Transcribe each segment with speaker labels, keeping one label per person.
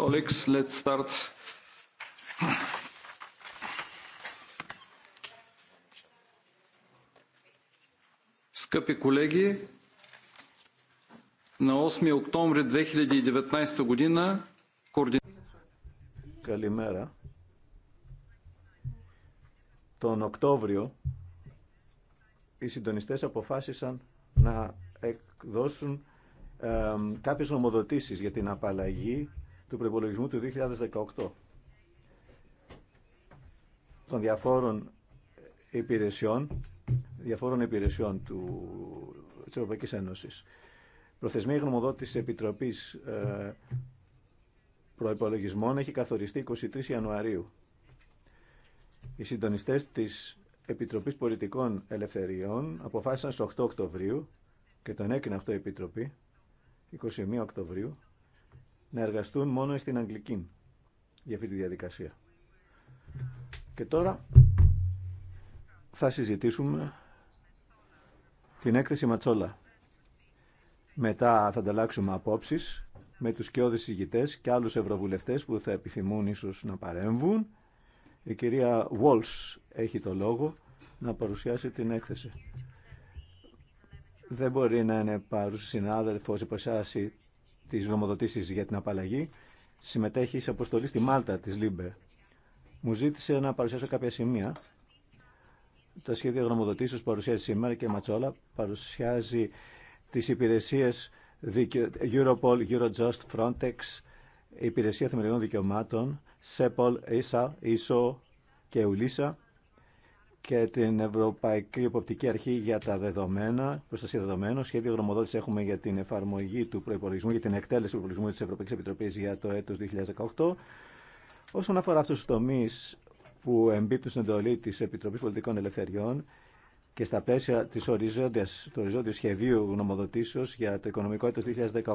Speaker 1: Colleagues, let's start.
Speaker 2: Скъпи колеги, на 8 октомври 2019
Speaker 1: година
Speaker 2: Καλημέρα. Τον Οκτώβριο οι συντονιστές αποφάσισαν να εκδώσουν ε, κάποιες νομοδοτήσεις για την απαλλαγή του προπολογισμού του 2018 των διαφόρων υπηρεσιών, διαφόρων υπηρεσιών του, της Ευρωπαϊκής Ένωσης. Προθεσμία γνωμοδότηση Επιτροπής ε, Προϋπολογισμών έχει καθοριστεί 23 Ιανουαρίου. Οι συντονιστές της Επιτροπής Πολιτικών Ελευθεριών αποφάσισαν στις 8 Οκτωβρίου και τον έκρινε αυτό η Επιτροπή, 21 Οκτωβρίου, να εργαστούν μόνο στην Αγγλική για αυτή τη διαδικασία. Και τώρα θα συζητήσουμε την έκθεση Ματσόλα. Μετά θα ανταλλάξουμε απόψεις με τους σκιώδεις ηγητές και άλλους ευρωβουλευτές που θα επιθυμούν ίσως να παρέμβουν. Η κυρία Walsh έχει το λόγο να παρουσιάσει την έκθεση. Δεν μπορεί να είναι παρούσε συνάδελφος ή Τη γνωμοδοτήσεις για την απαλλαγή, συμμετέχει σε αποστολή στη Μάλτα τη ΛΥΜΠΕ. Μου ζήτησε να παρουσιάσω κάποια σημεία. Το σχέδιο γνωμοδοτήσεως παρουσιάζει σήμερα και Ματσόλα παρουσιάζει τι υπηρεσίε Europol, Eurojust, Frontex, Υπηρεσία Θεμελιών Δικαιωμάτων, ΣΕΠΟΛ, ΕΣΑ, ISO και ΟΥΛΙΣΑ και την Ευρωπαϊκή Εποπτική Αρχή για τα δεδομένα, προστασία δεδομένων. Σχέδιο γνωμοδότηση έχουμε για την εφαρμογή του προπολογισμού, για την εκτέλεση του προπολογισμού τη Ευρωπαϊκή Επιτροπή για το έτο 2018. Όσον αφορά αυτού του τομεί που εμπίπτουν στην εντολή τη Επιτροπή Πολιτικών Ελευθεριών και στα πλαίσια τη οριζόντιας, του οριζόντιου σχεδίου γνωμοδοτήσεω για το οικονομικό έτο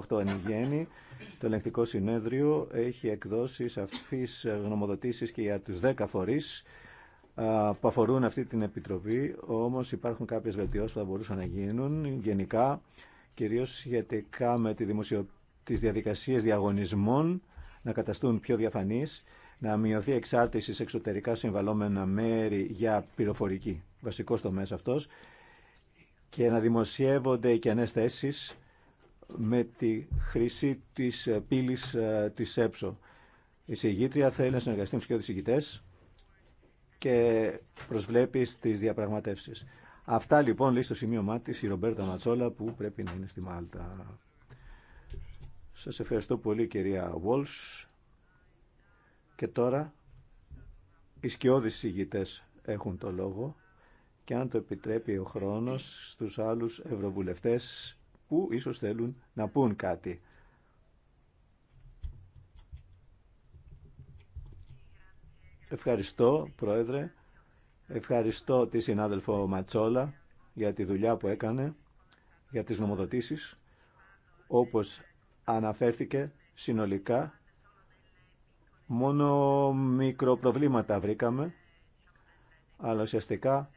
Speaker 2: 2018 εν γέννη, το ελεγκτικό συνέδριο έχει εκδώσει σαφεί γνωμοδοτήσει και για του 10 φορεί που αφορούν αυτή την Επιτροπή, όμως υπάρχουν κάποιες βελτιώσεις που θα μπορούσαν να γίνουν γενικά, κυρίως σχετικά με τη δημοσιο... τις διαδικασίες διαγωνισμών να καταστούν πιο διαφανείς, να μειωθεί εξάρτηση σε εξωτερικά συμβαλόμενα μέρη για πληροφορική, βασικός τομέας αυτός, και να δημοσιεύονται οι κενές θέσεις με τη χρήση της πύλης ε, της ΕΠΣΟ. Η συγγήτρια θέλει να συνεργαστεί με τους και προσβλέπει τι διαπραγματεύσει. Αυτά λοιπόν λέει στο σημείωμά τη η Ρομπέρτα Ματσόλα που πρέπει να είναι στη Μάλτα. Σα ευχαριστώ πολύ κυρία Βόλς. Και τώρα οι σκιώδεις ηγητές έχουν το λόγο και αν το επιτρέπει ο χρόνος στους άλλους ευρωβουλευτές που ίσως θέλουν να πούν κάτι. Ευχαριστώ, Πρόεδρε. Ευχαριστώ τη συνάδελφο Ματσόλα για τη δουλειά που έκανε, για τις νομοδοτήσεις. Όπως αναφέρθηκε συνολικά, μόνο μικροπροβλήματα βρήκαμε, αλλά ουσιαστικά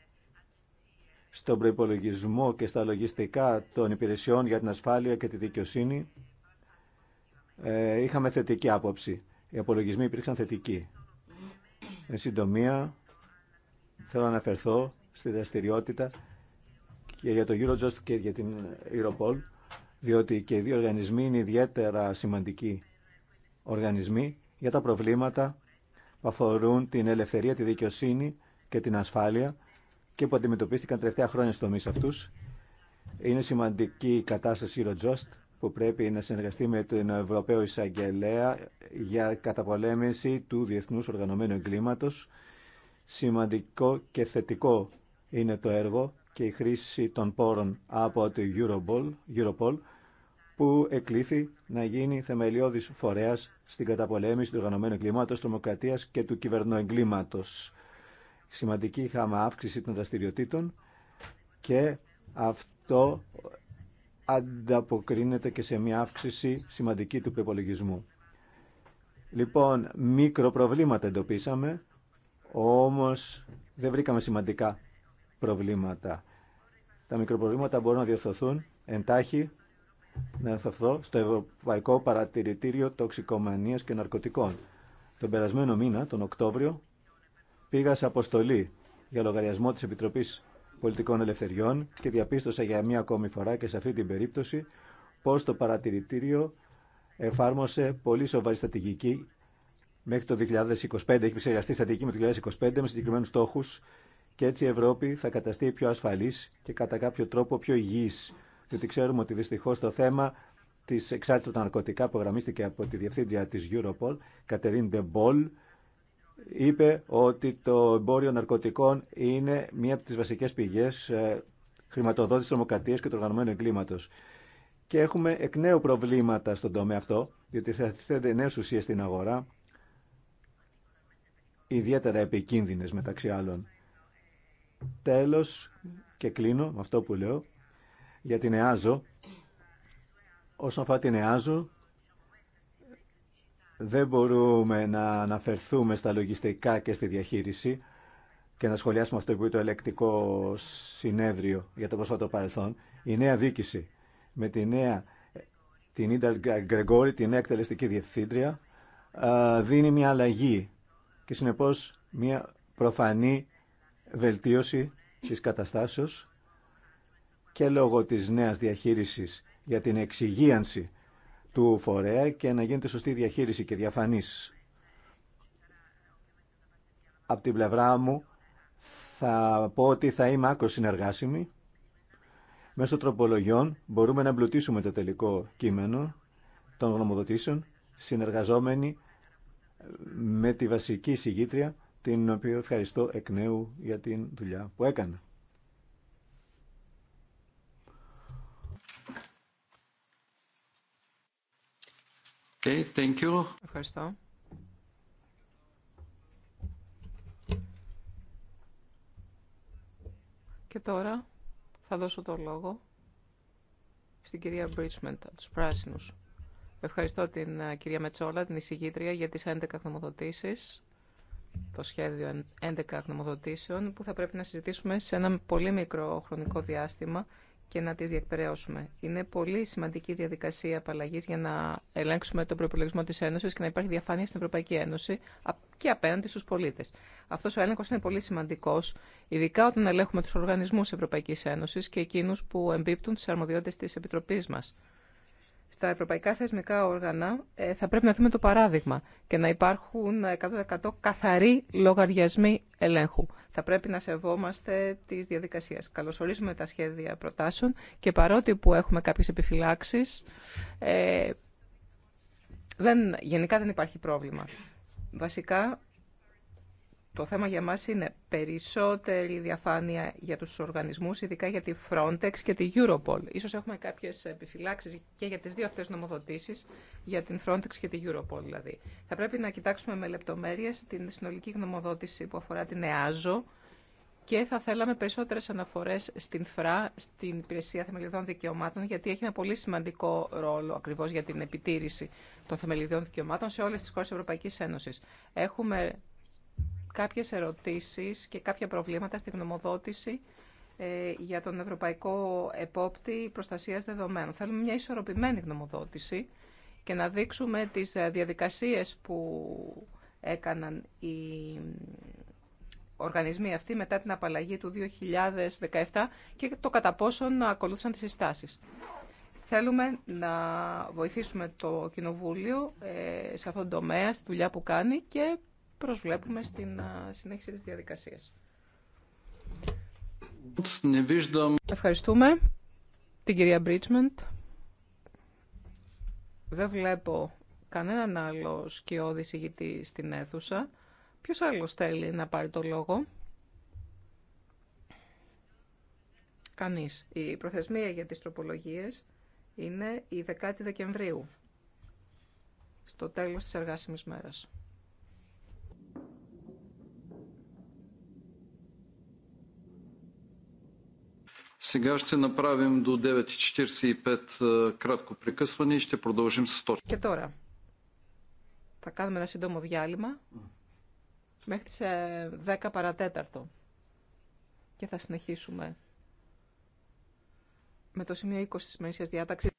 Speaker 2: στον προϋπολογισμό και στα λογιστικά των υπηρεσιών για την ασφάλεια και τη δικαιοσύνη ε, είχαμε θετική άποψη. Οι απολογισμοί υπήρξαν θετικοί. Εν συντομία, θέλω να αναφερθώ στη δραστηριότητα και για το Eurojust και για την Europol, διότι και οι δύο οργανισμοί είναι ιδιαίτερα σημαντικοί οργανισμοί για τα προβλήματα που αφορούν την ελευθερία, τη δικαιοσύνη και την ασφάλεια και που αντιμετωπίστηκαν τελευταία χρόνια στο τομείς αυτούς. Είναι σημαντική η κατάσταση Eurojust που πρέπει να συνεργαστεί με τον Ευρωπαίο Εισαγγελέα για καταπολέμηση του διεθνούς οργανωμένου εγκλήματος. Σημαντικό και θετικό είναι το έργο και η χρήση των πόρων από το Europol, Europol που εκλήθη να γίνει θεμελιώδης φορέας στην καταπολέμηση του οργανωμένου εγκλήματος, τρομοκρατίας και του κυβερνοεγκλήματος. Σημαντική είχαμε αύξηση των δραστηριοτήτων και αυτό ανταποκρίνεται και σε μια αύξηση σημαντική του προπολογισμού. Λοιπόν, μικροπροβλήματα εντοπίσαμε, όμως δεν βρήκαμε σημαντικά προβλήματα. Τα μικροπροβλήματα μπορούν να διορθωθούν εντάχει να ενθωθώ στο Ευρωπαϊκό Παρατηρητήριο Τοξικομανίας και Ναρκωτικών. Τον περασμένο μήνα, τον Οκτώβριο, πήγα σε αποστολή για λογαριασμό της Επιτροπής πολιτικών ελευθεριών και διαπίστωσα για μία ακόμη φορά και σε αυτή την περίπτωση πως το παρατηρητήριο εφάρμοσε πολύ σοβαρή στρατηγική μέχρι το 2025, έχει επεξεργαστεί στρατηγική με το 2025 με συγκεκριμένους στόχους και έτσι η Ευρώπη θα καταστεί πιο ασφαλής και κατά κάποιο τρόπο πιο υγιής. Διότι ξέρουμε ότι δυστυχώς το θέμα της εξάρτησης από τα ναρκωτικά που γραμμίστηκε από τη διευθύντρια της Europol, Κατερίν Ντεμπόλ, είπε ότι το εμπόριο ναρκωτικών είναι μία από τις βασικές πηγές ε, χρηματοδότησης τρομοκρατίας και του οργανωμένου εγκλήματος. Και έχουμε εκ νέου προβλήματα στον τομέα αυτό, διότι θα θέτει νέες ουσίες στην αγορά, ιδιαίτερα επικίνδυνες μεταξύ άλλων. Τέλος, και κλείνω με αυτό που λέω, για την ΕΑΖΟ. Όσον αφορά την ΕΑΖΟ, δεν μπορούμε να αναφερθούμε στα λογιστικά και στη διαχείριση και να σχολιάσουμε αυτό που είπε το ελεκτικό συνέδριο για το πρόσφατο παρελθόν. Η νέα δίκηση με τη νέα την Ίντα Γκρεγόρη, την νέα εκτελεστική διευθύντρια, δίνει μια αλλαγή και συνεπώς μια προφανή βελτίωση της καταστάσεως και λόγω της νέας διαχείρισης για την εξυγίανση του φορέα και να γίνεται σωστή διαχείριση και διαφανής. Από την πλευρά μου θα πω ότι θα είμαι άκρο συνεργάσιμη. Μέσω τροπολογιών μπορούμε να εμπλουτίσουμε το τελικό κείμενο των γνωμοδοτήσεων συνεργαζόμενοι με τη βασική συγγήτρια την οποία ευχαριστώ εκ νέου για την δουλειά που έκανε.
Speaker 3: Ευχαριστώ. Και τώρα θα δώσω το λόγο στην κυρία Μπρίτσμεντ από τους Πράσινους. Ευχαριστώ την ε, κυρία Μετσόλα, την εισηγήτρια, για τις 11 γνωμοδοτήσει, το σχέδιο 11 γνωμοδοτήσεων, που θα πρέπει να συζητήσουμε σε ένα πολύ μικρό χρονικό διάστημα και να τις διεκπαιρεώσουμε. Είναι πολύ σημαντική διαδικασία απαλλαγής για να ελέγξουμε τον προπολογισμό της Ένωσης και να υπάρχει διαφάνεια στην Ευρωπαϊκή Ένωση και απέναντι στους πολίτες. Αυτός ο έλεγχος είναι πολύ σημαντικός, ειδικά όταν ελέγχουμε τους οργανισμούς Ευρωπαϊκής Ένωσης και εκείνους που εμπίπτουν τις αρμοδιότητες της Επιτροπής μας στα ευρωπαϊκά θεσμικά όργανα ε, θα πρέπει να δούμε το παράδειγμα και να υπάρχουν 100% καθαροί λογαριασμοί ελέγχου. Θα πρέπει να σεβόμαστε τις διαδικασίες. Καλωσορίζουμε τα σχέδια προτάσεων και παρότι που έχουμε κάποιες επιφυλάξεις, ε, δεν, γενικά δεν υπάρχει πρόβλημα. Βασικά το θέμα για μας είναι περισσότερη διαφάνεια για τους οργανισμούς, ειδικά για τη Frontex και τη Europol. Ίσως έχουμε κάποιες επιφυλάξεις και για τις δύο αυτές νομοδοτήσεις, για την Frontex και τη Europol δηλαδή. Θα πρέπει να κοιτάξουμε με λεπτομέρειες την συνολική γνωμοδότηση που αφορά την ΕΑΖΟ και θα θέλαμε περισσότερες αναφορές στην ΦΡΑ, στην Υπηρεσία Θεμελιδών Δικαιωμάτων, γιατί έχει ένα πολύ σημαντικό ρόλο ακριβώς για την επιτήρηση των θεμελιδών δικαιωμάτων σε όλες τις χώρες της Ευρωπαϊκής Ένωσης. Έχουμε κάποιες ερωτήσεις και κάποια προβλήματα στη γνωμοδότηση ε, για τον Ευρωπαϊκό Επόπτη Προστασίας Δεδομένων. Θέλουμε μια ισορροπημένη γνωμοδότηση και να δείξουμε τις ε, διαδικασίες που έκαναν οι οργανισμοί αυτοί μετά την απαλλαγή του 2017 και το κατά πόσον ακολούθησαν τις συστάσεις. Θέλουμε να βοηθήσουμε το Κοινοβούλιο ε, σε αυτόν τον τομέα, στη δουλειά που κάνει και προσβλέπουμε στην συνέχιση της διαδικασίας. Ευχαριστούμε την κυρία Μπρίτσμεντ. Δεν βλέπω κανέναν άλλο σκιώδη ηγητή στην αίθουσα. Ποιος άλλος θέλει να πάρει το λόγο. Κανείς. Η προθεσμία για τις τροπολογίες είναι η 10η Δεκεμβρίου, στο τέλος της εργάσιμης μέρας.
Speaker 1: Сега ще направим
Speaker 4: до 9.45 кратко прекъсване и ще продължим с точка.
Speaker 3: Και τώρα θα κάνουμε ένα σύντομο διάλειμμα μέχρι σε 10 παρατέταρτο και θα συνεχίσουμε με το σημείο 20 της μερικής διάταξης.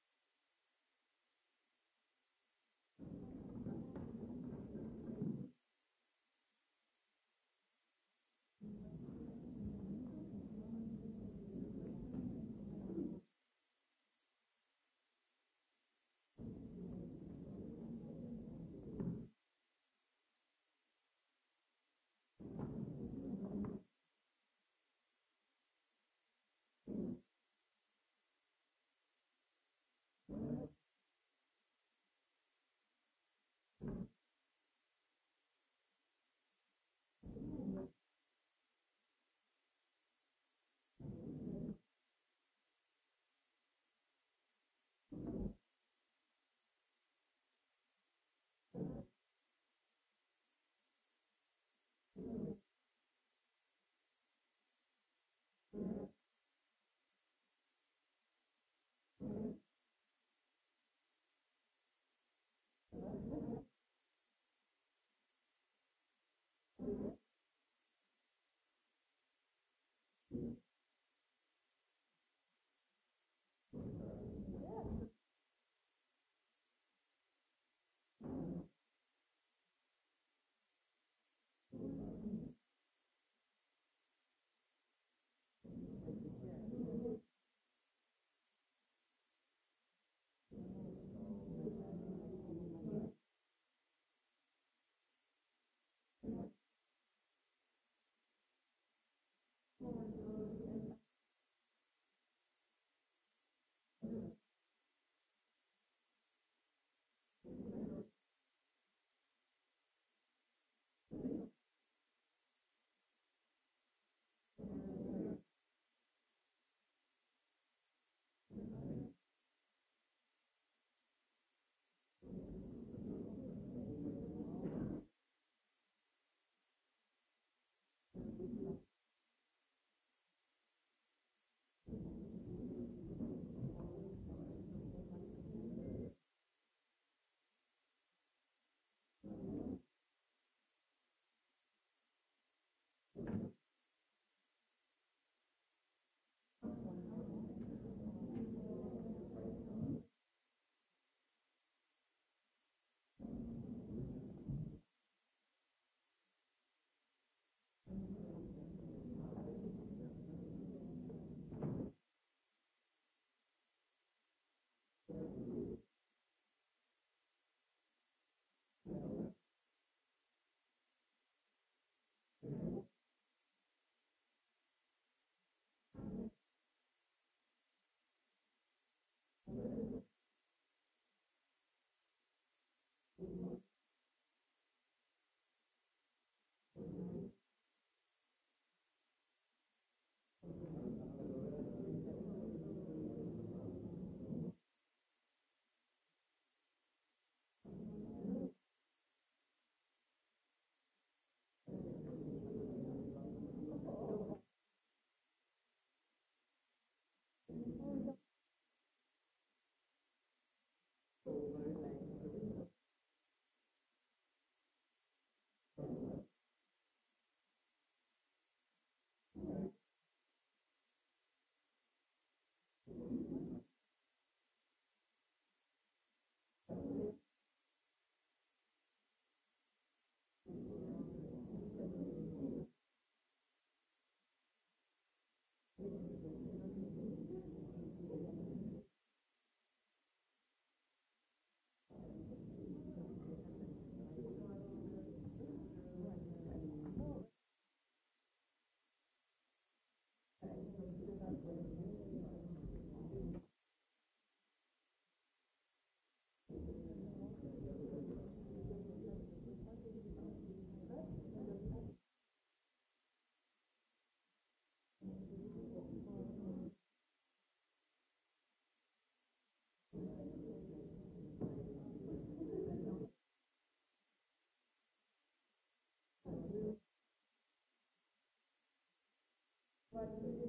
Speaker 4: But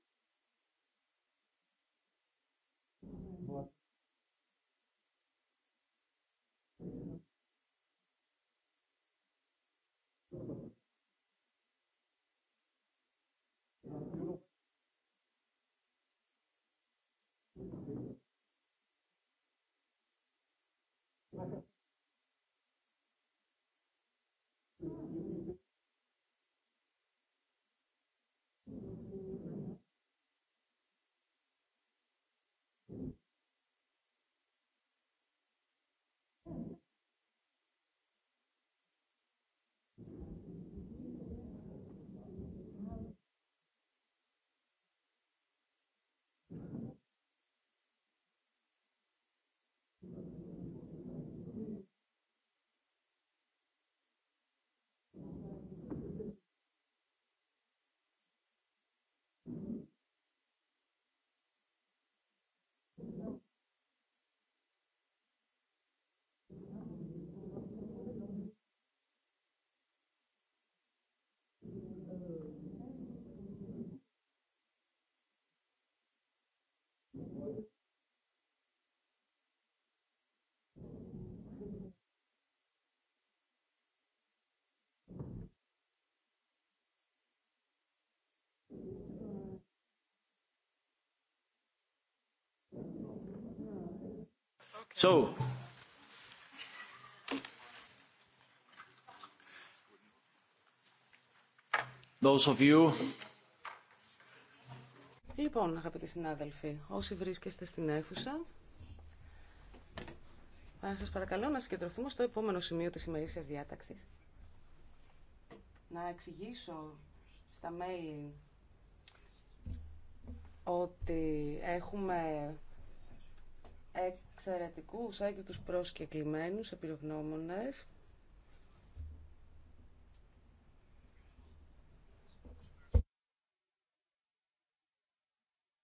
Speaker 4: So,
Speaker 2: those of you.
Speaker 1: Λοιπόν, αγαπητοί συνάδελφοι, όσοι βρίσκεστε στην αίθουσα, θα σας παρακαλώ να συγκεντρωθούμε στο επόμενο σημείο της ημερήσια διάταξης. Να εξηγήσω στα μέλη ότι έχουμε εξαιρετικούς τους προσκεκλημένους επιρρογνώμονες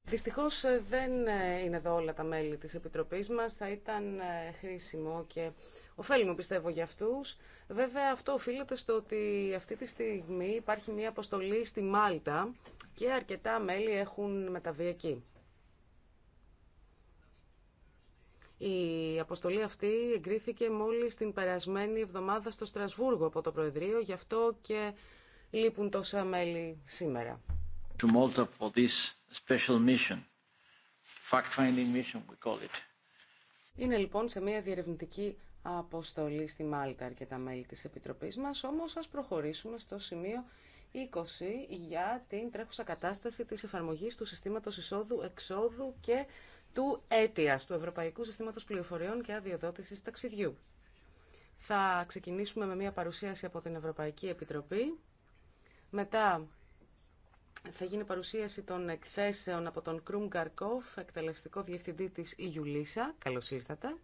Speaker 1: Δυστυχώς ε, δεν ε, είναι εδώ όλα τα μέλη της Επιτροπής μας. Θα ήταν ε, χρήσιμο και ωφέλιμο πιστεύω για αυτούς. Βέβαια αυτό οφείλεται στο ότι αυτή τη στιγμή υπάρχει μια αποστολή στη Μάλτα και αρκετά μέλη έχουν μεταβεί εκεί. Η αποστολή αυτή εγκρίθηκε μόλις την περασμένη εβδομάδα στο Στρασβούργο από το Προεδρείο, γι' αυτό και λείπουν τόσα μέλη σήμερα. Είναι λοιπόν σε μια διερευνητική αποστολή στη Μάλτα αρκετά μέλη της Επιτροπής μας, όμως ας προχωρήσουμε στο σημείο 20 για την τρέχουσα κατάσταση της εφαρμογής του συστήματος εισόδου-εξόδου και του αίτια του Ευρωπαϊκού Συστήματος Πληροφοριών και Αδειοδότηση Ταξιδιού. Θα ξεκινήσουμε με μια παρουσίαση από την Ευρωπαϊκή Επιτροπή. Μετά θα γίνει παρουσίαση των εκθέσεων από τον Κρουμ Γκαρκόφ, εκτελεστικό διευθυντή της Ιουλίσα. E Καλώς ήρθατε.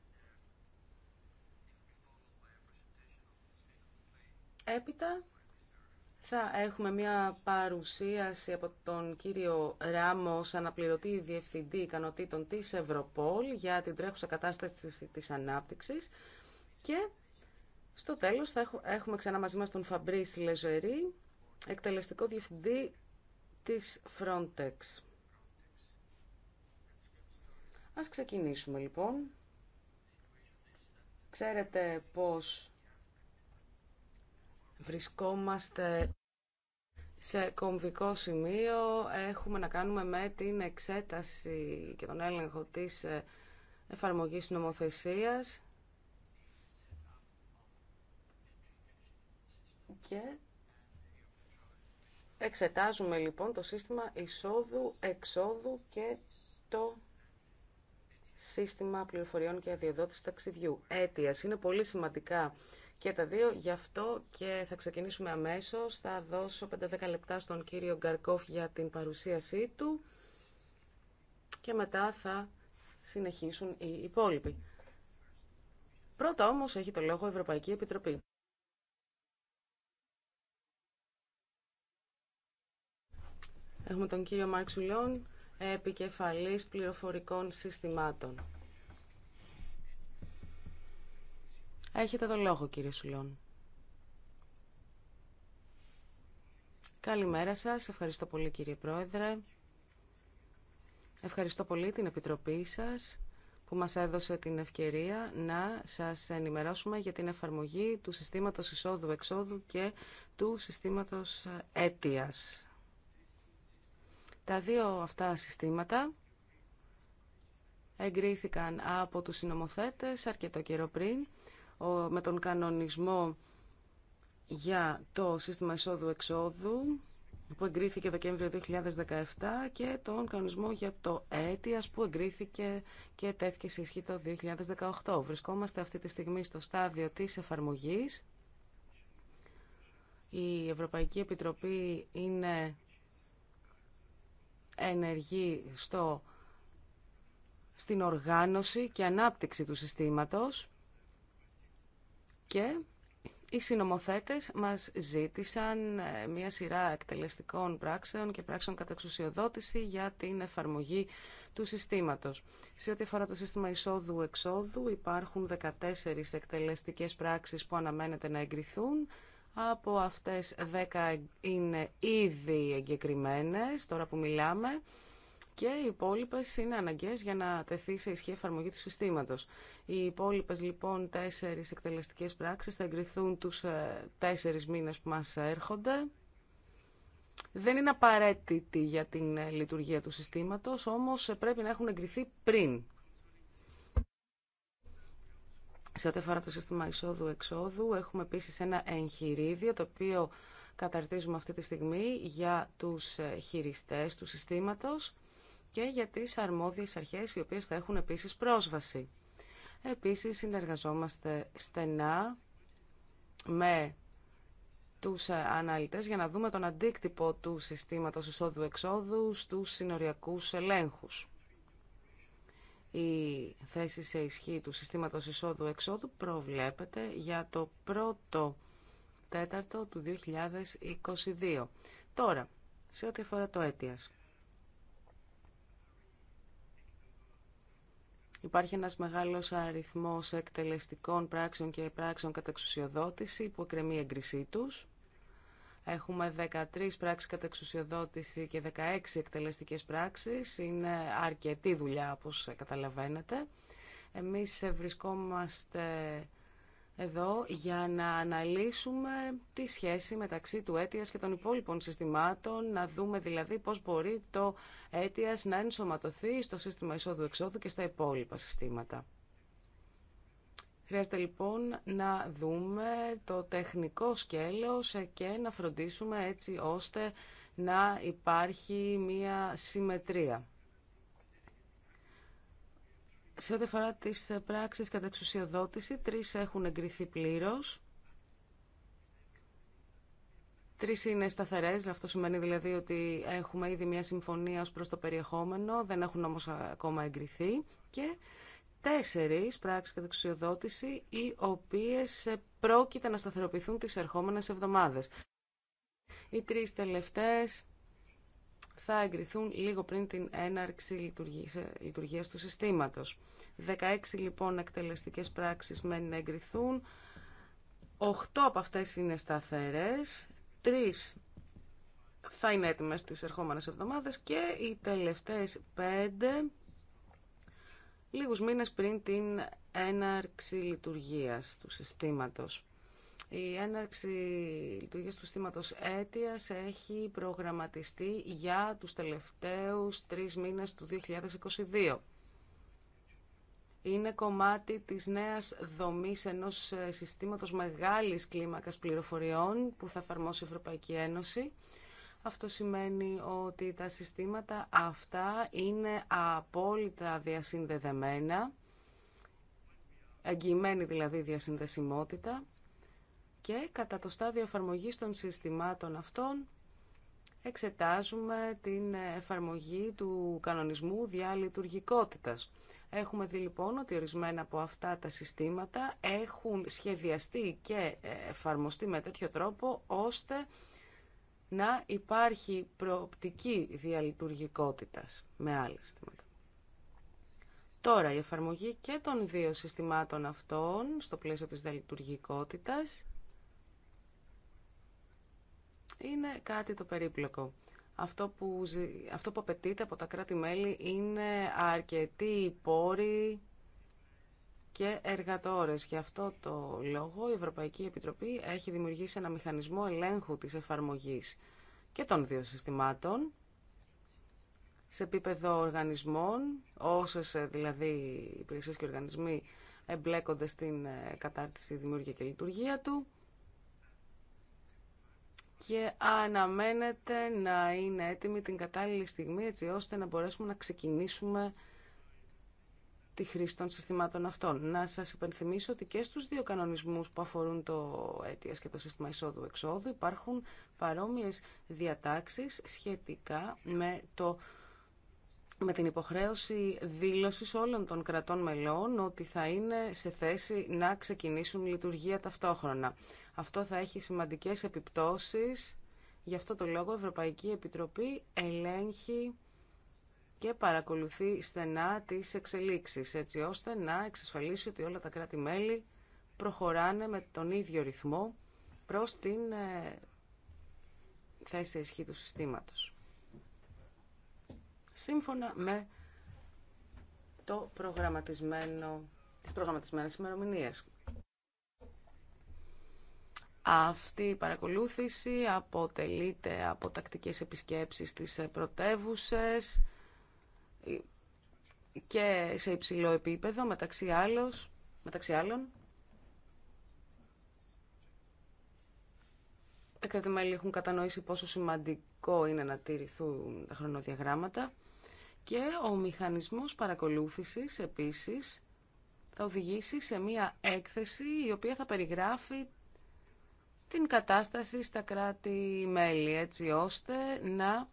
Speaker 1: Έπειτα θα έχουμε μια παρουσίαση από τον κύριο Ράμο, αναπληρωτή διευθυντή ικανοτήτων της Ευρωπόλ για την τρέχουσα κατάσταση της ανάπτυξης και στο τέλος θα έχουμε ξανά μαζί μας τον Φαμπρίς Λεζερή, εκτελεστικό διευθυντή της Frontex. Ας ξεκινήσουμε λοιπόν. Ξέρετε πως Βρισκόμαστε σε κομβικό σημείο. Έχουμε να κάνουμε με την εξέταση και τον έλεγχο της ε, εφαρμογής νομοθεσίας και εξετάζουμε λοιπόν το σύστημα εισόδου, εξόδου και το σύστημα πληροφοριών και αδειοδότηση ταξιδιού. Αίτιας είναι πολύ σημαντικά και τα δύο. Γι' αυτό και θα ξεκινήσουμε αμέσως. Θα δώσω 5-10 λεπτά στον κύριο Γκαρκόφ για την παρουσίασή του και μετά θα συνεχίσουν οι υπόλοιποι. Πρώτα όμως έχει το λόγο Ευρωπαϊκή Επιτροπή. Έχουμε τον κύριο Μάρξ Λιόν, επικεφαλής πληροφορικών συστημάτων. Έχετε το λόγο κύριε Σουλών. Καλημέρα σας. Ευχαριστώ πολύ κύριε Πρόεδρε. Ευχαριστώ πολύ την Επιτροπή σας που μας έδωσε την ευκαιρία να σας ενημερώσουμε για την εφαρμογή του συστήματος εισόδου-εξόδου και του συστήματος αίτιας. Τα δύο αυτά συστήματα εγκρίθηκαν από τους συνομοθέτες αρκετό καιρό πριν με τον κανονισμό για το σύστημα εισόδου-εξόδου που εγκρίθηκε Δεκέμβριο 2017 και τον κανονισμό για το αίτιας που εγκρίθηκε και τέθηκε σε ισχύ το 2018. Βρισκόμαστε αυτή τη στιγμή στο στάδιο της εφαρμογής. Η Ευρωπαϊκή Επιτροπή είναι ενεργή στο, στην οργάνωση και ανάπτυξη του συστήματος και οι συνομοθέτες μας ζήτησαν ε, μια σειρά εκτελεστικών πράξεων και πράξεων κατά εξουσιοδότηση για την εφαρμογή του συστήματος. Σε ό,τι αφορά το σύστημα εισόδου-εξόδου υπάρχουν 14 εκτελεστικές πράξεις που αναμένεται να εγκριθούν. Από αυτές 10 είναι ήδη εγκεκριμένες, τώρα που μιλάμε και οι υπόλοιπε είναι αναγκαίε για να τεθεί σε ισχύ εφαρμογή του συστήματο. Οι υπόλοιπε λοιπόν τέσσερι εκτελεστικέ πράξει θα εγκριθούν τους ε, τέσσερι μήνε που μας έρχονται. Δεν είναι απαραίτητη για την ε, λειτουργία του συστήματος, όμως ε, πρέπει να έχουν εγκριθεί πριν. Σε ό,τι αφορά το σύστημα εισόδου-εξόδου, έχουμε επίσης ένα εγχειρίδιο, το οποίο καταρτίζουμε αυτή τη στιγμή για τους χειριστές του συστήματος και για τις αρμόδιες αρχές οι οποίες θα έχουν επίσης πρόσβαση. Επίσης συνεργαζόμαστε στενά με τους αναλυτές για να δούμε τον αντίκτυπο του συστήματος εισόδου-εξόδου στους συνοριακούς ελέγχους. Η θέση σε ισχύ του συστήματος εισόδου-εξόδου προβλέπεται για το πρώτο τέταρτο του 2022. Τώρα, σε ό,τι αφορά το αίτιας. Υπάρχει ένας μεγάλος αριθμός εκτελεστικών πράξεων και πράξεων κατά εξουσιοδότηση που εκκρεμεί έγκρισή τους. Έχουμε 13 πράξεις κατά εξουσιοδότηση και 16 εκτελεστικές πράξεις. Είναι αρκετή δουλειά όπως καταλαβαίνετε. Εμείς βρισκόμαστε εδώ για να αναλύσουμε τη σχέση μεταξύ του αίτιας και των υπόλοιπων συστημάτων, να δούμε δηλαδή πώς μπορεί το αίτιας να ενσωματωθεί στο σύστημα εισόδου-εξόδου και στα υπόλοιπα συστήματα. Χρειάζεται λοιπόν να δούμε το τεχνικό σκέλος και να φροντίσουμε έτσι ώστε να υπάρχει μία συμμετρία. Σε ό,τι αφορά τις ε, πράξεις κατά εξουσιοδότηση, τρεις έχουν εγκριθεί πλήρως. Τρεις είναι σταθερές, αυτό σημαίνει δηλαδή ότι έχουμε ήδη μια συμφωνία ως προς το περιεχόμενο, δεν έχουν όμως ακόμα εγκριθεί. Και τέσσερις πράξεις κατά εξουσιοδότηση, οι οποίες ε, πρόκειται να σταθεροποιηθούν τις ερχόμενες εβδομάδες. Οι τρεις τελευταίες θα εγκριθούν λίγο πριν την έναρξη λειτουργίας του συστήματος. 16 λοιπόν εκτελεστικές πράξεις μένει να εγκριθούν. 8 από αυτές είναι σταθερές, 3 θα είναι έτοιμες τις ερχόμενες εβδομάδες και οι τελευταίες 5 λίγους μήνες πριν την έναρξη λειτουργίας του συστήματος. Η έναρξη λειτουργίας του συστήματος αίτιας έχει προγραμματιστεί για τους τελευταίους τρεις μήνες του 2022. Είναι κομμάτι της νέας δομής ενός ε, συστήματος μεγάλης κλίμακας πληροφοριών που θα εφαρμόσει η Ευρωπαϊκή Ένωση. Αυτό σημαίνει ότι τα συστήματα αυτά είναι απόλυτα διασυνδεδεμένα, εγγυημένη δηλαδή διασυνδεσιμότητα, και κατά το στάδιο εφαρμογής των συστημάτων αυτών εξετάζουμε την εφαρμογή του κανονισμού διαλειτουργικότητας. Έχουμε δει λοιπόν ότι ορισμένα από αυτά τα συστήματα έχουν σχεδιαστεί και εφαρμοστεί με τέτοιο τρόπο ώστε να υπάρχει προοπτική διαλειτουργικότητας με άλλα συστήματα. Τώρα, η εφαρμογή και των δύο συστημάτων αυτών στο πλαίσιο της διαλειτουργικότητας είναι κάτι το περίπλοκο. Αυτό που, αυτό που απαιτείται από τα κράτη-μέλη είναι αρκετοί πόροι και εργατόρες. Γι' αυτό το λόγο η Ευρωπαϊκή Επιτροπή έχει δημιουργήσει ένα μηχανισμό ελέγχου της εφαρμογής και των δύο συστημάτων σε επίπεδο οργανισμών, όσες ε, δηλαδή υπηρεσίες και οργανισμοί εμπλέκονται στην ε, κατάρτιση, δημιουργία και λειτουργία του και αναμένεται να είναι έτοιμη την κατάλληλη στιγμή έτσι ώστε να μπορέσουμε να ξεκινήσουμε τη χρήση των συστημάτων αυτών. Να σας υπενθυμίσω ότι και στους δύο κανονισμούς που αφορούν το αίτιας και το σύστημα εισόδου-εξόδου υπάρχουν παρόμοιες διατάξεις σχετικά με το με την υποχρέωση δήλωσης όλων των κρατών μελών ότι θα είναι σε θέση να ξεκινήσουν λειτουργία ταυτόχρονα. Αυτό θα έχει σημαντικές επιπτώσεις. Γι' αυτό το λόγο η Ευρωπαϊκή Επιτροπή ελέγχει και παρακολουθεί στενά τις εξελίξεις, έτσι ώστε να εξασφαλίσει ότι όλα τα κράτη-μέλη προχωράνε με τον ίδιο ρυθμό προς την ε, θέση ισχύ του συστήματος σύμφωνα με το προγραμματισμένο, τις προγραμματισμένες ημερομηνίες. Αυτή η παρακολούθηση αποτελείται από τακτικές επισκέψεις στις πρωτεύουσε και σε υψηλό επίπεδο, μεταξύ, άλλος, μεταξύ άλλων. Τα κρατημέλη έχουν κατανοήσει πόσο σημαντικό είναι να τηρηθούν τα χρονοδιαγράμματα και ο μηχανισμός παρακολούθησης επίσης θα οδηγήσει σε μία έκθεση η οποία θα περιγράφει την κατάσταση στα κράτη-μέλη, έτσι ώστε να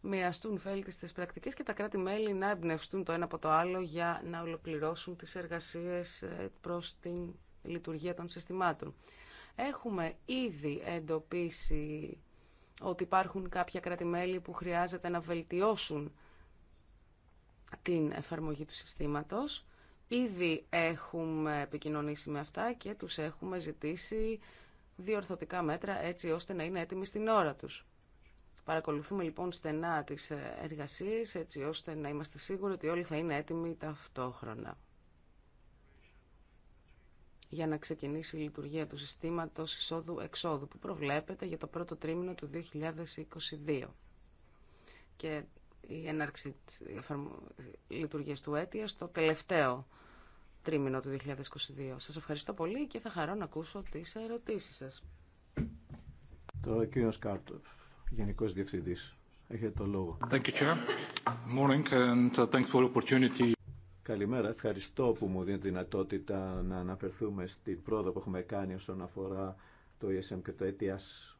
Speaker 1: μοιραστούν φέλτιστες πρακτικές και τα κράτη-μέλη να εμπνευστούν το ένα από το άλλο για να ολοκληρώσουν τις εργασίες ε, προς την λειτουργία των συστημάτων. Έχουμε ήδη εντοπίσει ότι υπάρχουν κάποια κράτη-μέλη που χρειάζεται να βελτιώσουν την εφαρμογή του συστήματος. Ήδη έχουμε επικοινωνήσει με αυτά και τους έχουμε ζητήσει διορθωτικά μέτρα έτσι ώστε να είναι έτοιμοι στην ώρα τους. Παρακολουθούμε λοιπόν στενά τις εργασίες έτσι ώστε να είμαστε σίγουροι ότι όλοι θα είναι έτοιμοι ταυτόχρονα. Για να ξεκινήσει η λειτουργία του συστήματος εισόδου-εξόδου που προβλέπεται για το πρώτο τρίμηνο του 2022. Και η έναρξη λειτουργίας του αίτια στο τελευταίο τρίμηνο του 2022. Σας ευχαριστώ πολύ και θα χαρώ να ακούσω τις ερωτήσεις
Speaker 2: σας. Το κύριο Σκάρτοφ, Γενικός Διευθυντής. Έχετε το λόγο. Καλημέρα. Ευχαριστώ που μου δίνετε τη δυνατότητα να αναφερθούμε στην πρόοδο που έχουμε κάνει όσον αφορά το ESM και το ETIAS.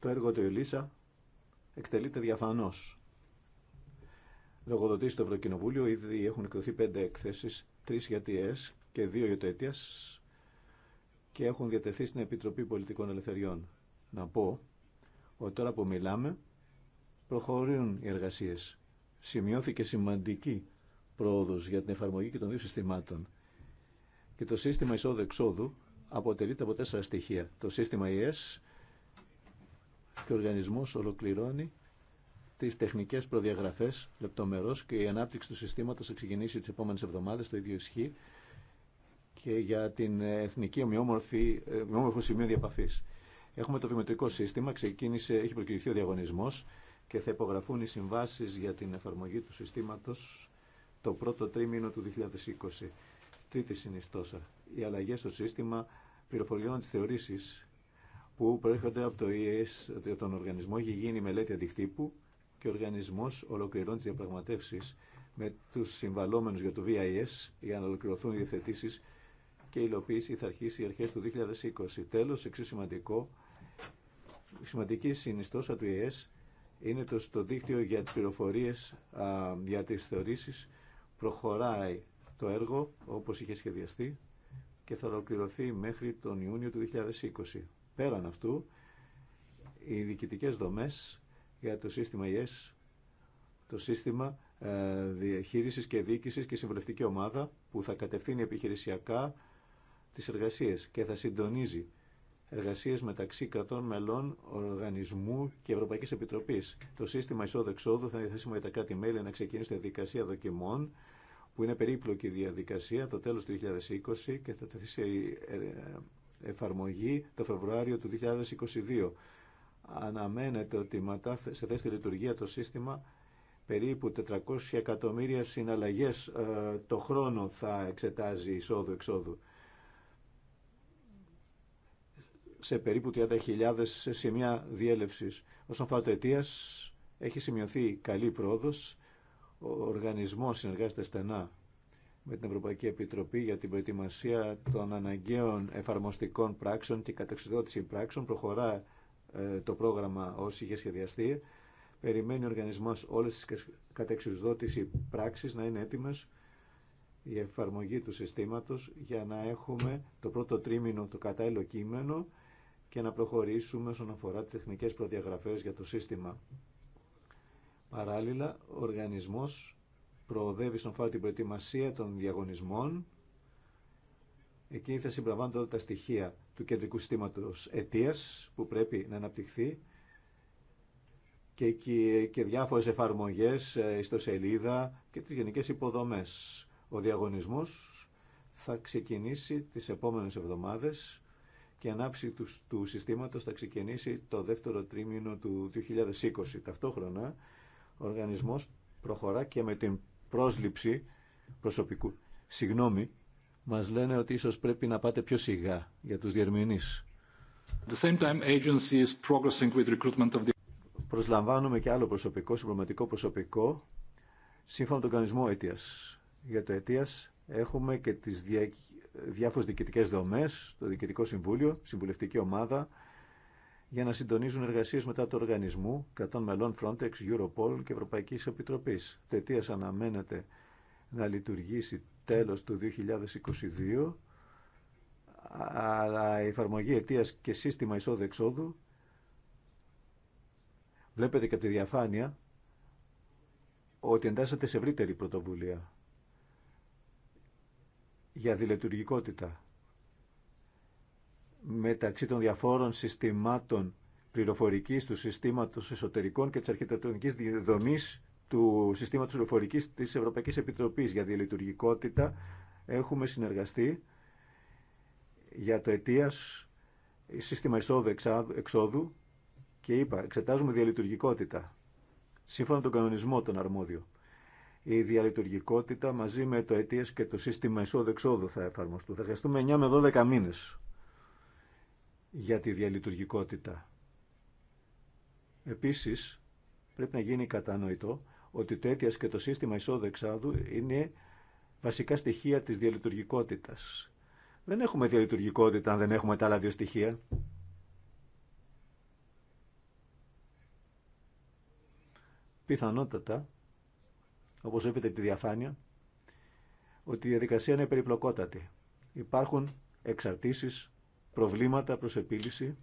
Speaker 2: Το έργο του Ελίσσα εκτελείται διαφανώς. Λογοδοτήσει στο Ευρωκοινοβούλιο ήδη έχουν εκδοθεί πέντε εκθέσεις, τρεις ΕΣ και δύο για τέτοια και έχουν διατεθεί στην Επιτροπή Πολιτικών Ελευθεριών. Να πω ότι τώρα που μιλάμε προχωρούν οι εργασίε. Σημειώθηκε σημαντική πρόοδος για την εφαρμογή και των δύο συστημάτων. Και το σύστημα εισόδου-εξόδου αποτελείται από τέσσερα στοιχεία. Το σύστημα ΙΕΣ και ο οργανισμός ολοκληρώνει τις τεχνικές προδιαγραφές λεπτομερώς και η ανάπτυξη του συστήματος θα ξεκινήσει τις επόμενες εβδομάδες, το ίδιο ισχύει και για την εθνική ομοιόμορφη, ε, σημείο διαπαφής. Έχουμε το βιομετρικό σύστημα, ξεκίνησε, έχει προκυρηθεί ο διαγωνισμός και θα υπογραφούν οι συμβάσεις για την εφαρμογή του συστήματος το πρώτο τρίμηνο του 2020. Τρίτη συνιστόσα. Οι αλλαγές στο σύστημα πληροφοριών τη θεωρήσης που προέρχονται από το e από τον οργανισμό, έχει γίνει μελέτη αντικτύπου και ο οργανισμός ολοκληρώνει τις διαπραγματεύσεις με τους συμβαλόμενους για το VIS για να ολοκληρωθούν οι διευθετήσεις και η υλοποίηση θα αρχίσει οι αρχές του 2020. Τέλος, εξής σημαντικό, η σημαντική συνιστόσα του ΙΕΣ e είναι το στο δίκτυο για τις πληροφορίες για τις θεωρήσεις. Προχωράει το έργο όπως είχε σχεδιαστεί και θα ολοκληρωθεί μέχρι τον Ιούνιο του 2020. Πέραν αυτού, οι διοικητικές δομές για το σύστημα ΙΕΣ, το σύστημα ε, διαχείρισης και διοίκησης και συμβουλευτική ομάδα που θα κατευθύνει επιχειρησιακά τις εργασίες και θα συντονίζει εργασίες μεταξύ κρατών μελών, οργανισμού και Ευρωπαϊκής Επιτροπής. Το σύστημα εισόδου-εξόδου θα είναι θέσιμο για τα κράτη-μέλη να ξεκινήσει τη διαδικασία δοκιμών που είναι περίπλοκη διαδικασία το τέλος του 2020 και θα τεθεί σε ε, εφαρμογή το Φεβρουάριο του 2022. Αναμένεται ότι μετά σε θέση λειτουργία το σύστημα περίπου 400 εκατομμύρια συναλλαγές ε, το χρόνο θα εξετάζει εισόδου-εξόδου. σε περίπου 30.000 σημεία διέλευσης. Όσον αφορά το αιτίας, έχει σημειωθεί καλή πρόοδος. Ο οργανισμός συνεργάζεται στενά με την Ευρωπαϊκή Επιτροπή για την προετοιμασία των αναγκαίων εφαρμοστικών πράξεων και κατεξοδότηση πράξεων. Προχωρά ε, το πρόγραμμα όσοι είχε σχεδιαστεί. Περιμένει ο οργανισμός όλες τις κατεξοδότηση πράξεις να είναι έτοιμες η εφαρμογή του συστήματος για να έχουμε το πρώτο τρίμηνο το κατάλληλο κείμενο και να προχωρήσουμε όσον αφορά τις τεχνικές προδιαγραφές για το σύστημα. Παράλληλα, ο οργανισμός προοδεύει στον φάρο την προετοιμασία των διαγωνισμών. Εκεί θα συμπλαμβάνονται όλα τα στοιχεία του κεντρικού συστήματος αιτία που πρέπει να αναπτυχθεί και, και, και διάφορες εφαρμογές, ε, ιστοσελίδα και τις γενικές υποδομές. Ο διαγωνισμός θα ξεκινήσει τις επόμενες εβδομάδες και η ανάψη του, του συστήματος θα ξεκινήσει το δεύτερο τρίμηνο του 2020. Ταυτόχρονα, ο οργανισμός προχωρά και με την πρόσληψη προσωπικού. Συγγνώμη, μας λένε ότι ίσως πρέπει να πάτε πιο σιγά για τους διερμηνείς. The same time, agency is progressing with recruitment of the... Προσλαμβάνουμε και άλλο προσωπικό, συμπληρωματικό προσωπικό, σύμφωνα με τον κανονισμό αιτίας. Για το αιτίας έχουμε και τις διάφορε διάφορες διοικητικές δομές, το Διοικητικό Συμβούλιο, Συμβουλευτική Ομάδα, για να συντονίζουν εργασίες μετά του οργανισμού κρατών μελών Frontex, Europol και Ευρωπαϊκής Επιτροπής. Τετίας αναμένεται να λειτουργήσει τέλος του 2022, αλλά η εφαρμογή αιτίας και σύστημα εισόδου-εξόδου βλέπετε και από τη διαφάνεια ότι εντάσσεται σε ευρύτερη πρωτοβουλία για δηλετουργικότητα μεταξύ των διαφόρων συστημάτων πληροφορικής του συστήματος εσωτερικών και της αρχιτεκτονικής δομής του συστήματος πληροφορικής της Ευρωπαϊκής Επιτροπής για διαλειτουργικότητα έχουμε συνεργαστεί για το αιτίας σύστημα εισόδου εξόδου και είπα, εξετάζουμε διαλειτουργικότητα σύμφωνα με τον κανονισμό τον αρμόδιο. Η διαλειτουργικότητα μαζί με το αιτίας και το σύστημα εισόδου εξόδου θα εφαρμοστούν. Θα χρειαστούμε 9 με 12 μήνες για τη διαλειτουργικότητα. Επίσης, πρέπει να γίνει κατανοητό ότι το αίτιας και το σύστημα εισόδου-εξάδου είναι βασικά στοιχεία της διαλειτουργικότητας. Δεν έχουμε διαλειτουργικότητα αν δεν έχουμε τα άλλα δύο στοιχεία. Πιθανότατα, όπως βλέπετε από τη διαφάνεια, ότι η διαδικασία είναι περιπλοκότατη. Υπάρχουν εξαρτήσεις προβλήματα προς επίλυση.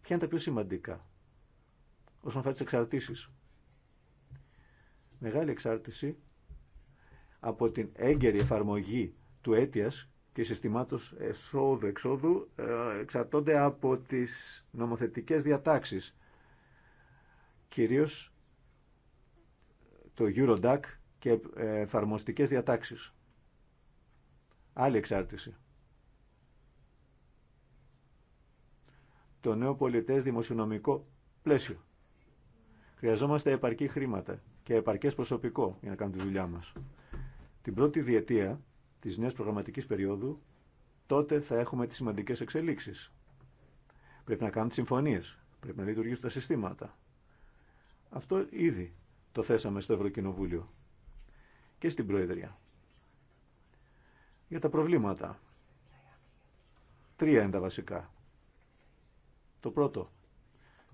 Speaker 2: Ποια είναι τα πιο σημαντικά όσον αφορά τις εξαρτήσεις. Μεγάλη εξάρτηση από την έγκαιρη εφαρμογή του αίτιας και συστημάτων εσοδου εσόδου-εξόδου ε, εξαρτώνται από τις νομοθετικές διατάξεις. Κυρίως το Eurodac και ε, εφαρμοστικές διατάξεις. Άλλη εξάρτηση. το νέο πολιτές δημοσιονομικό πλαίσιο. Χρειαζόμαστε επαρκή χρήματα και επαρκές προσωπικό για να κάνουμε τη δουλειά μας. Την πρώτη διετία της νέας προγραμματικής περίοδου, τότε θα έχουμε τις σημαντικές εξελίξεις. Πρέπει να κάνουμε τι συμφωνίες, πρέπει να λειτουργήσουν τα συστήματα. Αυτό ήδη το θέσαμε στο Ευρωκοινοβούλιο και στην Προεδρία. Για τα προβλήματα. Τρία είναι τα βασικά. Το πρώτο,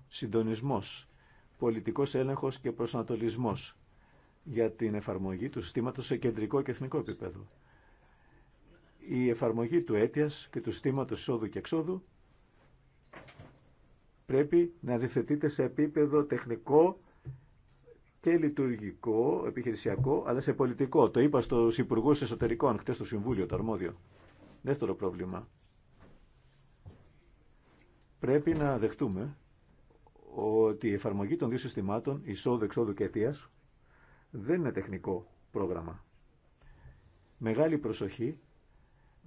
Speaker 2: συντονισμός, πολιτικός έλεγχος και προσανατολισμός για την εφαρμογή του συστήματος σε κεντρικό και εθνικό επίπεδο. Η εφαρμογή του αίτιας και του συστήματος εισόδου και εξόδου πρέπει να διευθετείται σε επίπεδο τεχνικό και λειτουργικό, επιχειρησιακό, αλλά σε πολιτικό. Το είπα στους Υπουργούς Εσωτερικών χτες στο Συμβούλιο, το αρμόδιο. Δεύτερο πρόβλημα πρέπει να δεχτούμε ότι η εφαρμογή των δύο συστημάτων εισόδου, εξόδου και δεν είναι τεχνικό πρόγραμμα. Μεγάλη προσοχή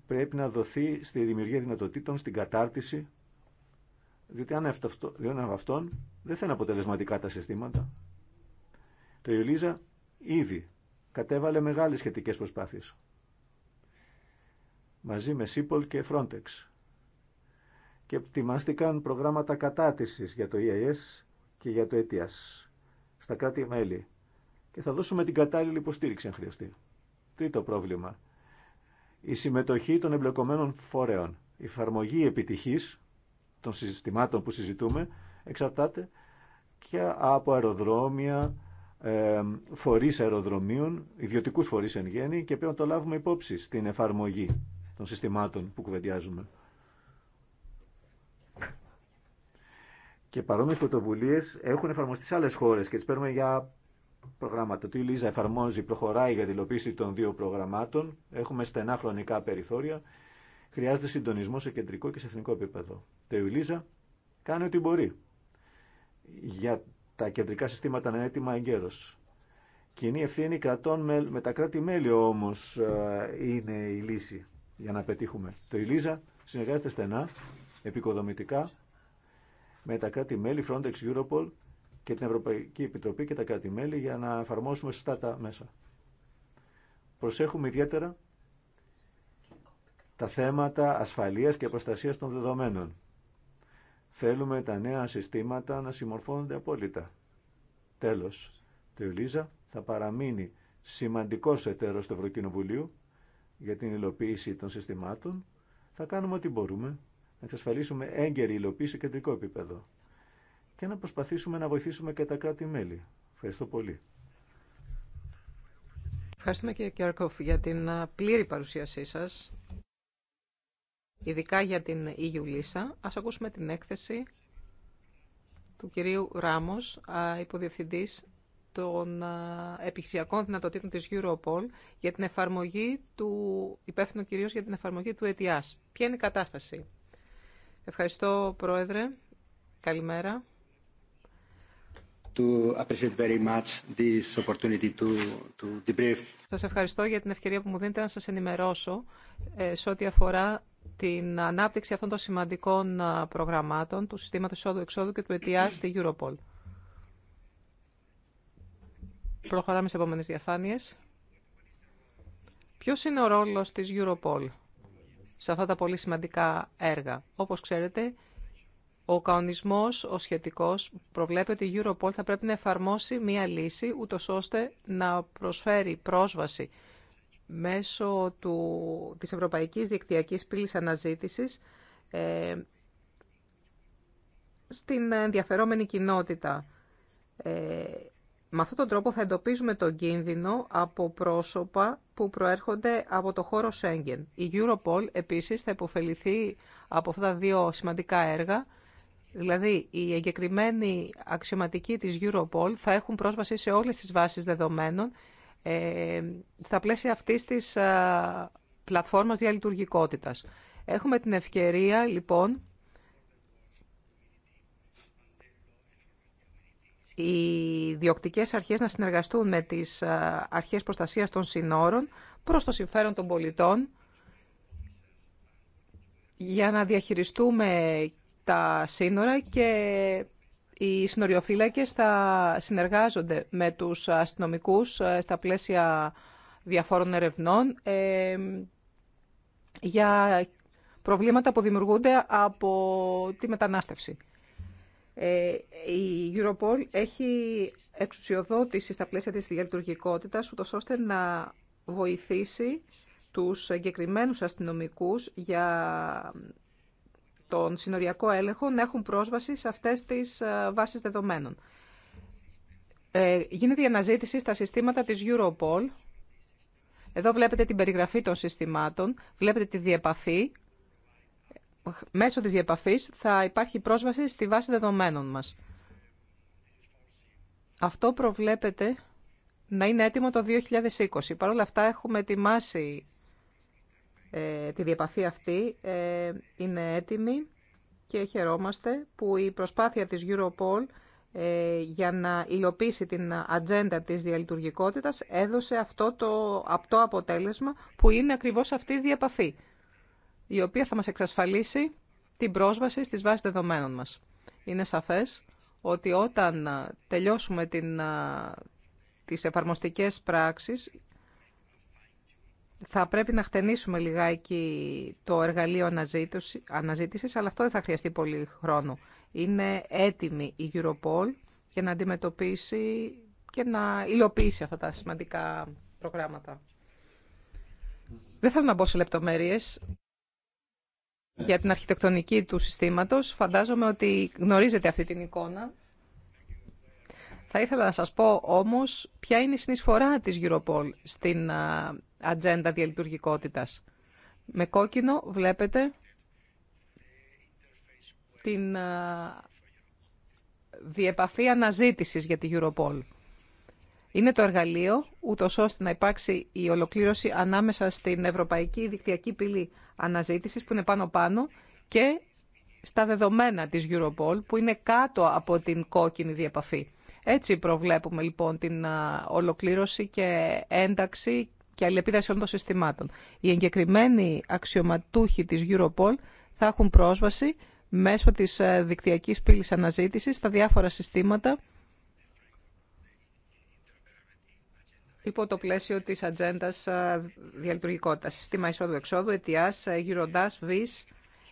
Speaker 2: πρέπει να δοθεί στη δημιουργία δυνατοτήτων, στην κατάρτιση, διότι αν αυτόν δεν θα είναι αποτελεσματικά τα συστήματα. Το Ιουλίζα ήδη κατέβαλε μεγάλες σχετικές προσπάθειες μαζί με ΣΥΠΟΛ και Frontex και ετοιμάστηκαν προγράμματα κατάτησης για το EIS και για το ETIAS ε στα κράτη-μέλη και θα δώσουμε την κατάλληλη υποστήριξη αν χρειαστεί. Τρίτο πρόβλημα. Η συμμετοχή των εμπλεκομένων φορέων. Η εφαρμογή επιτυχής των συστημάτων που συζητούμε εξαρτάται και από αεροδρόμια, ε, φορείς αεροδρομίων, ιδιωτικούς φορεί εν γέννη και πρέπει να το λάβουμε υπόψη στην εφαρμογή των συστημάτων που κουβεντιάζουμε. Και παρόμοιε πρωτοβουλίε έχουν εφαρμοστεί σε άλλε χώρε και τι παίρνουμε για προγράμματα. Το Ιλίζα εφαρμόζει, προχωράει για τη υλοποίηση των δύο προγραμμάτων. Έχουμε στενά χρονικά περιθώρια. Χρειάζεται συντονισμό σε κεντρικό και σε εθνικό επίπεδο. Το ΙΛΙΖΑ κάνει ό,τι μπορεί για τα κεντρικά συστήματα να είναι έτοιμα εγκαίρω. Κοινή ευθύνη κρατών με, με τα κράτη-μέλη όμω ε, είναι η λύση για να πετύχουμε. Το ΙΛΙΖΑ συνεργάζεται στενά, επικοδομητικά με τα κράτη-μέλη, Frontex, Europol και την Ευρωπαϊκή Επιτροπή και τα κράτη-μέλη για να εφαρμόσουμε σωστά τα μέσα. Προσέχουμε ιδιαίτερα τα θέματα ασφαλείας και προστασίας των δεδομένων. Θέλουμε τα νέα συστήματα να συμμορφώνονται απόλυτα. Τέλος, το Ελίζα θα παραμείνει σημαντικός εταίρος του Ευρωκοινοβουλίου για την υλοποίηση των συστημάτων. Θα κάνουμε ό,τι μπορούμε να εξασφαλίσουμε έγκαιρη υλοποίηση σε κεντρικό επίπεδο και να προσπαθήσουμε να βοηθήσουμε και τα κράτη-μέλη. Ευχαριστώ πολύ.
Speaker 3: Ευχαριστούμε κύριε Κιόρκοφ για την πλήρη παρουσίασή σας, ειδικά για την Λίσσα. Ας ακούσουμε την έκθεση του κυρίου Ράμος, υποδιευθυντής των επιχειρησιακών δυνατοτήτων της Europol για την εφαρμογή του, υπεύθυνο κυρίως για την εφαρμογή του ETIAS. Ε Ποια είναι η κατάσταση Ευχαριστώ, Πρόεδρε. Καλημέρα.
Speaker 2: To appreciate very much this opportunity to, to debrief.
Speaker 3: Σας ευχαριστώ για την ευκαιρία που μου δίνετε να σας ενημερώσω ε, σε ό,τι αφορά την ανάπτυξη αυτών των σημαντικών προγραμμάτων του συστήματος εισόδου-εξόδου και του ΕΤΙΑ στη Europol. Προχωράμε σε επόμενες διαφάνειες. Ποιος είναι ο ρόλος της Europol σε αυτά τα πολύ σημαντικά έργα. Όπως ξέρετε, ο καονισμός, ο σχετικός, προβλέπει ότι η Europol θα πρέπει να εφαρμόσει μία λύση, ούτω ώστε να προσφέρει πρόσβαση μέσω του, της Ευρωπαϊκής Δικτυακής Πύλης Αναζήτησης ε, στην ενδιαφερόμενη κοινότητα. Ε, με αυτόν τον τρόπο θα εντοπίζουμε τον κίνδυνο από πρόσωπα που προέρχονται από το χώρο Σέγγεν. Η Europol επίσης θα υποφεληθεί από αυτά τα δύο σημαντικά έργα, δηλαδή οι εγκεκριμένοι αξιωματικοί της Europol θα έχουν πρόσβαση σε όλες τις βάσεις δεδομένων ε, στα πλαίσια αυτής της ε, πλατφόρμας διαλειτουργικότητας. Έχουμε την ευκαιρία λοιπόν οι διοκτικές αρχές να συνεργαστούν με τις αρχές προστασίας των συνόρων προς το συμφέρον των πολιτών για να διαχειριστούμε τα σύνορα και οι συνοριοφύλακες θα συνεργάζονται με τους αστυνομικούς ε, στα πλαίσια διαφόρων ερευνών ε, για προβλήματα που δημιουργούνται από τη μετανάστευση. Ε, η Europol έχει εξουσιοδότηση στα πλαίσια της διαλειτουργικότητας, ούτως ώστε να βοηθήσει τους εγκεκριμένους αστυνομικούς για τον συνοριακό έλεγχο να έχουν πρόσβαση σε αυτές τις ε, βάσεις δεδομένων. Ε, γίνεται η αναζήτηση στα συστήματα της Europol. Εδώ βλέπετε την περιγραφή των συστημάτων, βλέπετε τη διεπαφή μέσω της διαπαφής θα υπάρχει πρόσβαση στη βάση δεδομένων μας. Αυτό προβλέπεται να είναι έτοιμο το 2020. Παρ' όλα αυτά έχουμε ετοιμάσει ε, τη διαπαφή αυτή, ε, είναι έτοιμη και χαιρόμαστε που η προσπάθεια της Europol ε, για να υλοποιήσει την ατζέντα της διαλειτουργικότητας έδωσε αυτό το απτό αποτέλεσμα που είναι ακριβώς αυτή η διαπαφή η οποία θα μας εξασφαλίσει την πρόσβαση στις βάσεις δεδομένων μας. Είναι σαφές ότι όταν τελειώσουμε την, τις εφαρμοστικές πράξεις θα πρέπει να χτενίσουμε λιγάκι το εργαλείο αναζήτησης, αλλά αυτό δεν θα χρειαστεί πολύ χρόνο. Είναι έτοιμη η Europol για να αντιμετωπίσει και να υλοποιήσει αυτά τα σημαντικά προγράμματα. Δεν θέλω να μπω σε λεπτομέρειες για την αρχιτεκτονική του συστήματος. Φαντάζομαι ότι γνωρίζετε αυτή την εικόνα. Θα ήθελα να σας πω όμως ποια είναι η συνεισφορά της Europol στην ατζέντα διαλειτουργικότητας. Με κόκκινο βλέπετε την διεπαφή αναζήτησης για τη Europol. Είναι το εργαλείο ούτω ώστε να υπάρξει η ολοκλήρωση ανάμεσα στην Ευρωπαϊκή Δικτυακή Πύλη Αναζήτησης που είναι πάνω-πάνω και στα δεδομένα της Europol που είναι κάτω από την κόκκινη διαπαφή. Έτσι προβλέπουμε λοιπόν την ολοκλήρωση και ένταξη και αλληλεπίδραση όλων των συστημάτων. Οι εγκεκριμένοι αξιωματούχοι της Europol θα έχουν πρόσβαση μέσω της ε, δικτυακής πύλης αναζήτησης στα διάφορα συστήματα υπό το πλαίσιο της ατζέντα διαλειτουργικότητας. Σύστημα εισόδου-εξόδου, ΕΤΙΑΣ, ε, Γυροντάς, ΒΙΣ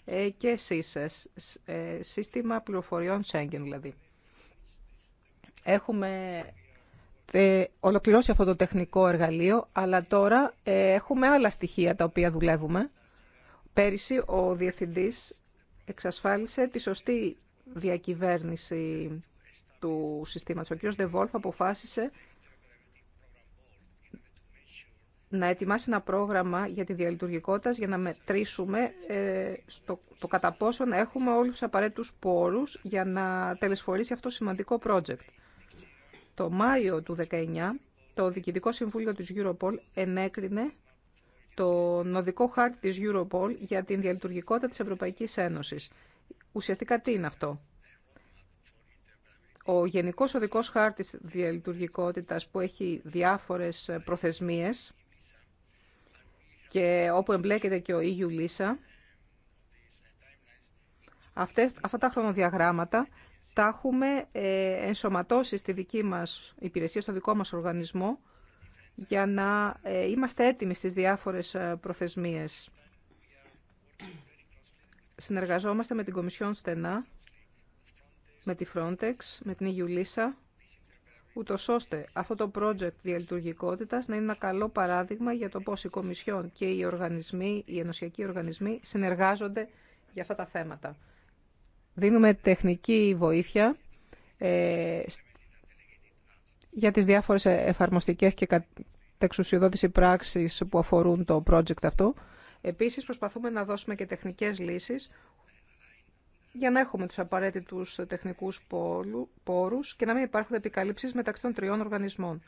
Speaker 3: ε, και ΣΥΣΕΣ. Ε, σύστημα πληροφοριών Σέγγεν δηλαδή. Έχουμε ολοκληρώσει αυτό το τεχνικό εργαλείο, αλλά τώρα έχουμε άλλα στοιχεία τα οποία δουλεύουμε. Πέρυσι ο Διευθυντής εξασφάλισε τη σωστή διακυβέρνηση του συστήματος. Ο κ. Δεβόλφ αποφάσισε να ετοιμάσει ένα πρόγραμμα για τη διαλειτουργικότητα για να μετρήσουμε ε, στο, το κατά πόσο έχουμε όλους τους απαραίτητους πόρους για να τελεσφορήσει αυτό το σημαντικό project. Το Μάιο του 2019, το Διοικητικό Συμβούλιο της Europol ενέκρινε το νοδικό χάρτη της Europol για την διαλειτουργικότητα της Ευρωπαϊκής Ένωσης. Ουσιαστικά τι είναι αυτό. Ο Γενικός Οδικός Χάρτης Διαλειτουργικότητας που έχει διάφορες προθεσμίες και όπου εμπλέκεται και ο Ιγιου Λίσσα, αυτές, αυτά τα χρονοδιαγράμματα τα έχουμε ε, ενσωματώσει στη δική μας υπηρεσία, στο δικό μας οργανισμό, για να ε, είμαστε έτοιμοι στις διάφορες ε, προθεσμίες. Συνεργαζόμαστε με την Κομισιόν στενά, με τη Frontex, με την Ίγιουλίσα ούτω ώστε αυτό το project διαλειτουργικότητας να είναι ένα καλό παράδειγμα για το πώς οι Κομισιόν και οι οργανισμοί, οι ενωσιακοί οργανισμοί συνεργάζονται για αυτά τα θέματα. Δίνουμε τεχνική βοήθεια ε, για τις διάφορες εφαρμοστικές και τεξουσιοδότηση πράξης που αφορούν το project αυτό. Επίσης προσπαθούμε να δώσουμε και τεχνικές λύσεις για να έχουμε τους απαραίτητους τεχνικούς πόρους και να μην υπάρχουν επικαλύψεις μεταξύ των τριών οργανισμών.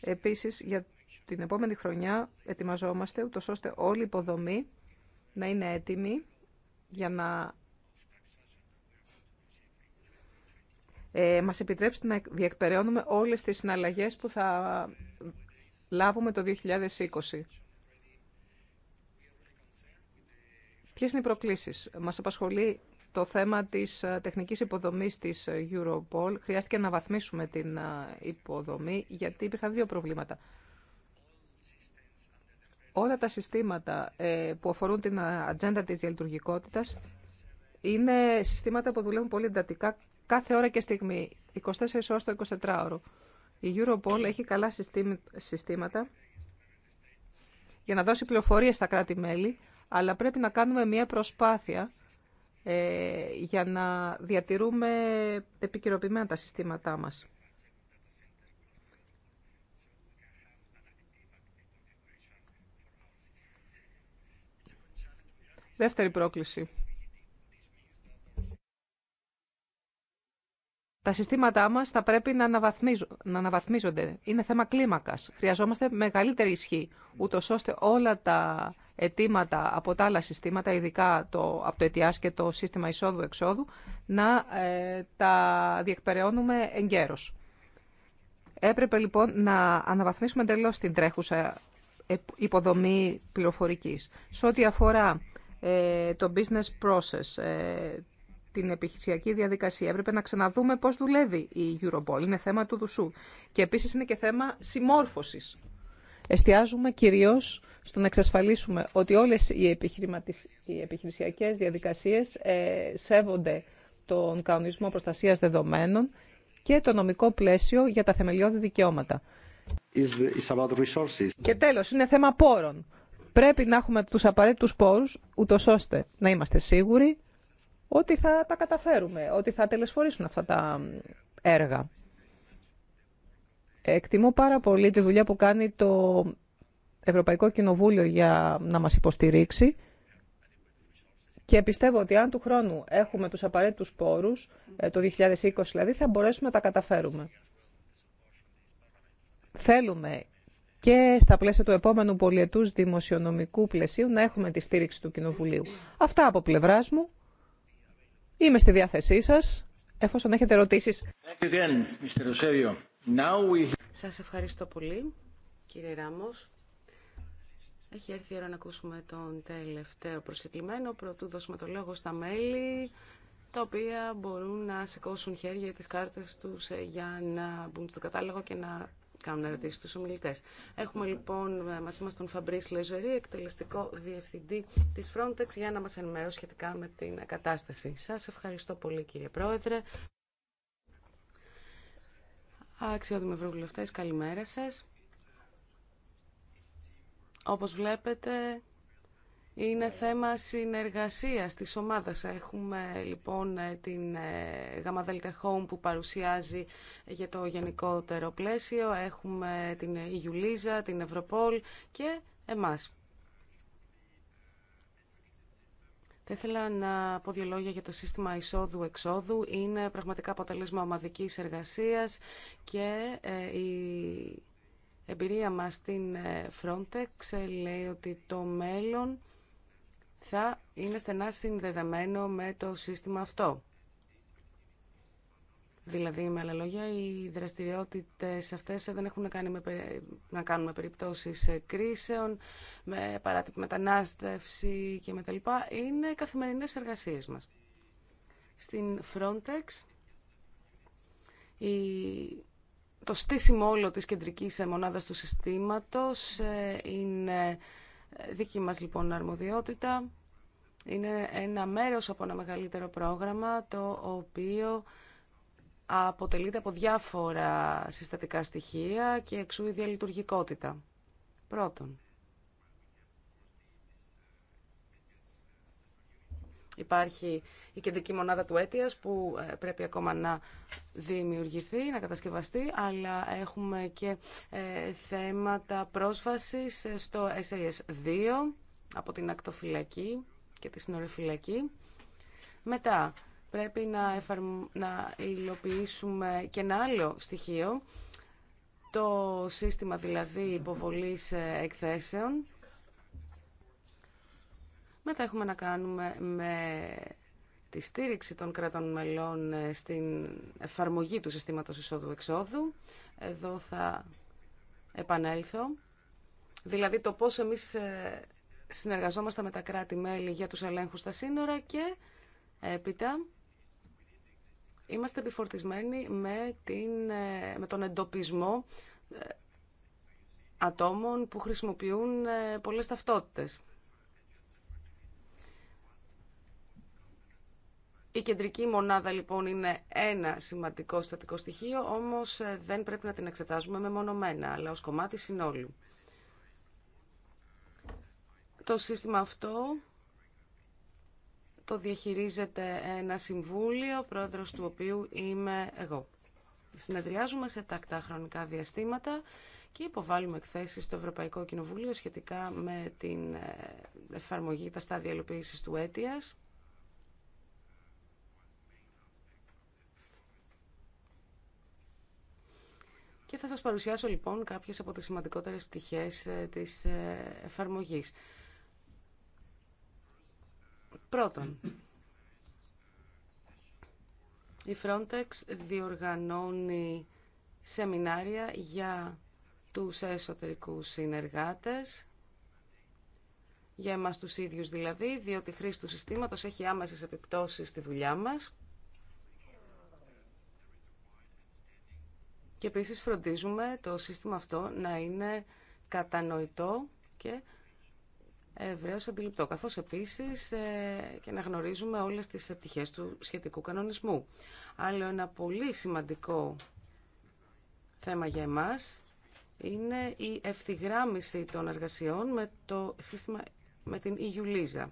Speaker 3: Επίσης, για την επόμενη χρονιά ετοιμαζόμαστε ούτως ώστε όλη η υποδομή να είναι έτοιμη για να ε, μας επιτρέψει να διεκπεραιώνουμε όλες τις συναλλαγές που θα λάβουμε το 2020. Ποιες είναι οι προκλήσεις. Μας απασχολεί το θέμα της ε, τεχνικής υποδομής της ε, Europol. Χρειάστηκε να βαθμίσουμε την ε, υποδομή γιατί υπήρχαν δύο προβλήματα. Όλα τα συστήματα που αφορούν την ατζέντα της διαλειτουργικότητας είναι συστήματα που δουλεύουν πολύ εντατικά κάθε ώρα και στιγμή, 24 ώρες το 24 ώρο. Η Europol έχει καλά συστήματα για να δώσει πληροφορίες στα κράτη-μέλη, αλλά πρέπει να κάνουμε μια προσπάθεια ε, για να διατηρούμε επικυρωπημένα τα συστήματά μας. Δεύτερη πρόκληση. Τα συστήματά μας θα πρέπει να, να αναβαθμίζονται. Είναι θέμα κλίμακας. Χρειαζόμαστε μεγαλύτερη ισχύ, ούτως ώστε όλα τα αιτήματα από τα άλλα συστήματα, ειδικά το, από το ΕΤΙΑΣ και το σύστημα εισόδου-εξόδου, να ε, τα διεκπεραιώνουμε εγκαίρως. Έπρεπε λοιπόν να αναβαθμίσουμε εντελώ την τρέχουσα υποδομή πληροφορικής. Σε ό,τι αφορά ε, το business process, ε, την επιχειρησιακή διαδικασία. Έπρεπε να ξαναδούμε πώς δουλεύει η Europol. Είναι θέμα του δουσού. Και επίσης είναι και θέμα συμμόρφωσης Εστιάζουμε κυρίως στο να εξασφαλίσουμε ότι όλες οι, οι επιχειρησιακές διαδικασίες ε, σέβονται τον κανονισμό προστασίας δεδομένων και το νομικό πλαίσιο για τα θεμελιώδη δικαιώματα. Και τέλος, είναι θέμα πόρων. Πρέπει να έχουμε τους απαραίτητους πόρους, ούτω ώστε να είμαστε σίγουροι ότι θα τα καταφέρουμε, ότι θα τελεσφορήσουν αυτά τα έργα. Εκτιμώ πάρα πολύ τη δουλειά που κάνει το Ευρωπαϊκό Κοινοβούλιο για να μας υποστηρίξει και πιστεύω ότι αν του χρόνου έχουμε τους απαραίτητους πόρους, ε, το 2020 δηλαδή, θα μπορέσουμε να τα καταφέρουμε. Θέλουμε και στα πλαίσια του επόμενου πολιετούς δημοσιονομικού πλαισίου να έχουμε τη στήριξη του Κοινοβουλίου. Αυτά από πλευράς μου. Είμαι στη διάθεσή σας, εφόσον έχετε ερωτήσεις.
Speaker 1: Σας ευχαριστώ πολύ, κύριε Ράμος. Έχει έρθει η ώρα να ακούσουμε τον τελευταίο προσκεκλημένο, πρωτού δώσουμε το λόγο στα μέλη, τα οποία μπορούν να σηκώσουν χέρια τις κάρτες τους ε, για να μπουν στο κατάλογο και να κάνουν ερωτήσει στους ομιλητές. Έχουμε λοιπόν ε, μαζί μας τον Φαμπρίς Λεζερή, εκτελεστικό διευθυντή της Frontex, για να μας ενημερώσει σχετικά με την κατάσταση. Σας ευχαριστώ πολύ κύριε Πρόεδρε. Αξιότιμοι ευρωβουλευτέ, καλημέρα σας. Όπως βλέπετε, είναι θέμα συνεργασίας της ομάδας. Έχουμε λοιπόν ε, την Delta ε, Home που παρουσιάζει για το γενικότερο πλαίσιο. Έχουμε την Ιουλίζα, την Ευρωπόλ και εμάς. Θα ήθελα να πω δύο λόγια για το σύστημα εισόδου-εξόδου. Είναι πραγματικά αποτελέσμα ομαδικής εργασίας και ε, η εμπειρία μας στην ε, Frontex ε, λέει ότι το μέλλον θα είναι στενά συνδεδεμένο με το σύστημα αυτό. Δηλαδή, με άλλα λόγια, οι δραστηριότητε αυτές δεν έχουν να, κάνουμε με, να κάνουν με περιπτώσεις ε, κρίσεων, με παράτυπη μετανάστευση και με τα Είναι καθημερινές εργασίες μας. Στην Frontex, η, το στήσιμο όλο της κεντρικής ε, μονάδας του συστήματος ε, είναι δική μας λοιπόν αρμοδιότητα. Είναι ένα μέρος από ένα μεγαλύτερο πρόγραμμα, το οποίο αποτελείται από διάφορα συστατικά στοιχεία και εξού η διαλειτουργικότητα. Πρώτον, υπάρχει η κεντρική μονάδα του αίτιας που ε, πρέπει ακόμα να δημιουργηθεί, να κατασκευαστεί, αλλά έχουμε και ε, θέματα πρόσβασης στο SAS2 από την ακτοφυλακή και τη συνοριοφυλακή. Μετά, πρέπει να, να υλοποιήσουμε και ένα άλλο στοιχείο, το σύστημα δηλαδή υποβολής ε, εκθέσεων. Μετά έχουμε να κάνουμε με τη στήριξη των κρατών μελών ε, στην εφαρμογή του συστήματος εισόδου-εξόδου. Εδώ θα επανέλθω. Δηλαδή το πώς εμείς ε, συνεργαζόμαστε με τα κράτη-μέλη για τους ελέγχους στα σύνορα και έπειτα είμαστε επιφορτισμένοι με, την, ε, με τον εντοπισμό ε, ατόμων που χρησιμοποιούν ε, πολλές ταυτότητες. Η κεντρική μονάδα λοιπόν είναι ένα σημαντικό στατικό στοιχείο, όμως δεν πρέπει να την εξετάζουμε μεμονωμένα, αλλά ως κομμάτι συνόλου. Το σύστημα αυτό το διαχειρίζεται ένα συμβούλιο, πρόεδρος του οποίου είμαι εγώ. Συνεδριάζουμε σε τακτά χρονικά διαστήματα και υποβάλλουμε εκθέσεις στο Ευρωπαϊκό Κοινοβούλιο σχετικά με την ε, εφαρμογή τα στάδια του αίτιας. Και θα σας παρουσιάσω λοιπόν κάποιες από τις σημαντικότερες πτυχές ε, της ε, εφαρμογής. Πρώτον, η Frontex διοργανώνει σεμινάρια για τους εσωτερικούς συνεργάτες, για εμάς τους ίδιους δηλαδή, διότι η χρήση του συστήματος έχει άμεσες επιπτώσεις στη δουλειά μας. Και επίσης φροντίζουμε το σύστημα αυτό να είναι κατανοητό και ευρέως αντιληπτό, καθώς επίσης ε, και να γνωρίζουμε όλες τις επιτυχίε του σχετικού κανονισμού. Άλλο ένα πολύ σημαντικό θέμα για εμάς είναι η ευθυγράμμιση των εργασιών με το σύστημα με την EU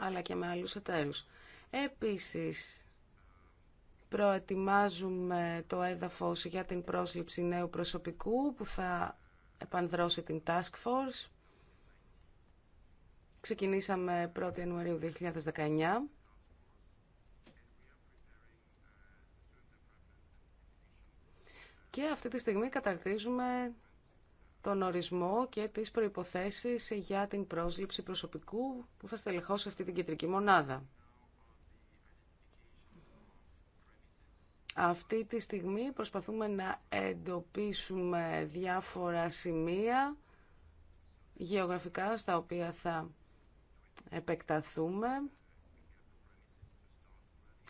Speaker 1: αλλά και με άλλους εταίρους. Επίσης, Προετοιμάζουμε το έδαφος για την πρόσληψη νέου προσωπικού που θα επανδρώσει την Task Force. Ξεκινήσαμε 1η Ιανουαρίου 2019. Και αυτή τη στιγμή καταρτίζουμε τον ορισμό και τις προϋποθέσεις για την πρόσληψη προσωπικού που θα στελεχώσει αυτή την κεντρική μονάδα. Αυτή τη στιγμή προσπαθούμε να εντοπίσουμε διάφορα σημεία γεωγραφικά στα οποία θα επεκταθούμε.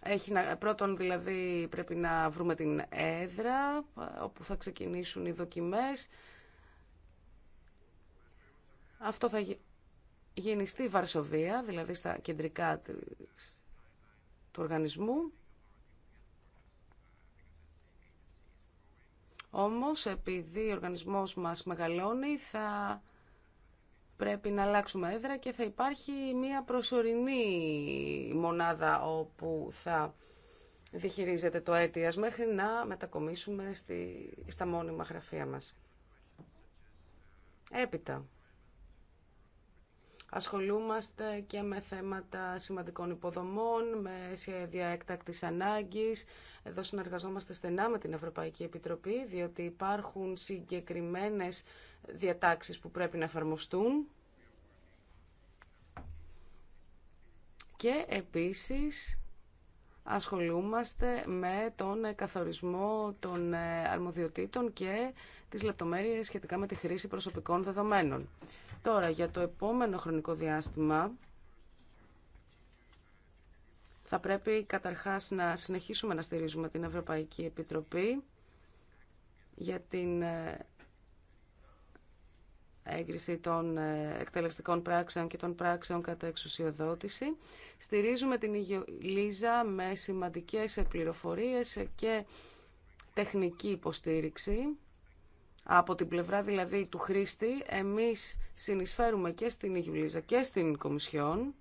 Speaker 1: Έχει να, πρώτον δηλαδή πρέπει να βρούμε την έδρα όπου θα ξεκινήσουν οι δοκιμές. Αυτό θα γίνει στη Βαρσοβία, δηλαδή στα κεντρικά του οργανισμού. Όμως, επειδή ο οργανισμός μας μεγαλώνει, θα πρέπει να αλλάξουμε έδρα και θα υπάρχει μία προσωρινή μονάδα όπου θα διχειρίζεται το αίτιας μέχρι να μετακομίσουμε στη, στα μόνιμα γραφεία μας. Έπειτα. Ασχολούμαστε και με θέματα σημαντικών υποδομών, με σχέδια έκτακτης ανάγκης. Εδώ συνεργαζόμαστε στενά με την Ευρωπαϊκή Επιτροπή, διότι υπάρχουν συγκεκριμένες διατάξεις που πρέπει να εφαρμοστούν. Και επίσης ασχολούμαστε με τον καθορισμό των αρμοδιοτήτων και τις λεπτομέρειες σχετικά με τη χρήση προσωπικών δεδομένων. Τώρα, για το επόμενο χρονικό διάστημα, θα πρέπει καταρχάς να συνεχίσουμε να στηρίζουμε την Ευρωπαϊκή Επιτροπή για την ε, έγκριση των ε, εκτελεστικών πράξεων και των πράξεων κατά εξουσιοδότηση. Στηρίζουμε την Λίζα με σημαντικές πληροφορίες και τεχνική υποστήριξη. Από την πλευρά δηλαδή του χρήστη, εμείς συνεισφέρουμε και στην Ιουλίζα και στην Κομισιόν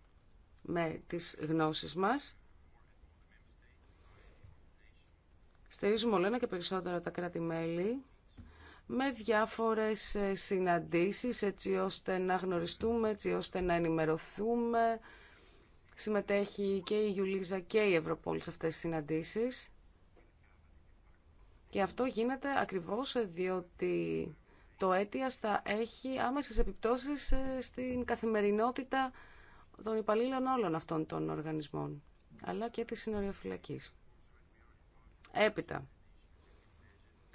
Speaker 1: με τις γνώσεις μας. Στηρίζουμε όλο ένα και περισσότερο τα κράτη-μέλη με διάφορες ε, συναντήσεις έτσι ώστε να γνωριστούμε, έτσι ώστε να ενημερωθούμε. Συμμετέχει και η Ιουλίζα και η Ευρωπόλη σε αυτές τις συναντήσεις. Και αυτό γίνεται ακριβώς διότι το αίτια θα έχει άμεσες επιπτώσεις ε, στην καθημερινότητα των υπαλλήλων όλων αυτών των οργανισμών, αλλά και της συνοριοφυλακής. Έπειτα,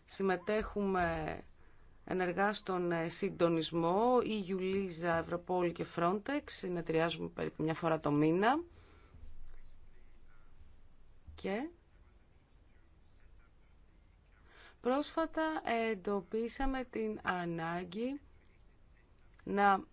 Speaker 1: συμμετέχουμε ενεργά στον ε, συντονισμό η Γιουλίζα, Ευρωπόλ και Frontex. Συνεδριάζουμε περίπου μια φορά το μήνα. Και Πρόσφατα εντοπίσαμε την ανάγκη να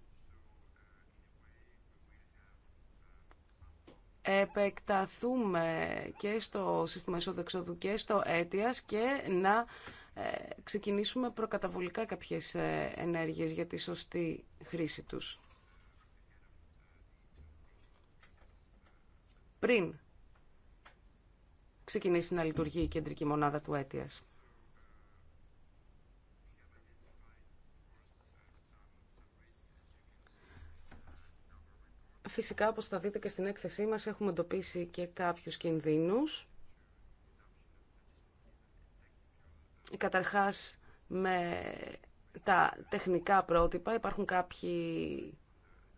Speaker 1: επεκταθούμε και στο σύστημα εισοδεξοδού και στο αίτιας και να ε, ξεκινήσουμε προκαταβολικά κάποιες ε, ενέργειες για τη σωστή χρήση τους. Πριν ξεκινήσει να λειτουργεί η κεντρική μονάδα του αίτιας. Φυσικά, όπως θα δείτε και στην έκθεσή μας, έχουμε εντοπίσει και κάποιους κινδύνους. Καταρχάς, με τα τεχνικά πρότυπα υπάρχουν κάποιοι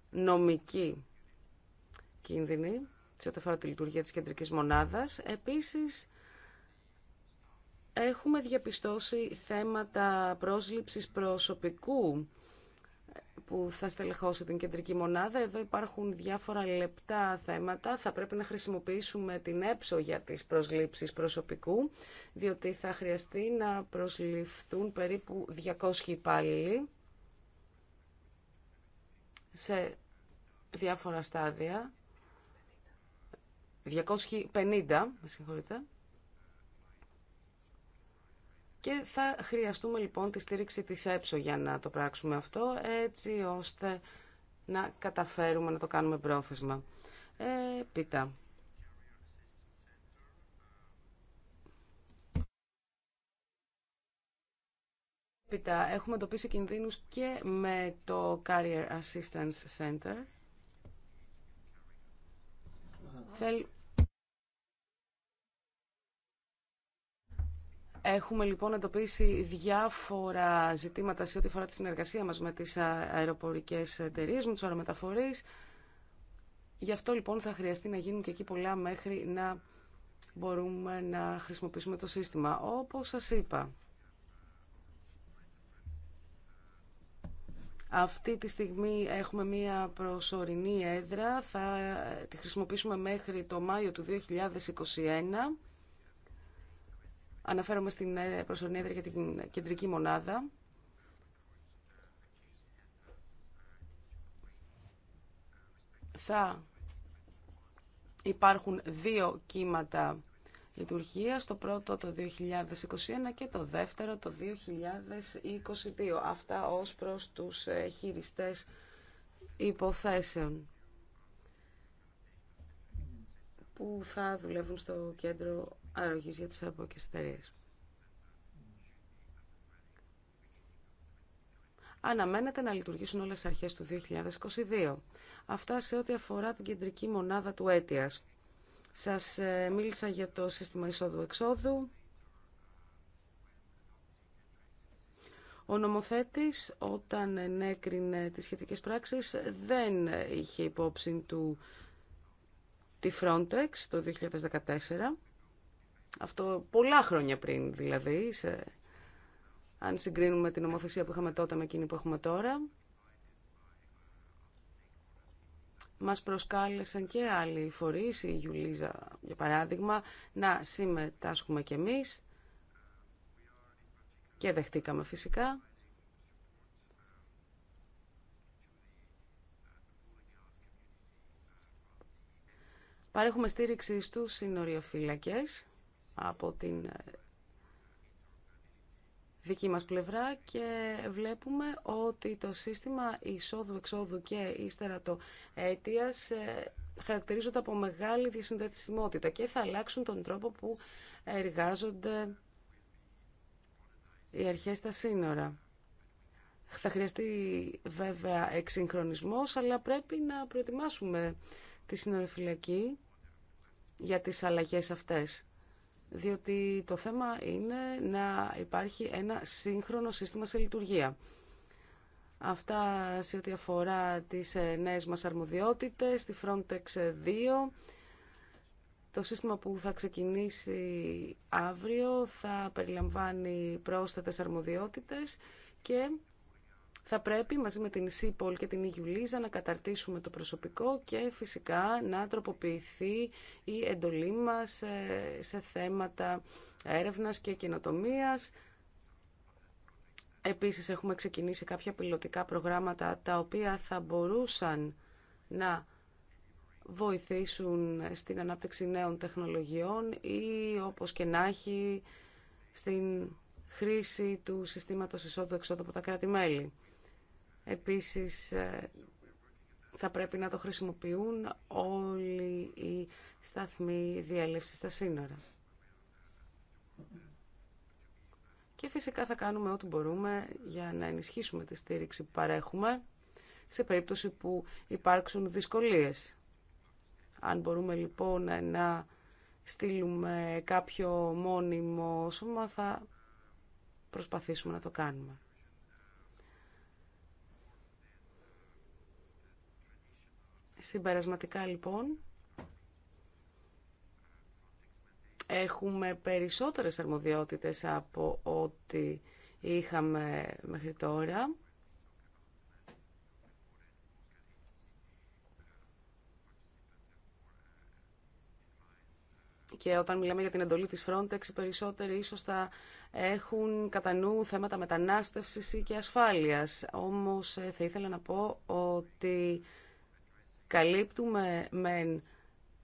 Speaker 1: νομικοί κίνδυνοι σε ό,τι αφορά τη λειτουργία της κεντρικής μονάδας. Επίσης, έχουμε διαπιστώσει θέματα πρόσληψης προσωπικού που θα στελεχώσει την κεντρική μονάδα. Εδώ υπάρχουν διάφορα λεπτά θέματα. Θα πρέπει να χρησιμοποιήσουμε την έψο για τις προσλήψεις προσωπικού, διότι θα χρειαστεί να προσληφθούν περίπου 200 υπάλληλοι σε διάφορα στάδια. 250, με συγχωρείτε. Και θα χρειαστούμε λοιπόν τη στήριξη της ΕΠΣΟ για να το πράξουμε αυτό, έτσι ώστε να καταφέρουμε να το κάνουμε πρόθεσμα. Ε, πίτα. Πίτα, έχουμε εντοπίσει κινδύνους και με το Career Assistance Center. Θέλ, Έχουμε λοιπόν εντοπίσει διάφορα ζητήματα σε ό,τι αφορά τη συνεργασία μας με τις αεροπορικές εταιρείε, με τους αερομεταφορείς. Γι' αυτό λοιπόν θα χρειαστεί να γίνουν και εκεί πολλά μέχρι να μπορούμε να χρησιμοποιήσουμε το σύστημα. Όπως σας είπα, αυτή τη στιγμή έχουμε μία προσωρινή έδρα, θα ε, τη χρησιμοποιήσουμε μέχρι το Μάιο του 2021 Αναφέρομαι στην ε, προσωρινή έδρα την κεντρική μονάδα. Θα υπάρχουν δύο κύματα λειτουργίας, το πρώτο το 2021 και το δεύτερο το 2022. Αυτά ως προς τους ε, χειριστές υποθέσεων που θα δουλεύουν στο κέντρο αρρωγής για τις αεροπορικές εταιρείε. Αναμένεται να λειτουργήσουν όλες τι αρχές του 2022. Αυτά σε ό,τι αφορά την κεντρική μονάδα του αίτιας. Σας ε, μίλησα για το σύστημα εισόδου-εξόδου. Ο νομοθέτης όταν ενέκρινε τις σχετικές πράξεις δεν είχε υπόψη του τη Frontex το 2014 αυτό πολλά χρόνια πριν δηλαδή, αν συγκρίνουμε την νομοθεσία που είχαμε τότε με εκείνη που έχουμε τώρα. Μας προσκάλεσαν και άλλοι φορείς, η Γιουλίζα για παράδειγμα, να συμμετάσχουμε κι εμείς και δεχτήκαμε φυσικά. Παρέχουμε στήριξη στους συνοριοφύλακες από την ε, δική μας πλευρά και βλέπουμε ότι το σύστημα εισόδου-εξόδου και ύστερα το αίτιας ε, χαρακτηρίζονται από μεγάλη διασυνδεσιμότητα και θα αλλάξουν τον τρόπο που εργάζονται οι αρχές στα σύνορα. Θα χρειαστεί βέβαια εξυγχρονισμός, αλλά πρέπει να προετοιμάσουμε τη φυλακή για τις αλλαγές αυτές διότι το θέμα είναι να υπάρχει ένα σύγχρονο σύστημα σε λειτουργία. Αυτά σε ό,τι αφορά τις ε, νέες μας αρμοδιότητες, τη Frontex 2, το σύστημα που θα ξεκινήσει αύριο θα περιλαμβάνει πρόσθετες αρμοδιότητες και θα πρέπει μαζί με την ΣΥΠΟΛ και την Ιγιουλίζα να καταρτήσουμε το προσωπικό και φυσικά να τροποποιηθεί η εντολή μας ε, σε θέματα έρευνας και καινοτομίας. Επίσης έχουμε ξεκινήσει κάποια πιλωτικά προγράμματα τα οποία θα μπορούσαν να βοηθήσουν στην ανάπτυξη νέων τεχνολογιών ή όπως και να έχει στην χρήση του συστήματος εισόδου-εξόδου από τα κράτη-μέλη. Επίσης, ε, θα πρέπει να το χρησιμοποιούν όλοι οι σταθμοί διέλευσης στα σύνορα. Και φυσικά θα κάνουμε ό,τι μπορούμε για να ενισχύσουμε τη στήριξη που παρέχουμε σε περίπτωση που υπάρξουν δυσκολίες. Αν μπορούμε λοιπόν να στείλουμε κάποιο μόνιμο σώμα θα προσπαθήσουμε να το κάνουμε. Συμπερασματικά λοιπόν, έχουμε περισσότερες αρμοδιότητες από ό,τι είχαμε μέχρι τώρα. Και όταν μιλάμε για την εντολή της Frontex, οι περισσότεροι ίσως θα έχουν κατά νου θέματα μετανάστευσης και ασφάλειας. Όμως ε, θα ήθελα να πω ότι καλύπτουμε μεν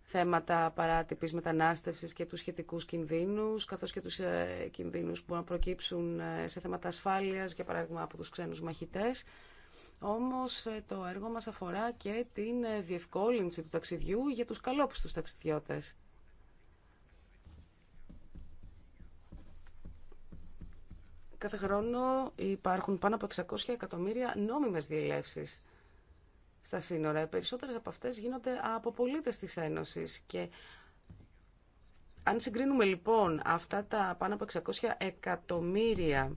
Speaker 1: θέματα παράτυπης μετανάστευσης και τους σχετικούς κινδύνους, καθώς και τους ε, κινδύνους που μπορούν να προκύψουν ε, σε θέματα ασφάλειας, για παράδειγμα από τους ξένους μαχητές. Όμως ε, το έργο μας αφορά και την ε, διευκόλυνση του ταξιδιού για τους καλόπιστους ταξιδιώτες. Κάθε χρόνο υπάρχουν πάνω από 600 εκατομμύρια νόμιμες διελεύσεις στα σύνορα. Οι περισσότερε από αυτέ γίνονται από πολίτε τη Ένωση. και αν συγκρίνουμε λοιπόν αυτά τα πάνω από 600 εκατομμύρια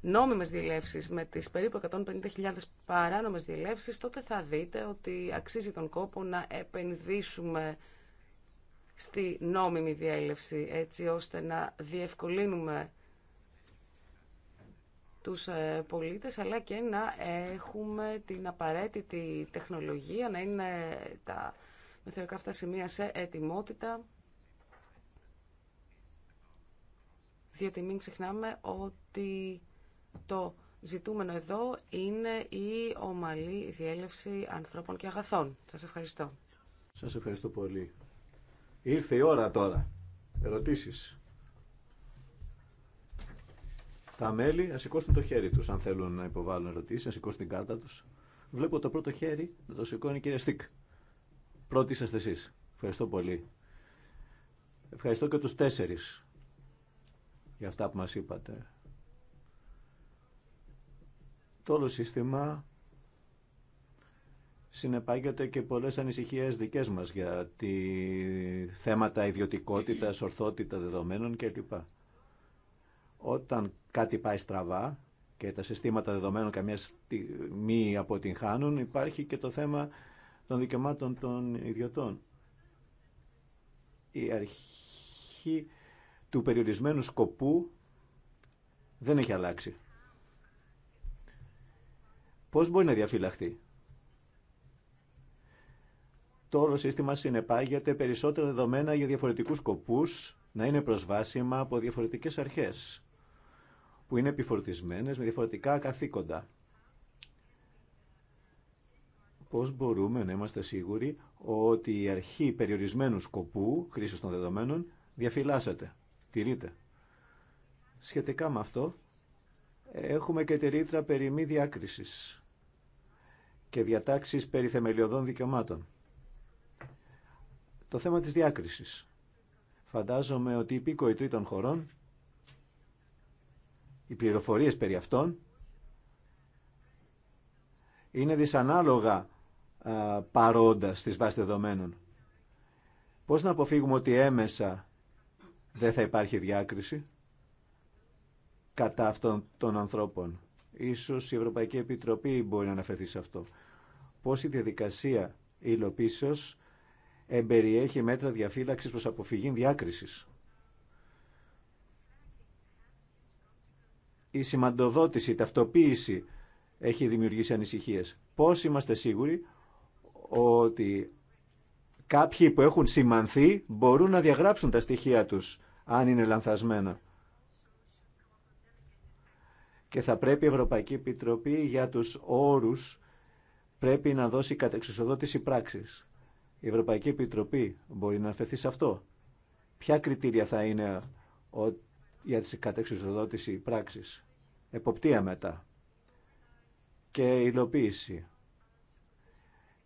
Speaker 1: νόμιμες διελεύσεις με τις περίπου 150.000 παράνομες διελεύσεις, τότε θα δείτε ότι αξίζει τον κόπο να επενδύσουμε στη νόμιμη διέλευση, έτσι ώστε να διευκολύνουμε τους ε, πολίτες αλλά και να έχουμε την απαραίτητη τεχνολογία, να είναι τα μεθορικά αυτά σημεία σε ετοιμότητα. Διότι μην ξεχνάμε ότι το ζητούμενο εδώ είναι η ομαλή διέλευση ανθρώπων και αγαθών. Σας ευχαριστώ.
Speaker 2: Σας ευχαριστώ πολύ. Ήρθε η ώρα τώρα. Ερωτήσεις. Τα μέλη να σηκώσουν το χέρι τους αν θέλουν να υποβάλουν ερωτήσεις, να σηκώσουν την κάρτα τους. Βλέπω το πρώτο χέρι να το σηκώνει κυρία Στίκ. Πρώτοι είσαστε εσεί. Ευχαριστώ πολύ. Ευχαριστώ και τους τέσσερις για αυτά που μας είπατε. Το όλο σύστημα συνεπάγεται και πολλές ανησυχίες δικές μας για τη θέματα ιδιωτικότητας, ορθότητα δεδομένων κλπ. Όταν κάτι πάει στραβά και τα συστήματα δεδομένων καμία στιγμή αποτυγχάνουν, υπάρχει και το θέμα των δικαιωμάτων των ιδιωτών. Η αρχή του περιορισμένου σκοπού δεν έχει αλλάξει. Πώς μπορεί να διαφυλαχθεί. Το όλο σύστημα συνεπάγεται περισσότερα δεδομένα για διαφορετικούς σκοπούς να είναι προσβάσιμα από διαφορετικές αρχές που είναι επιφορτισμένες με διαφορετικά καθήκοντα. Πώς μπορούμε να είμαστε σίγουροι ότι η αρχή περιορισμένου σκοπού χρήσης των δεδομένων διαφυλάσσεται, τηρείται. Σχετικά με αυτό, έχουμε και τη ρήτρα περί μη διάκρισης και διατάξεις περί θεμελιωδών δικαιωμάτων. Το θέμα της διάκρισης. Φαντάζομαι ότι οι υπήκοοι τρίτων χωρών οι πληροφορίες περί αυτών είναι δυσανάλογα παρόντα στις βάσεις δεδομένων. Πώς να αποφύγουμε ότι έμεσα δεν θα υπάρχει διάκριση κατά αυτών των ανθρώπων. Ίσως η Ευρωπαϊκή Επιτροπή μπορεί να αναφερθεί σε αυτό. Πώς η διαδικασία υλοποίησεως εμπεριέχει μέτρα διαφύλαξης προς αποφυγή διάκρισης. η σημαντοδότηση, η ταυτοποίηση έχει δημιουργήσει ανησυχίες. Πώς είμαστε σίγουροι ότι κάποιοι που έχουν σημανθεί μπορούν να διαγράψουν τα στοιχεία τους, αν είναι λανθασμένα. Και θα πρέπει η Ευρωπαϊκή Επιτροπή για τους όρους πρέπει να δώσει κατεξουσοδότηση πράξης. Η Ευρωπαϊκή Επιτροπή μπορεί να αφαιθεί σε αυτό. Ποια κριτήρια θα είναι για τις κατεξουσιοδότηση πράξεις, Εποπτεία μετά και υλοποίηση.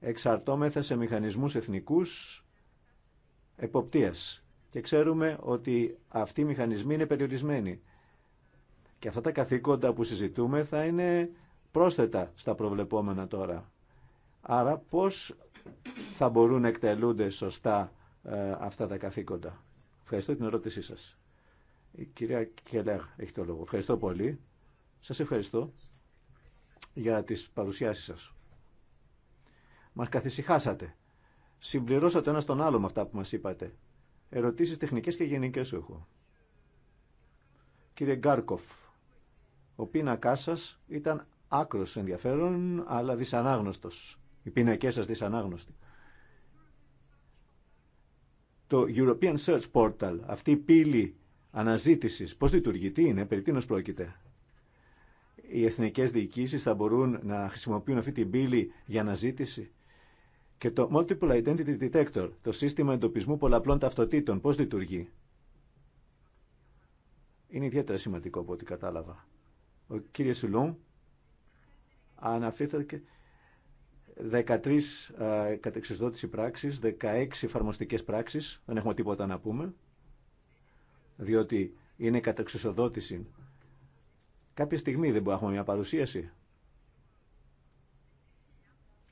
Speaker 2: Εξαρτώμεθα σε μηχανισμούς εθνικούς εποπτείας και ξέρουμε ότι αυτοί οι μηχανισμοί είναι περιορισμένοι. Και αυτά τα καθήκοντα που συζητούμε θα είναι πρόσθετα στα προβλεπόμενα τώρα. Άρα πώς θα μπορούν να εκτελούνται σωστά ε, αυτά τα καθήκοντα. Ευχαριστώ την ερώτησή σας. Η κυρία Κελέρ έχει το λόγο. Ευχαριστώ πολύ. Σας ευχαριστώ για τις παρουσιάσεις σας. Μας καθησυχάσατε. Συμπληρώσατε ένα στον άλλο με αυτά που μας είπατε. Ερωτήσεις τεχνικές και γενικές έχω. Κύριε Γκάρκοφ, ο πίνακάς σας ήταν άκρος ενδιαφέρον, αλλά δυσανάγνωστος. Οι πίνακές σας δυσανάγνωστοι. Το European Search Portal, αυτή η πύλη Αναζήτηση. Πώς λειτουργεί, τι είναι, περί τίνος πρόκειται. Οι εθνικές διοικησει θα μπορούν να χρησιμοποιούν αυτή την πύλη για αναζήτηση. Και το Multiple Identity Detector, το σύστημα εντοπισμού πολλαπλών ταυτοτήτων, πώς λειτουργεί. Είναι ιδιαίτερα σημαντικό από ό,τι κατάλαβα. Ο κύριος Σουλούν αναφέρθηκε 13 ε, κατεξοδότηση πράξεις, 16 εφαρμοστικές πράξεις, δεν έχουμε τίποτα να πούμε διότι είναι κατά εξουσιοδότηση. Κάποια στιγμή δεν μπορούμε να έχουμε μια παρουσίαση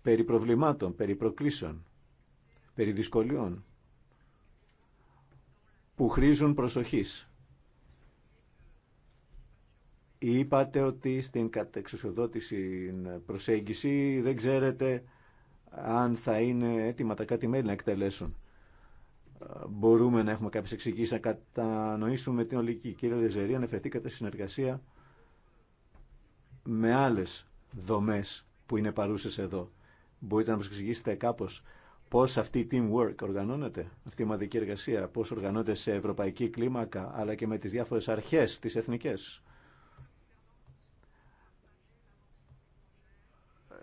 Speaker 2: περί προβλημάτων, περί προκλήσεων, περί δυσκολιών που χρήζουν προσοχής. Είπατε ότι στην κατεξουσιοδότηση προσέγγιση δεν ξέρετε αν θα είναι έτοιμα τα κάτι μέλη να εκτελέσουν μπορούμε να έχουμε κάποιες εξηγήσεις, να κατανοήσουμε την ολική. Κύριε Λεζερή, αναφερθήκατε στη συνεργασία με άλλες δομές που είναι παρούσες εδώ. Μπορείτε να μας εξηγήσετε κάπως πώς αυτή η teamwork οργανώνεται, αυτή η μαδική εργασία, πώς οργανώνεται σε ευρωπαϊκή κλίμακα, αλλά και με τις διάφορες αρχές, τις εθνικές.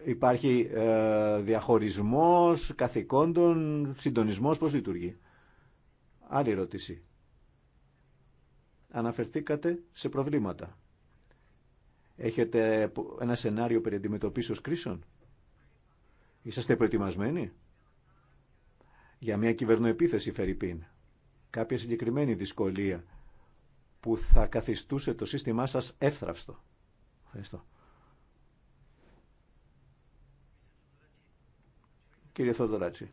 Speaker 2: Υπάρχει ε, διαχωρισμός, καθηκόντων, συντονισμός, πώς λειτουργεί. Άλλη ερώτηση. Αναφερθήκατε σε προβλήματα. Έχετε ένα σενάριο περί αντιμετωπίσεως κρίσεων. Είσαστε προετοιμασμένοι για μια κυβερνοεπίθεση Φερρυπίν. Κάποια συγκεκριμένη δυσκολία που θα καθιστούσε το σύστημά σας εύθραυστο. Ευχαριστώ. Κύριε Θοδωράτσι.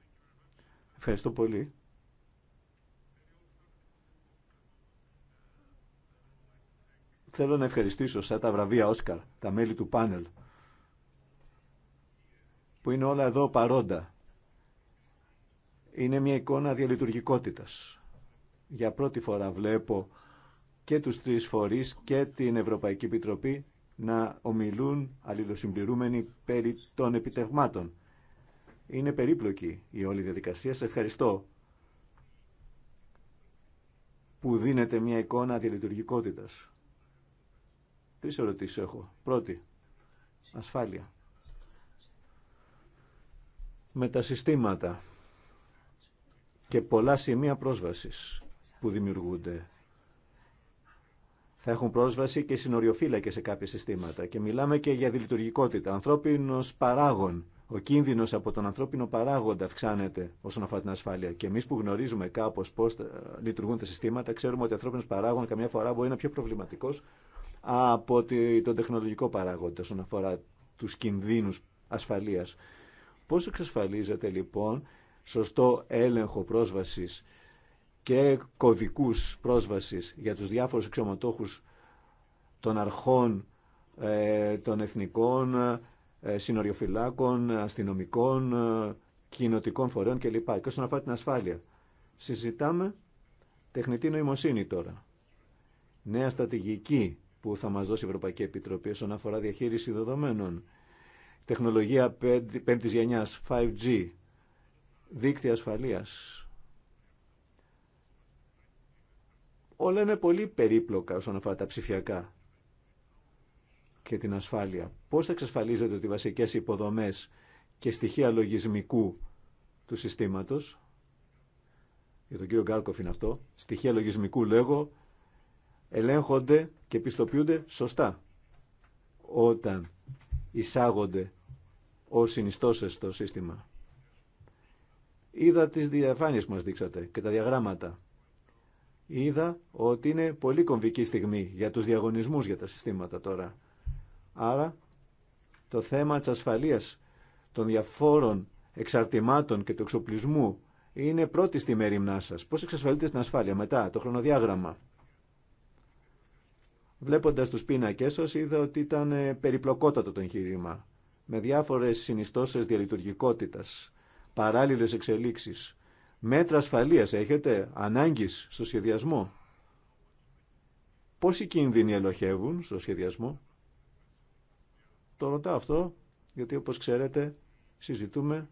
Speaker 2: ευχαριστώ πολύ. Θέλω να ευχαριστήσω σαν τα βραβεία Όσκαρ, τα μέλη του πάνελ, που είναι όλα εδώ παρόντα. Είναι μια εικόνα διαλειτουργικότητας. Για πρώτη φορά βλέπω και τους τρεις φορείς και την Ευρωπαϊκή Επιτροπή να ομιλούν αλληλοσυμπληρούμενοι περί των επιτευγμάτων. Είναι περίπλοκη η όλη διαδικασία. Σε ευχαριστώ που δίνεται μια εικόνα διαλειτουργικότητας. Τρει ερωτήσεις έχω. Πρώτη, ασφάλεια. Με τα συστήματα και πολλά σημεία πρόσβασης που δημιουργούνται. Θα έχουν πρόσβαση και συνοριοφύλακε σε κάποια συστήματα. Και μιλάμε και για δηλειτουργικότητα. Ανθρώπινο παράγων. Ο κίνδυνο από τον ανθρώπινο παράγοντα αυξάνεται όσον αφορά την ασφάλεια. Και εμεί που γνωρίζουμε κάπω πώ λειτουργούν τα συστήματα, ξέρουμε ότι ο ανθρώπινο παράγων καμιά φορά μπορεί να είναι πιο προβληματικό από τον τεχνολογικό παράγοντα όσον αφορά τους κινδύνους ασφαλείας. Πώς εξασφαλίζεται λοιπόν σωστό έλεγχο πρόσβασης και κωδικούς πρόσβασης για τους διάφορους αξιωματόχους των αρχών ε, των εθνικών, ε, συνοριοφυλάκων, αστυνομικών, ε, κοινοτικών φορέων κλπ. Και όσον αφορά την ασφάλεια. Συζητάμε τεχνητή νοημοσύνη τώρα. Νέα στρατηγική που θα μας δώσει η Ευρωπαϊκή Επιτροπή όσον αφορά διαχείριση δεδομένων. Τεχνολογία πέμπτη, πέμπτης γενιάς, 5G, δίκτυα ασφαλείας. Όλα είναι πολύ περίπλοκα όσον αφορά τα ψηφιακά και την ασφάλεια. Πώς θα εξασφαλίζετε ότι οι βασικές υποδομές και στοιχεία λογισμικού του συστήματος, για τον κύριο Γκάρκοφ είναι αυτό, στοιχεία λογισμικού λέγω, ελέγχονται και πιστοποιούνται σωστά όταν εισάγονται ως συνιστώσεις στο σύστημα. Είδα τις διαφάνειες που μας δείξατε και τα διαγράμματα. Είδα ότι είναι πολύ κομβική στιγμή για τους διαγωνισμούς για τα συστήματα τώρα. Άρα το θέμα της ασφαλείας των διαφόρων εξαρτημάτων και του εξοπλισμού είναι πρώτη στη μνά σα. Πώ εξασφαλείτε την ασφάλεια, μετά το χρονοδιάγραμμα. Βλέποντας τους πίνακές σας είδα ότι ήταν ε, περιπλοκότατο το εγχείρημα, με διάφορες συνιστώσεις διαλειτουργικότητας, παράλληλες εξελίξεις. Μέτρα ασφαλείας έχετε, ανάγκης στο σχεδιασμό. Πόσοι κίνδυνοι ελοχεύουν στο σχεδιασμό. Το ρωτάω αυτό, γιατί όπως ξέρετε συζητούμε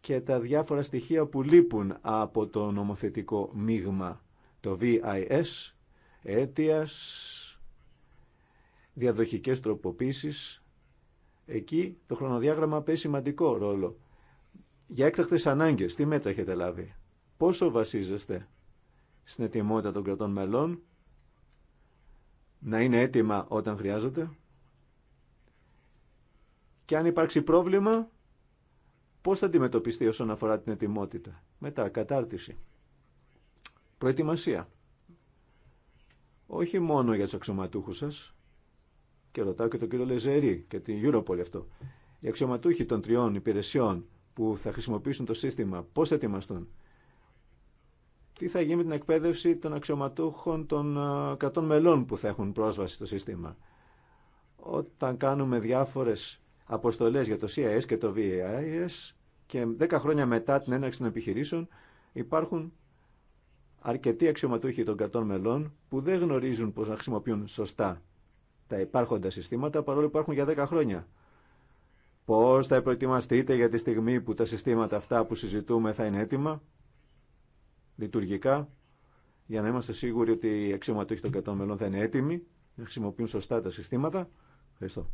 Speaker 2: και τα διάφορα στοιχεία που λείπουν από το νομοθετικό μείγμα, το VIS αίτιας, διαδοχικές τροποποίησεις. Εκεί το χρονοδιάγραμμα παίζει σημαντικό ρόλο. Για έκτακτες ανάγκες, τι μέτρα έχετε λάβει. Πόσο βασίζεστε στην ετοιμότητα των κρατών μελών να είναι έτοιμα όταν χρειάζεται και αν υπάρξει πρόβλημα πώς θα αντιμετωπιστεί όσον αφορά την ετοιμότητα. Μετά, κατάρτιση. Προετοιμασία όχι μόνο για του αξιωματούχου σα και ρωτάω και τον κύριο Λεζερή και την Europol αυτό, οι αξιωματούχοι των τριών υπηρεσιών που θα χρησιμοποιήσουν το σύστημα, πώ θα ετοιμαστούν, τι θα γίνει με την εκπαίδευση των αξιωματούχων των κρατών μελών που θα έχουν πρόσβαση στο σύστημα. Όταν κάνουμε διάφορες αποστολέ για το CIS και το VAIS και 10 χρόνια μετά την έναρξη των επιχειρήσεων υπάρχουν αρκετοί αξιωματούχοι των κρατών μελών που δεν γνωρίζουν πώ να χρησιμοποιούν σωστά τα υπάρχοντα συστήματα παρόλο που υπάρχουν για 10 χρόνια. Πώ θα προετοιμαστείτε για τη στιγμή που τα συστήματα αυτά που συζητούμε θα είναι έτοιμα, λειτουργικά, για να είμαστε σίγουροι ότι οι αξιωματούχοι των κρατών μελών θα είναι έτοιμοι να χρησιμοποιούν σωστά τα συστήματα. Ευχαριστώ.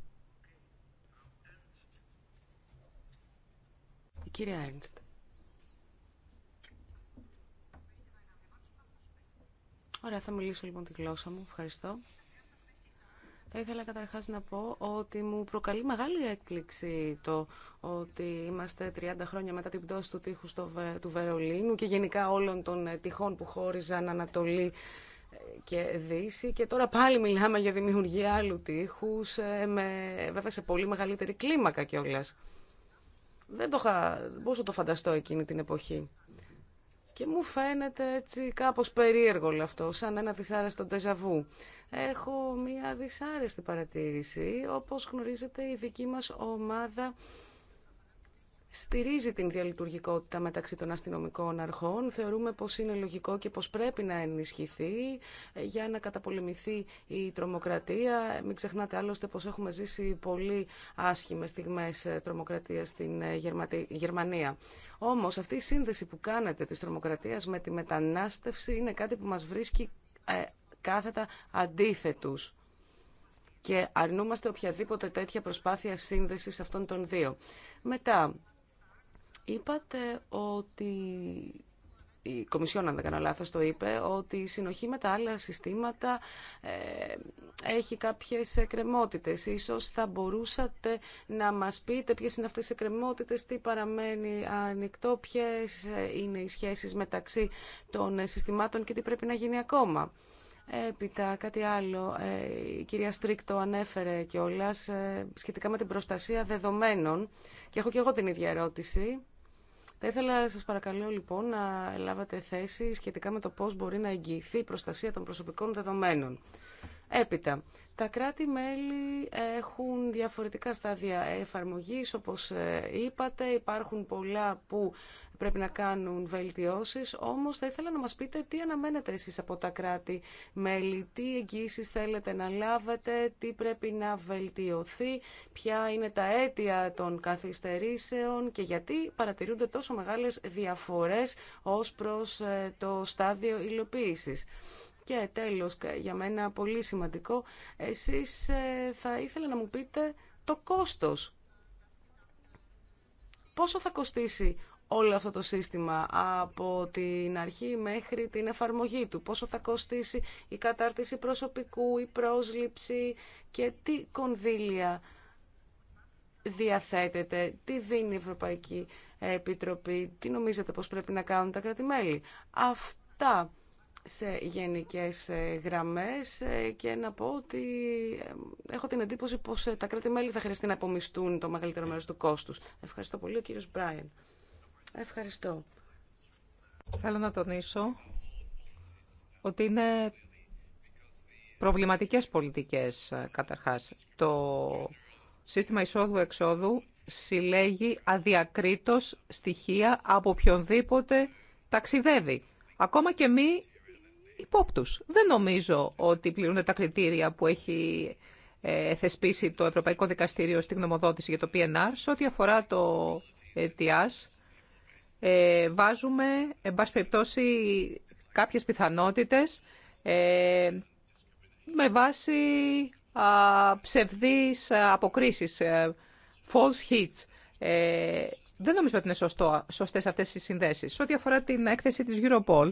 Speaker 1: Κύριε Έρνστ, Ωραία, θα μιλήσω λοιπόν τη γλώσσα μου. Ευχαριστώ. Θα ήθελα καταρχάς να πω ότι μου προκαλεί μεγάλη έκπληξη το ότι είμαστε 30 χρόνια μετά την πτώση του τείχου του Βερολίνου και γενικά όλων των ε, τυχών που χώριζαν Ανατολή ε, και Δύση και τώρα πάλι μιλάμε για δημιουργία άλλου τείχους ε, με, βέβαια σε πολύ μεγαλύτερη κλίμακα κιόλα. Δεν το είχα, το φανταστώ εκείνη την εποχή. Και μου φαίνεται έτσι κάπως περίεργο όλο αυτό, σαν ένα δυσάρεστο ντεζαβού. Έχω μία δυσάρεστη παρατήρηση. Όπως γνωρίζετε, η δική μας ομάδα στηρίζει την διαλειτουργικότητα μεταξύ των αστυνομικών αρχών. Θεωρούμε πως είναι λογικό και πως πρέπει να ενισχυθεί για να καταπολεμηθεί η τρομοκρατία. Μην ξεχνάτε άλλωστε πως έχουμε ζήσει πολύ άσχημες στιγμές ε, τρομοκρατίας στην ε, Γερμανία. Όμως αυτή η σύνδεση που κάνετε της τρομοκρατίας με τη μετανάστευση είναι κάτι που μας βρίσκει ε, κάθετα αντίθετους και αρνούμαστε οποιαδήποτε τέτοια προσπάθεια σύνδεσης αυτών των δύο. Μετά, Είπατε ότι η Κομισιόν, αν δεν κάνω λάθος, το είπε, ότι η συνοχή με τα άλλα συστήματα ε, έχει κάποιες εκκρεμότητες. Ίσως θα μπορούσατε να μας πείτε ποιες είναι αυτές οι εκκρεμότητες, τι παραμένει ανοιχτό, ποιες είναι οι σχέσεις μεταξύ των συστημάτων και τι πρέπει να γίνει ακόμα. Έπειτα, κάτι άλλο, ε, η κυρία Στρίκ το ανέφερε κιόλας, ε, σχετικά με την προστασία δεδομένων. Και έχω κι εγώ την ίδια ερώτηση. Θα ήθελα σας παρακαλώ λοιπόν να λάβατε θέση σχετικά με το πώς μπορεί να εγγυηθεί η προστασία των προσωπικών δεδομένων. Έπειτα, τα κράτη-μέλη έχουν διαφορετικά στάδια εφαρμογής, όπως ε, είπατε. Υπάρχουν πολλά που πρέπει να κάνουν βελτιώσεις, όμως θα ήθελα να μας πείτε τι αναμένετε εσείς από τα κράτη-μέλη, τι εγγύσεις θέλετε να λάβετε, τι πρέπει να βελτιωθεί, ποια είναι τα αίτια των καθυστερήσεων και γιατί παρατηρούνται τόσο μεγάλες διαφορές ως προς ε, το στάδιο υλοποίησης. Και τέλος, για μένα πολύ σημαντικό, εσείς ε, θα ήθελα να μου πείτε το κόστος. Πόσο θα κοστίσει όλο αυτό το σύστημα από την αρχή μέχρι την εφαρμογή του. Πόσο θα κοστίσει η κατάρτιση προσωπικού, η πρόσληψη και τι κονδύλια διαθέτεται, τι δίνει η Ευρωπαϊκή Επιτροπή, τι νομίζετε πως πρέπει να κάνουν τα κράτη-μέλη. Αυτά σε γενικές ε, γραμμές ε, και να πω ότι ε, έχω την εντύπωση πως τα κράτη-μέλη θα χρειαστεί να απομιστούν το μεγαλύτερο μέρος του κόστους. Ευχαριστώ πολύ, ο κύριος Μπράιν. Ευχαριστώ.
Speaker 3: Θέλω να τονίσω ότι είναι προβληματικές πολιτικές καταρχάς. Το σύστημα εισόδου-εξόδου συλλέγει αδιακρίτως στοιχεία από οποιονδήποτε ταξιδεύει. Ακόμα και μη υπόπτους. Δεν νομίζω ότι πληρούνται τα κριτήρια που έχει ε, θεσπίσει το Ευρωπαϊκό Δικαστήριο στη γνωμοδότηση για το PNR σε ό,τι αφορά το ETIAS. Ε ε, βάζουμε, εν πάση περιπτώσει, κάποιες πιθανότητες ε, με βάση α, ψευδείς αποκρίσεις, ε, false hits. Ε, δεν νομίζω ότι είναι σωστό, σωστές αυτές οι συνδέσεις. Σε ό,τι αφορά την έκθεση της Europol,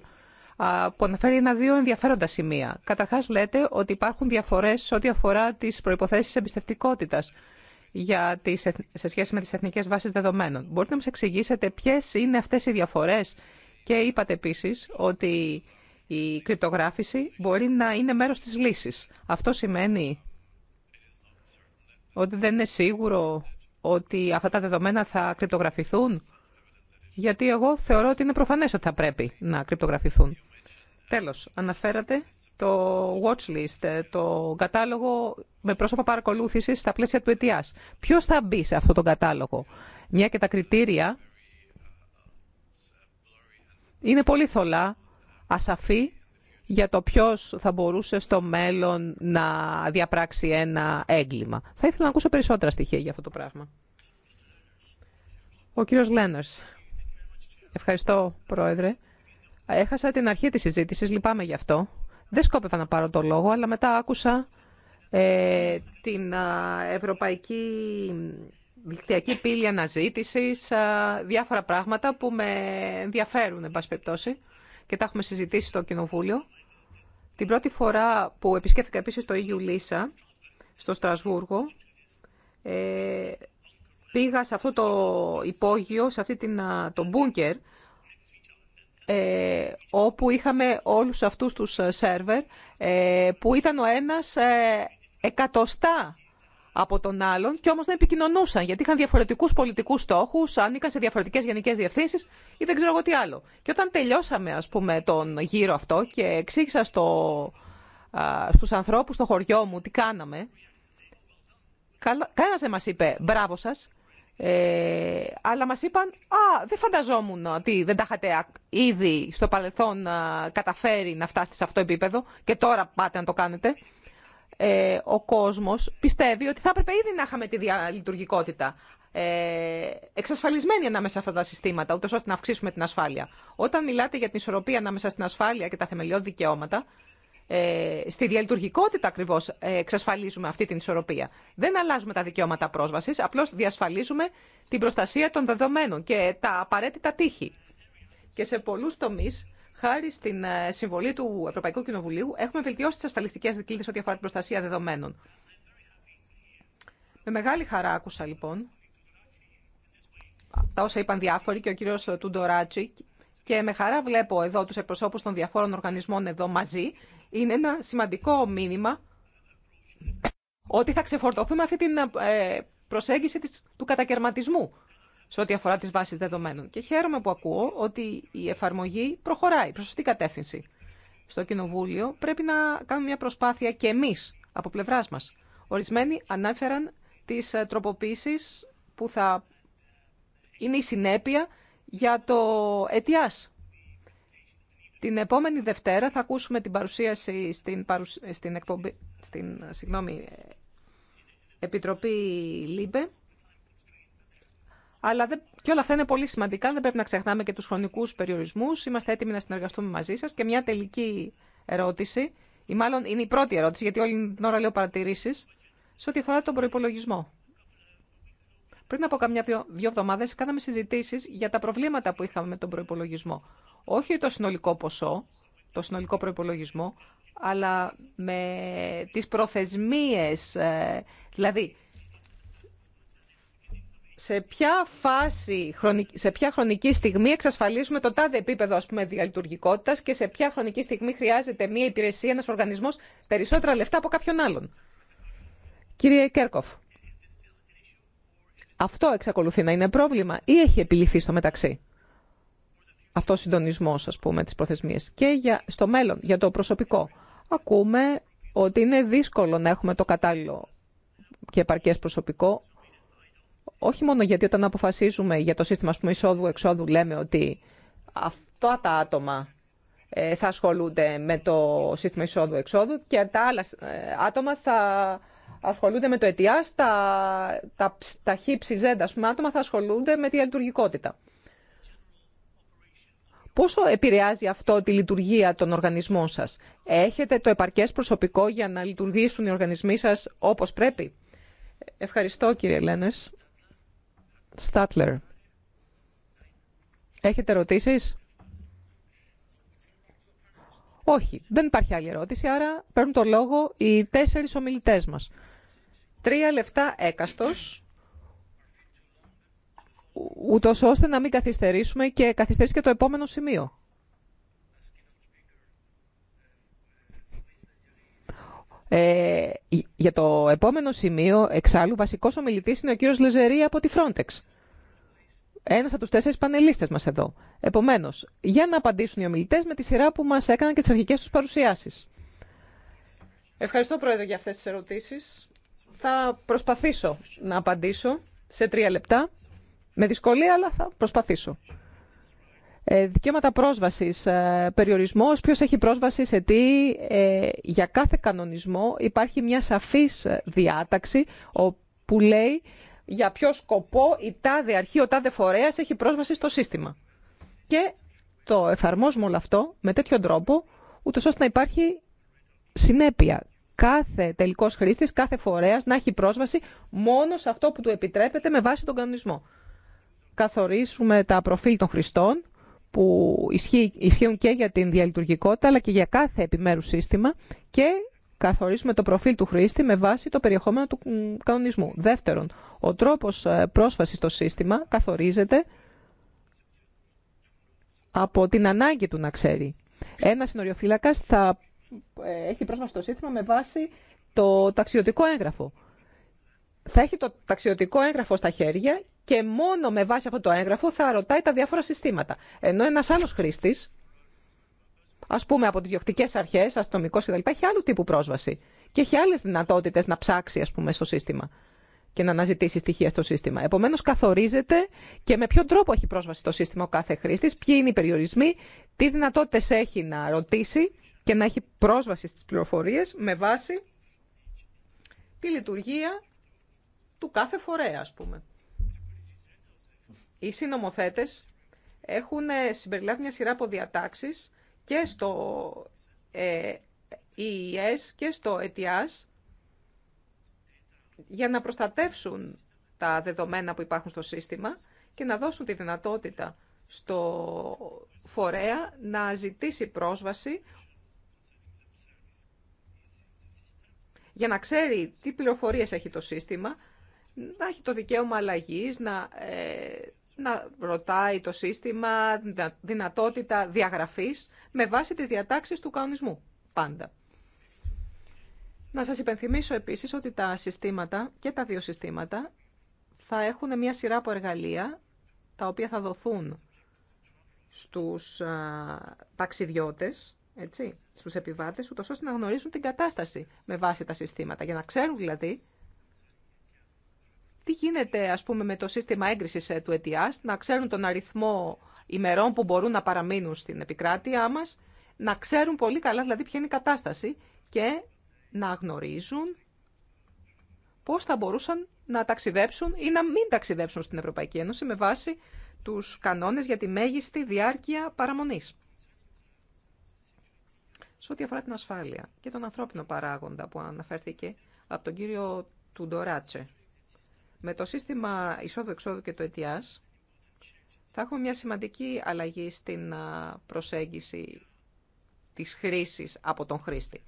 Speaker 3: α, που αναφέρει ένα-δύο ενδιαφέροντα σημεία. Καταρχάς λέτε ότι υπάρχουν διαφορές σε ό,τι αφορά τις προϋποθέσεις εμπιστευτικότητας για τις, σε σχέση με τις εθνικές βάσεις δεδομένων. Μπορείτε να μας εξηγήσετε ποιες είναι αυτές οι διαφορές και είπατε επίσης ότι η κρυπτογράφηση μπορεί να είναι μέρος της λύσης. Αυτό σημαίνει ότι δεν είναι σίγουρο ότι αυτά τα δεδομένα θα κρυπτογραφηθούν. Γιατί εγώ θεωρώ ότι είναι προφανές ότι θα πρέπει να κρυπτογραφηθούν. Τέλος, αναφέρατε το watch list, ε, το κατάλογο με πρόσωπα παρακολούθησης στα πλαίσια του ΕΤΙΑΣ. Ποιος θα μπει σε αυτό το κατάλογο, μια και τα κριτήρια είναι πολύ θολά, ασαφή για το ποιος θα μπορούσε στο μέλλον να διαπράξει ένα έγκλημα. Θα ήθελα να ακούσω περισσότερα στοιχεία για αυτό το πράγμα. Ο κύριος Λένερς. Ευχαριστώ, Πρόεδρε. Έχασα την αρχή της συζήτησης, λυπάμαι γι' αυτό. Δεν σκόπευα να πάρω το λόγο, αλλά μετά άκουσα ε, την Ευρωπαϊκή Δικτυακή Πύλη αναζήτηση διάφορα πράγματα που με ενδιαφέρουν, εν πάση περιπτώσει, και τα έχουμε συζητήσει στο Κοινοβούλιο. Την πρώτη φορά που επισκέφθηκα επίσης το EU Λίσα, στο Στρασβούργο, ε, πήγα σε αυτό το υπόγειο, σε αυτή την, το μπούνκερ, ε, όπου είχαμε όλους αυτούς τους ε, σερβερ ε, που ήταν ο ένας εκατοστά από τον άλλον και όμως δεν επικοινωνούσαν γιατί είχαν διαφορετικούς πολιτικούς στόχους, ανήκαν σε διαφορετικές γενικές διευθύνσεις ή δεν ξέρω εγώ τι άλλο. Και όταν τελειώσαμε ας πούμε τον γύρο αυτό και εξήγησα στο, στους ανθρώπους στο χωριό μου τι κάναμε, κανένα δεν μας είπε «Μπράβο σας», ε, αλλά μας είπαν, α, δεν φανταζόμουν ότι δεν τα είχατε ήδη στο παρελθόν ε, καταφέρει να φτάσετε σε αυτό το επίπεδο και τώρα πάτε να το κάνετε. Ε, ο κόσμος πιστεύει ότι θα έπρεπε ήδη να είχαμε τη διαλειτουργικότητα ε, εξασφαλισμένη ανάμεσα σε αυτά τα συστήματα, ούτως ώστε να αυξήσουμε την ασφάλεια. Όταν μιλάτε για την ισορροπία ανάμεσα στην ασφάλεια και τα θεμελιώδη δικαιώματα, ε, στη διαλειτουργικότητα ακριβώ ε, εξασφαλίζουμε αυτή την ισορροπία. Δεν αλλάζουμε τα δικαιώματα πρόσβαση, απλώ διασφαλίζουμε την προστασία των δεδομένων και τα απαραίτητα τείχη. Και σε πολλού τομεί, χάρη στην ε, συμβολή του Ευρωπαϊκού Κοινοβουλίου, έχουμε βελτιώσει τι ασφαλιστικέ δικλείδε ό,τι αφορά την προστασία δεδομένων. Με μεγάλη χαρά άκουσα λοιπόν τα όσα είπαν διάφοροι και ο κύριο Τουντοράτσι και με χαρά βλέπω εδώ τους εκπροσώπους των διαφόρων οργανισμών εδώ μαζί είναι ένα σημαντικό μήνυμα ότι θα ξεφορτωθούμε αυτή την ε, προσέγγιση του κατακαιρματισμού σε ό,τι αφορά τις βάσεις δεδομένων. Και χαίρομαι που ακούω ότι η εφαρμογή προχωράει προς σωστή κατεύθυνση. Στο Κοινοβούλιο πρέπει να κάνουμε μια προσπάθεια και εμείς από πλευράς μας. Ορισμένοι ανέφεραν τις ε, τροποποίησεις που θα είναι η συνέπεια για το έτιάς. Ε την επόμενη Δευτέρα θα ακούσουμε την παρουσίαση στην, στην, εκπομπή... στην Επιτροπή ΛΥΜΠΕ. Αλλά δεν... και όλα αυτά είναι πολύ σημαντικά. Δεν πρέπει να ξεχνάμε και τους χρονικούς περιορισμούς. Είμαστε έτοιμοι να συνεργαστούμε μαζί σας. Και μια τελική ερώτηση, ή μάλλον είναι η πρώτη ερώτηση, γιατί όλη την ώρα λέω παρατηρήσεις, σε ό,τι αφορά τον προπολογισμό. Πριν από καμιά δύο, εβδομάδε κάναμε συζητήσει για τα προβλήματα που είχαμε με τον προπολογισμό. Όχι το συνολικό ποσό, το συνολικό προπολογισμό, αλλά με τις προθεσμίες, ε, δηλαδή σε ποια φάση, σε ποια χρονική στιγμή εξασφαλίζουμε το τάδε επίπεδο ας και σε ποια χρονική στιγμή χρειάζεται μία υπηρεσία, ένας οργανισμός περισσότερα λεφτά από κάποιον άλλον. Κύριε Κέρκοφ. Αυτό εξακολουθεί να είναι πρόβλημα ή έχει επιληθεί στο μεταξύ. Αυτό ο συντονισμό, α πούμε, τη προθεσμία. Και για, στο μέλλον, για το προσωπικό. Ακούμε ότι είναι δύσκολο να έχουμε το κατάλληλο και επαρκέ προσωπικό. Όχι μόνο γιατί όταν αποφασίζουμε για το σύστημα εισόδου-εξόδου λέμε ότι αυτά τα άτομα ε, θα ασχολούνται με το σύστημα εισόδου-εξόδου και τα άλλα ε, άτομα θα ασχολούνται με το αιτιά, τα, τα, τα πούμε, άτομα θα ασχολούνται με τη λειτουργικότητα. Πόσο επηρεάζει αυτό τη λειτουργία των οργανισμών σας. Έχετε το επαρκές προσωπικό για να λειτουργήσουν οι οργανισμοί σας όπως πρέπει. Ευχαριστώ κύριε Λένες. Στάτλερ. Έχετε ερωτήσεις. Όχι, δεν υπάρχει άλλη ερώτηση, άρα παίρνουν το λόγο οι τέσσερις ομιλητές μας τρία λεφτά έκαστος, ούτω ώστε να μην καθυστερήσουμε και καθυστερήσει και το επόμενο σημείο. Ε, για το επόμενο σημείο, εξάλλου, βασικός ομιλητής είναι ο κύριος Λεζερή από τη Frontex. Ένας από τους τέσσερις πανελίστες μας εδώ. Επομένως, για να απαντήσουν οι ομιλητές με τη σειρά που μας έκαναν και τις αρχικές τους παρουσιάσεις. Ευχαριστώ, Πρόεδρε, για αυτές τις ερωτήσεις. Θα προσπαθήσω να απαντήσω σε τρία λεπτά. Με δυσκολία, αλλά θα προσπαθήσω. Ε, δικαιώματα πρόσβασης, ε, περιορισμός, ποιος έχει πρόσβαση σε τι. Ε, για κάθε κανονισμό υπάρχει μια σαφής διάταξη που λέει για ποιο σκοπό η τάδε αρχή, ο τάδε φορέας έχει πρόσβαση στο σύστημα. Και το εφαρμόζουμε όλο αυτό με τέτοιο τρόπο, ούτως ώστε να υπάρχει συνέπεια, κάθε τελικός χρήστη, κάθε φορέας να έχει πρόσβαση μόνο σε αυτό που του επιτρέπεται με βάση τον κανονισμό. Καθορίσουμε τα προφίλ των χρηστών που ισχύουν και για την διαλειτουργικότητα αλλά και για κάθε επιμέρου σύστημα και καθορίσουμε το προφίλ του χρήστη με βάση το περιεχόμενο του κανονισμού. Δεύτερον, ο τρόπος ε, πρόσβασης στο σύστημα καθορίζεται από την ανάγκη του να ξέρει. Ένα συνοριοφύλακα θα έχει πρόσβαση στο σύστημα με βάση το ταξιδιωτικό έγγραφο. Θα έχει το ταξιδιωτικό έγγραφο στα χέρια και μόνο με βάση αυτό το έγγραφο θα ρωτάει τα διάφορα συστήματα. Ενώ ένα άλλο χρήστη, α πούμε από τι διοκτικέ αρχέ, αστυνομικό κλπ, έχει άλλου τύπου πρόσβαση και έχει άλλε δυνατότητε να ψάξει ας πούμε, στο σύστημα και να αναζητήσει στοιχεία στο σύστημα. Επομένω, καθορίζεται και με ποιον τρόπο έχει πρόσβαση στο σύστημα ο κάθε χρήστη, ποιοι είναι οι περιορισμοί, τι δυνατότητε έχει να ρωτήσει και να έχει πρόσβαση στις πληροφορίες με βάση τη λειτουργία του κάθε φορέα, ας πούμε. Οι συνομοθέτες έχουν ε, συμπεριλάβει μια σειρά από διατάξεις και στο ε, και στο ΕΤΙΑΣ για να προστατεύσουν τα δεδομένα που υπάρχουν στο σύστημα και να δώσουν τη δυνατότητα στο φορέα να ζητήσει πρόσβαση για να ξέρει τι πληροφορίες έχει το σύστημα, να έχει το δικαίωμα αλλαγή, να, ε, να ρωτάει το σύστημα, δυνατότητα διαγραφής με βάση τις διατάξεις του κανονισμού, πάντα. Να σας υπενθυμίσω επίσης ότι τα συστήματα και τα βιοσυστήματα θα έχουν μια σειρά από εργαλεία τα οποία θα δοθούν στους ταξιδιώτες έτσι, στους επιβάτες, ούτως ώστε να γνωρίζουν την κατάσταση με βάση τα συστήματα, για να ξέρουν δηλαδή τι γίνεται ας πούμε με το σύστημα έγκρισης ε, του ΕΤΙΑΣ, να ξέρουν τον αριθμό ημερών που μπορούν να παραμείνουν στην επικράτειά μας, να ξέρουν πολύ καλά δηλαδή ποια είναι η κατάσταση και να γνωρίζουν πώς θα μπορούσαν να ταξιδέψουν ή να μην ταξιδέψουν στην Ευρωπαϊκή Ένωση με βάση τους κανόνες για τη μέγιστη διάρκεια παραμονής. Σε ό,τι αφορά την ασφάλεια και τον ανθρώπινο παράγοντα που αναφέρθηκε από τον κύριο Τουντοράτσε, με το σύστημα εισόδου-εξόδου και το ΕΤΙΑΣ θα έχουμε μια σημαντική αλλαγή στην προσέγγιση της χρήσης από τον χρήστη.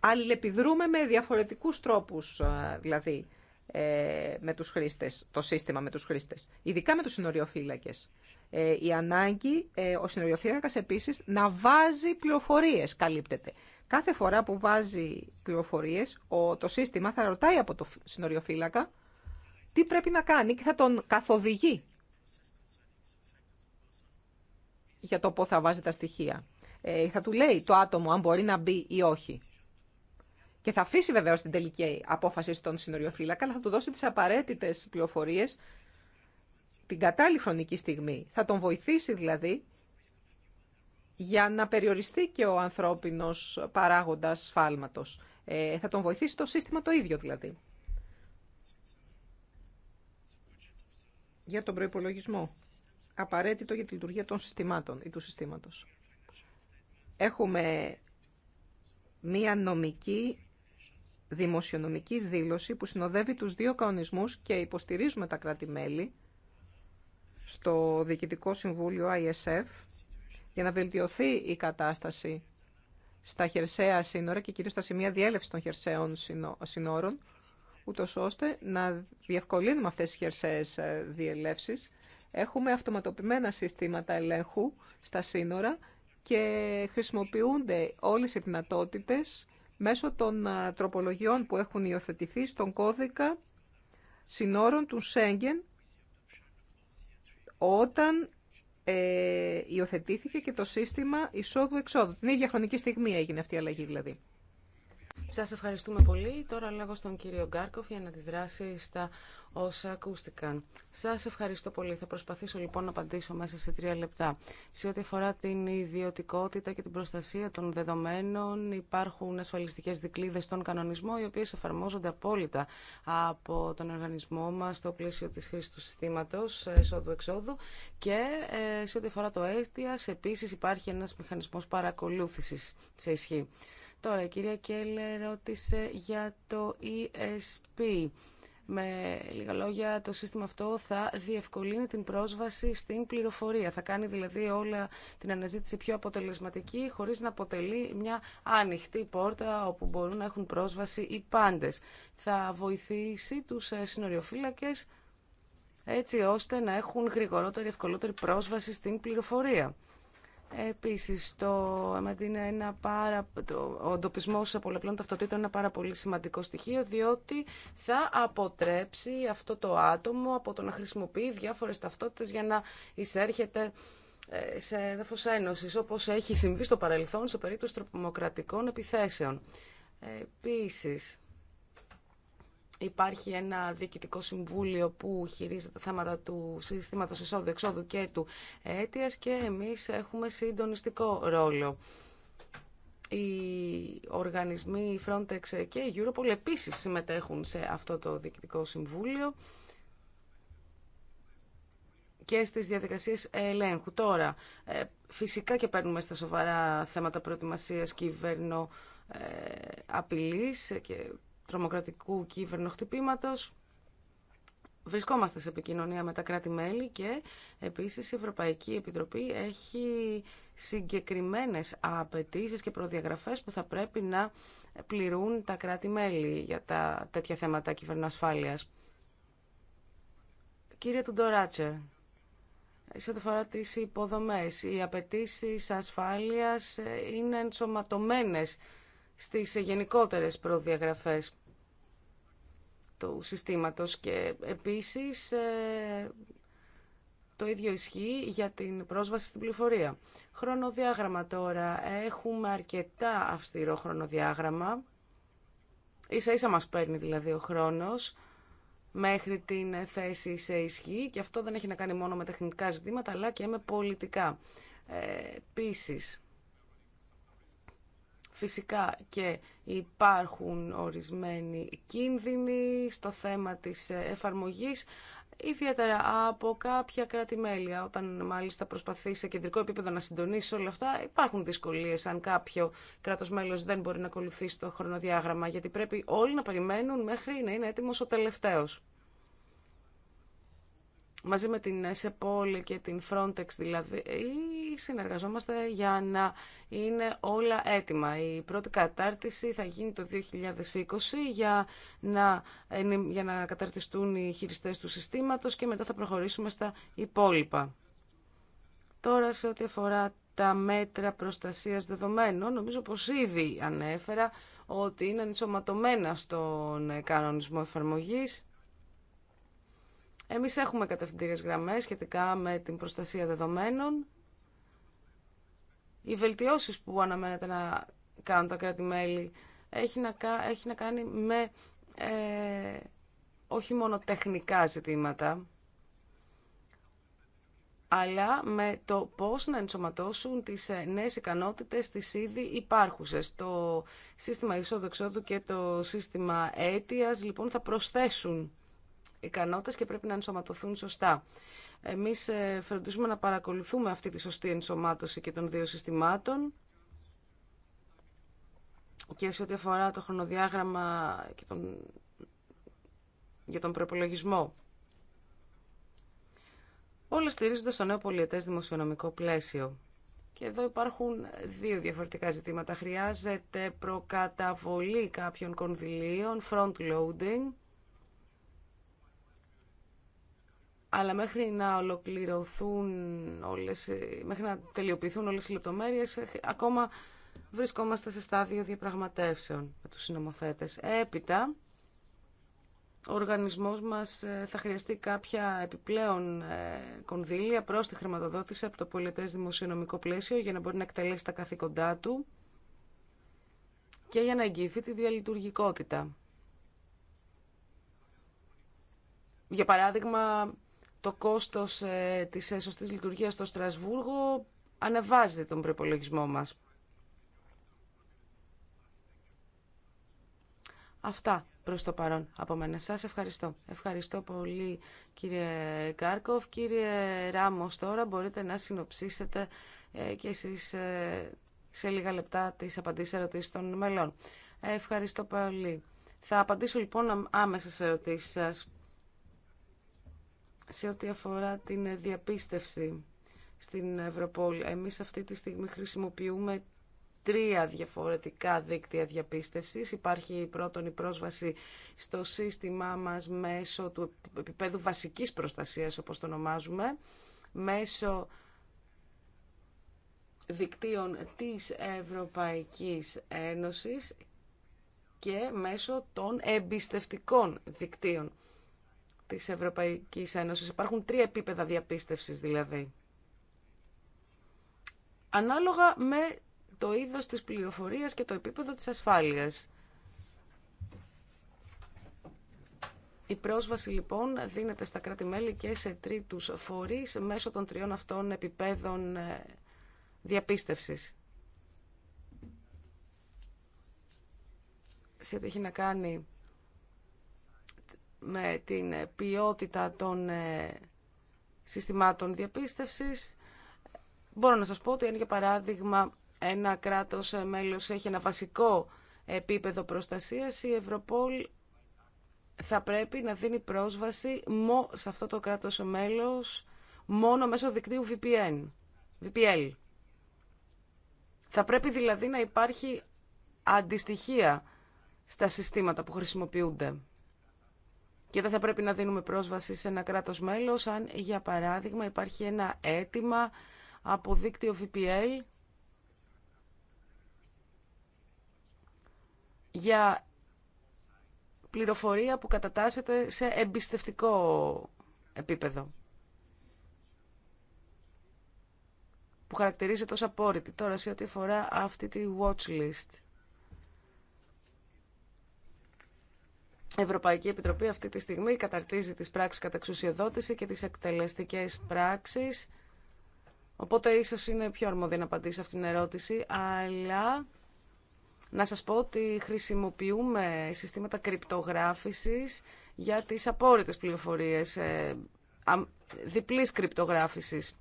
Speaker 3: Αλληλεπιδρούμε με διαφορετικούς τρόπους, δηλαδή, ε, με τους χρήστες, το σύστημα με τους χρήστες, ειδικά με τους συνοριοφύλακες. Ε, η ανάγκη ε, ο συνοριοφύλακας επίσης να βάζει πληροφορίες καλύπτεται. Κάθε φορά που βάζει πληροφορίες, το σύστημα θα ρωτάει από το συνοριοφύλακα τι πρέπει να κάνει και θα τον καθοδηγεί για το πού θα βάζει τα στοιχεία. Ε, θα του λέει το άτομο αν μπορεί να μπει ή όχι. Και θα αφήσει βεβαίω την τελική απόφαση στον συνοριοφύλακα, αλλά θα του δώσει τι απαραίτητε πληροφορίε την κατάλληλη χρονική στιγμή. Θα τον βοηθήσει δηλαδή για να περιοριστεί και ο ανθρώπινος παράγοντας φάλματος. Ε, θα τον βοηθήσει το σύστημα το ίδιο δηλαδή. Για τον προϋπολογισμό. Απαραίτητο για τη λειτουργία των συστημάτων ή του συστήματος. Έχουμε μία νομική δημοσιονομική δήλωση που συνοδεύει τους δύο κανονισμούς και υποστηρίζουμε τα κράτη-μέλη στο Διοικητικό Συμβούλιο ISF για να βελτιωθεί η κατάσταση στα χερσαία σύνορα και κυρίως στα σημεία διέλευση των χερσαίων σύνορων, ούτω ώστε να διευκολύνουμε αυτές τις χερσαίες ε, διελεύσεις. Έχουμε αυτοματοποιημένα συστήματα ελέγχου στα σύνορα και χρησιμοποιούνται όλες οι δυνατότητες μέσω των ε, τροπολογιών που έχουν υιοθετηθεί στον κώδικα συνόρων του Σέγγεν όταν ε, υιοθετήθηκε και το σύστημα εισόδου-εξόδου. Την ίδια χρονική στιγμή έγινε αυτή η αλλαγή δηλαδή.
Speaker 1: Σας ευχαριστούμε πολύ. Τώρα λέγω στον κύριο Γκάρκοφ για να αντιδράσει στα όσα ακούστηκαν. Σας ευχαριστώ πολύ. Θα προσπαθήσω λοιπόν να απαντήσω μέσα σε τρία λεπτά. Σε ό,τι αφορά την ιδιωτικότητα και την προστασία των δεδομένων υπάρχουν ασφαλιστικές δικλείδες στον κανονισμό οι οποίες εφαρμόζονται απόλυτα από τον οργανισμό μας στο πλαίσιο της χρήση του συστήματος εσόδου-εξόδου και ε, σε ό,τι αφορά το αίτια, επίσης υπάρχει ένας μηχανισμός παρακολούθησης σε ισχύ. Τώρα, η κυρία Κέλλε ρώτησε για το ESP. Με λίγα λόγια, το σύστημα αυτό θα διευκολύνει την πρόσβαση στην πληροφορία. Θα κάνει δηλαδή όλα την αναζήτηση πιο αποτελεσματική, χωρίς να αποτελεί μια ανοιχτή πόρτα όπου μπορούν να έχουν πρόσβαση οι πάντες. Θα βοηθήσει τους ε, συνοριοφύλακες έτσι ώστε να έχουν γρηγορότερη, ευκολότερη πρόσβαση στην πληροφορία. Επίσης, το, είναι ένα πάρα, το, ο εντοπισμό πολλαπλών ταυτοτήτων είναι ένα πάρα πολύ σημαντικό στοιχείο, διότι θα αποτρέψει αυτό το άτομο από το να χρησιμοποιεί διάφορες ταυτότητες για να εισέρχεται ε, σε έδαφο ένωσης, όπως έχει συμβεί στο παρελθόν σε περίπτωση τρομοκρατικών επιθέσεων. Επίσης, υπάρχει ένα διοικητικό συμβούλιο που χειρίζεται τα θέματα του συστήματος εισόδου-εξόδου και του αίτιας και εμείς έχουμε συντονιστικό ρόλο. Οι οργανισμοί Frontex και η Europol επίσης συμμετέχουν σε αυτό το διοικητικό συμβούλιο και στις διαδικασίες ελέγχου. Τώρα, ε, φυσικά και παίρνουμε στα σοβαρά θέματα προετοιμασίας κυβέρνο ε, απειλής και τρομοκρατικού κυβερνοχτυπήματος. Βρισκόμαστε σε επικοινωνία με τα κράτη-μέλη και επίσης η Ευρωπαϊκή Επιτροπή έχει συγκεκριμένες απαιτήσει και προδιαγραφές που θα πρέπει να πληρούν τα κράτη-μέλη για τα τέτοια θέματα κυβερνοασφάλειας. Κύριε Τουντοράτσε, σε ό,τι αφορά τις υποδομές, οι απαιτήσει ασφάλειας είναι ενσωματωμένες στις γενικότερες προδιαγραφές του συστήματος και επίσης ε, το ίδιο ισχύει για την πρόσβαση στην πληροφορία. Χρονοδιάγραμμα τώρα. Έχουμε αρκετά αυστηρό χρονοδιάγραμμα. Ίσα ίσα μας παίρνει δηλαδή ο χρόνος μέχρι την θέση σε ισχύ και αυτό δεν έχει να κάνει μόνο με τεχνικά ζητήματα αλλά και με πολιτικά. Ε, επίσης, Φυσικά και υπάρχουν ορισμένοι κίνδυνοι στο θέμα της εφαρμογής, ιδιαίτερα από κάποια Όταν μάλιστα προσπαθεί σε κεντρικό επίπεδο να συντονίσει όλα αυτά, υπάρχουν δυσκολίε αν κάποιο κράτο μέλο δεν μπορεί να ακολουθήσει το χρονοδιάγραμμα, γιατί πρέπει όλοι να περιμένουν μέχρι να είναι έτοιμο ο τελευταίο μαζί με την ΕΣΕΠΟΛ και την Frontex δηλαδή, συνεργαζόμαστε για να είναι όλα έτοιμα. Η πρώτη κατάρτιση θα γίνει το 2020 για να, για να καταρτιστούν οι χειριστές του συστήματος και μετά θα προχωρήσουμε στα υπόλοιπα. Τώρα σε ό,τι αφορά τα μέτρα προστασίας δεδομένων, νομίζω πως ήδη ανέφερα ότι είναι ενσωματωμένα στον κανονισμό εφαρμογής εμείς έχουμε κατευθυντήριες γραμμές σχετικά με την προστασία δεδομένων. Οι βελτιώσεις που αναμένεται να κάνουν τα κράτη-μέλη έχει, να, έχει να κάνει με ε, όχι μόνο τεχνικά ζητήματα, αλλά με το πώς να ενσωματώσουν τις ε, νέες ικανότητες τις ήδη υπάρχουσες. Το σύστημα εισόδου-εξόδου και το σύστημα αίτιας λοιπόν θα προσθέσουν ικανότητες και πρέπει να ενσωματωθούν σωστά. Εμείς ε, φροντίζουμε να παρακολουθούμε αυτή τη σωστή ενσωμάτωση και των δύο συστημάτων και σε ό,τι αφορά το χρονοδιάγραμμα και τον... για τον προπολογισμό. Όλα στηρίζονται στο νέο πολιετές δημοσιονομικό πλαίσιο. Και εδώ υπάρχουν δύο διαφορετικά ζητήματα. Χρειάζεται προκαταβολή κάποιων κονδυλίων, front loading, αλλά μέχρι να ολοκληρωθούν όλες, μέχρι να τελειοποιηθούν όλες οι λεπτομέρειες, ε, ακόμα βρισκόμαστε σε στάδιο διαπραγματεύσεων με τους συνομοθέτες. Έπειτα, ο οργανισμός μας ε, θα χρειαστεί κάποια επιπλέον ε, κονδύλια προς τη χρηματοδότηση από το πολιτές δημοσιονομικό πλαίσιο για να μπορεί να εκτελέσει τα καθήκοντά του και για να εγγυηθεί τη διαλειτουργικότητα. Για παράδειγμα, το κόστος ε, της ε, σωστής λειτουργίας στο Στρασβούργο ανεβάζει τον προπολογισμό μας. Αυτά προς το παρόν από μένα. Σας ευχαριστώ. Ευχαριστώ πολύ κύριε Κάρκοφ. Κύριε Ράμος τώρα μπορείτε να συνοψίσετε ε, και εσείς σε λίγα λεπτά τις απαντήσεις ερωτήσεις των μελών. Ευχαριστώ πολύ. Θα απαντήσω λοιπόν άμεσα σε ερωτήσεις σας σε ό,τι αφορά την διαπίστευση στην Ευρωπόλ. Εμείς αυτή τη στιγμή χρησιμοποιούμε τρία διαφορετικά δίκτυα διαπίστευσης. Υπάρχει πρώτον η πρόσβαση στο σύστημά μας μέσω του επίπεδου βασικής προστασίας, όπως το ονομάζουμε, μέσω δικτύων της Ευρωπαϊκής Ένωσης και μέσω των εμπιστευτικών δικτύων της Ευρωπαϊκής Ένωσης. Υπάρχουν τρία επίπεδα διαπίστευσης δηλαδή. Ανάλογα με το είδος της πληροφορίας και το επίπεδο της ασφάλειας. Η πρόσβαση λοιπόν δίνεται στα κράτη-μέλη και σε τρίτους φορείς μέσω των τριών αυτών επιπέδων ε, διαπίστευσης. Σε ό,τι έχει να κάνει με την ποιότητα των ε, συστημάτων διαπίστευσης. Μπορώ να σας πω ότι αν για παράδειγμα ένα κράτος ε, μέλος έχει ένα βασικό επίπεδο προστασίας, η Ευρωπόλ θα πρέπει να δίνει πρόσβαση σε αυτό το κράτος μέλος μόνο μέσω δικτύου VPN, VPL. Θα πρέπει δηλαδή να υπάρχει αντιστοιχεία στα συστήματα που χρησιμοποιούνται και δεν θα πρέπει να δίνουμε πρόσβαση σε ένα κράτος μέλος αν για παράδειγμα υπάρχει ένα αίτημα από δίκτυο VPL για πληροφορία που κατατάσσεται σε εμπιστευτικό επίπεδο. Που χαρακτηρίζεται ως απόρριτη. Τώρα σε ό,τι αφορά αυτή τη watch Ευρωπαϊκή Επιτροπή αυτή τη στιγμή καταρτίζει τις πράξεις κατά εξουσιοδότηση και τις εκτελεστικές πράξεις. Οπότε ίσως είναι πιο αρμόδια να απαντήσει αυτήν την ερώτηση, αλλά να σας πω ότι χρησιμοποιούμε συστήματα κρυπτογράφησης για τις απόρριτες πληροφορίες, ε, διπλής κρυπτογράφησης.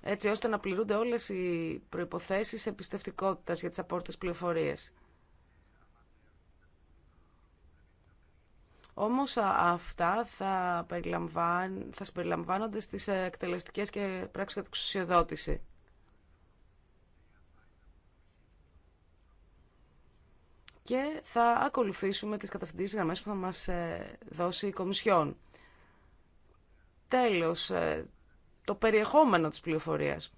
Speaker 1: Έτσι ώστε να πληρούνται όλες οι προϋποθέσεις εμπιστευτικότητας για τις απόρριτες πληροφορίες. Όμως αυτά θα, περιλαμβάν, θα περιλαμβάνονται στις ε, εκτελεστικές και πράξεις κατά εξουσιοδότηση. Και θα ακολουθήσουμε τις κατευθυντήσεις γραμμές που θα μας ε, δώσει η Κομισιόν. Τέλος, ε, το περιεχόμενο της πληροφορίας.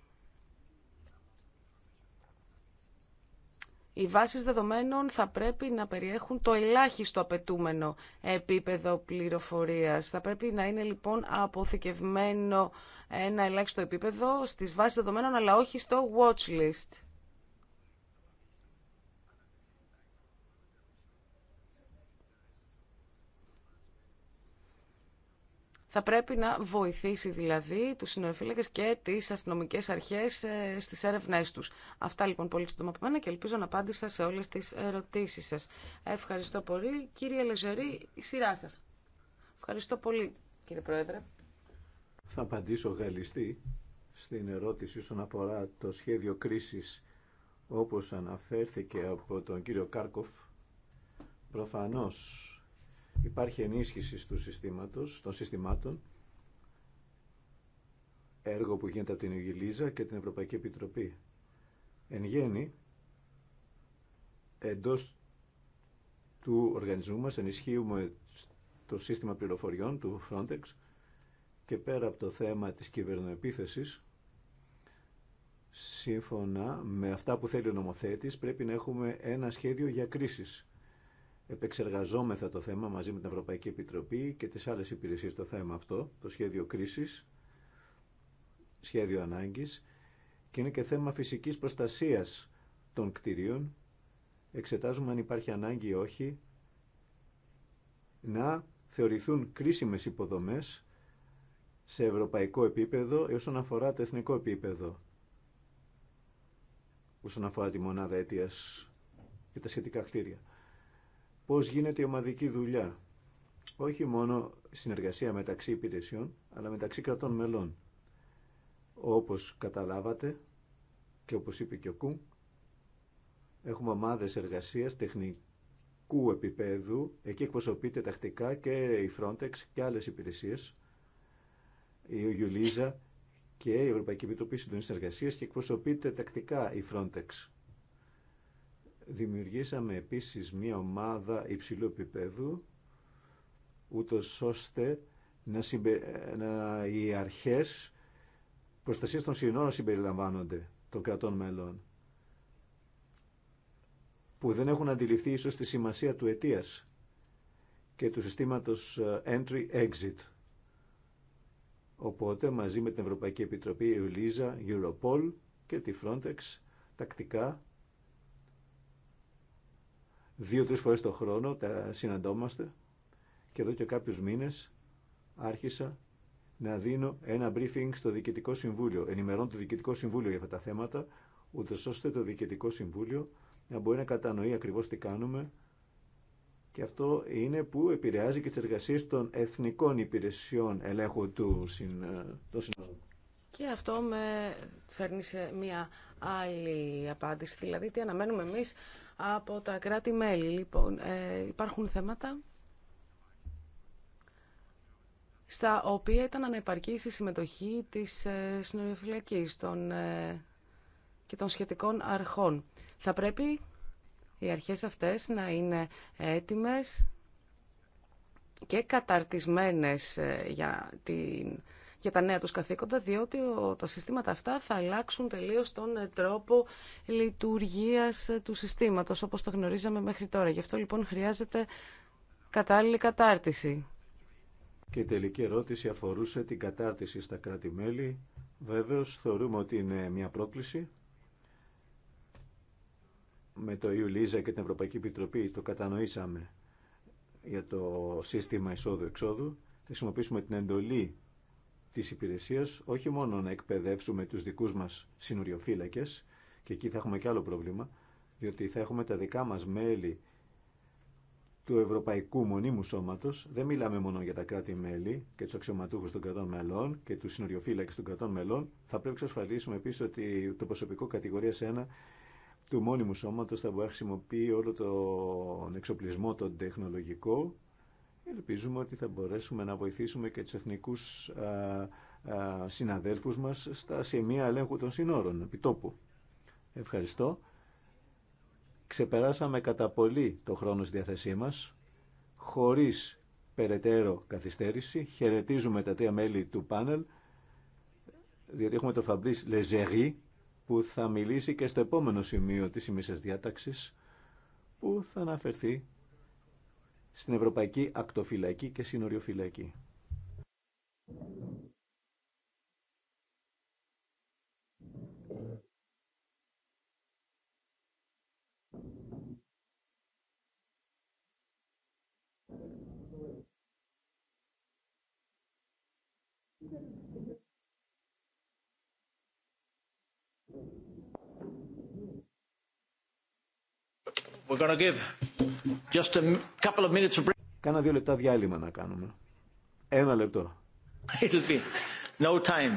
Speaker 1: Οι βάσεις δεδομένων θα πρέπει να περιέχουν το ελάχιστο απαιτούμενο επίπεδο πληροφορίας. Θα πρέπει να είναι λοιπόν αποθηκευμένο ένα ελάχιστο επίπεδο στις βάσεις δεδομένων αλλά όχι στο watch Θα πρέπει να βοηθήσει δηλαδή τους συνοριοφύλακες και τις αστυνομικές αρχές ε, στις έρευνε τους. Αυτά λοιπόν πολύ σύντομα από μένα και ελπίζω να απάντησα σε όλες τις ερωτήσεις σας. Ευχαριστώ πολύ. Κύριε Λεζερή, η σειρά σα. Ευχαριστώ πολύ κύριε Πρόεδρε.
Speaker 2: Θα απαντήσω γαλλιστή στην ερώτηση όσον αφορά το σχέδιο κρίσης όπως αναφέρθηκε από τον κύριο Κάρκοφ. Προφανώς Υπάρχει ενίσχυση του συστήματος, των συστημάτων, έργο που γίνεται από την Ιγυλίζα και την Ευρωπαϊκή Επιτροπή. Εν γέννη, εντός του οργανισμού μας ενισχύουμε το σύστημα πληροφοριών του Frontex και πέρα από το θέμα της κυβερνοεπίθεσης, σύμφωνα με αυτά που θέλει ο νομοθέτης, πρέπει να έχουμε ένα σχέδιο για κρίσεις επεξεργαζόμεθα το θέμα μαζί με την Ευρωπαϊκή Επιτροπή και τις άλλες υπηρεσίες το θέμα αυτό, το σχέδιο κρίσης, σχέδιο ανάγκης και είναι και θέμα φυσικής προστασίας των κτηρίων. Εξετάζουμε αν υπάρχει ανάγκη ή όχι να θεωρηθούν κρίσιμες υποδομές σε ευρωπαϊκό επίπεδο ή όσον αφορά το εθνικό επίπεδο όσον αφορά τη μονάδα αιτίας και τα σχετικά κτίρια πώς γίνεται η ομαδική δουλειά. Όχι μόνο συνεργασία μεταξύ υπηρεσιών, αλλά μεταξύ κρατών μελών. Όπως καταλάβατε και όπως είπε και ο Κου, έχουμε ομάδες εργασίας τεχνικού επίπεδου, εκεί εκπροσωπείται τακτικά και η Frontex και άλλες υπηρεσίες, η Ιουλίζα και η Ευρωπαϊκή Επιτροπή Συντονής Εργασίας και εκπροσωπείται τακτικά η Frontex Δημιουργήσαμε επίσης μία ομάδα υψηλού επίπεδου, ούτως ώστε να, να οι αρχές προστασίας των συνόρων συμπεριλαμβάνονται των κρατών μελών, που δεν έχουν αντιληφθεί ίσως τη σημασία του αιτίας και του συστήματος ε, entry-exit. Οπότε μαζί με την Ευρωπαϊκή Επιτροπή, η η Europol και τη Frontex τακτικά Δύο-τρεις φορές το χρόνο τα συναντόμαστε και εδώ και κάποιους μήνες άρχισα να δίνω ένα briefing στο Διοικητικό Συμβούλιο. Ενημερώνω το Διοικητικό Συμβούλιο για αυτά τα θέματα, ούτω ώστε το Διοικητικό Συμβούλιο να μπορεί να κατανοεί ακριβώ τι κάνουμε. Και αυτό είναι που επηρεάζει και τι εργασίε των εθνικών υπηρεσιών ελέγχου του ε, συνόλου.
Speaker 1: Και αυτό με φέρνει σε μία άλλη απάντηση. Δηλαδή, τι αναμένουμε εμείς από τα κράτη-μέλη. Λοιπόν, ε, υπάρχουν θέματα στα οποία ήταν ανεπαρκής η συμμετοχή της ε, συνοριοφυλακής ε, και των σχετικών αρχών. Θα πρέπει οι αρχές αυτές να είναι έτοιμες και καταρτισμένες ε, για την για τα νέα τους καθήκοντα, διότι τα συστήματα αυτά θα αλλάξουν τελείως τον ε, τρόπο λειτουργίας ε, του συστήματος, όπως το γνωρίζαμε μέχρι τώρα. Γι' αυτό λοιπόν χρειάζεται κατάλληλη κατάρτιση.
Speaker 2: Και η τελική ερώτηση αφορούσε την κατάρτιση στα κράτη-μέλη. Βέβαιως θεωρούμε ότι είναι μια πρόκληση. Με το Ιουλίζα και την Ευρωπαϊκή Επιτροπή το κατανοήσαμε για το σύστημα εισόδου-εξόδου. Θα χρησιμοποιήσουμε την εντολή της υπηρεσίας όχι μόνο να εκπαιδεύσουμε τους δικούς μας συνοριοφύλακε, και εκεί θα έχουμε και άλλο πρόβλημα διότι θα έχουμε τα δικά μας μέλη του Ευρωπαϊκού Μονίμου Σώματος δεν μιλάμε μόνο για τα κράτη-μέλη και του αξιωματούχου των κρατών μελών και του συνοριοφύλακε των κρατών μελών. Θα πρέπει να εξασφαλίσουμε επίση ότι το προσωπικό κατηγορία 1 του μόνιμου Σώματος θα μπορεί να χρησιμοποιεί όλο τον εξοπλισμό τον τεχνολογικό Ελπίζουμε ότι θα μπορέσουμε να βοηθήσουμε και τους εθνικούς α, α, συναδέλφους μας στα σημεία ελέγχου των συνόρων, επιτόπου. Ευχαριστώ. Ξεπεράσαμε κατά πολύ το χρόνο στη διάθεσή μας, χωρίς περαιτέρω καθυστέρηση. Χαιρετίζουμε τα τρία μέλη του πάνελ, διότι έχουμε τον Φαμπρίς Λεζερή, που θα μιλήσει και στο επόμενο σημείο της ημίσης διάταξης, που θα αναφερθεί στην Ευρωπαϊκή Ακτοφυλακή και Συνοριοφυλακή. Κάνα δύο λεπτά διάλειμμα να κάνουμε. Ένα λεπτό. It'll be no time.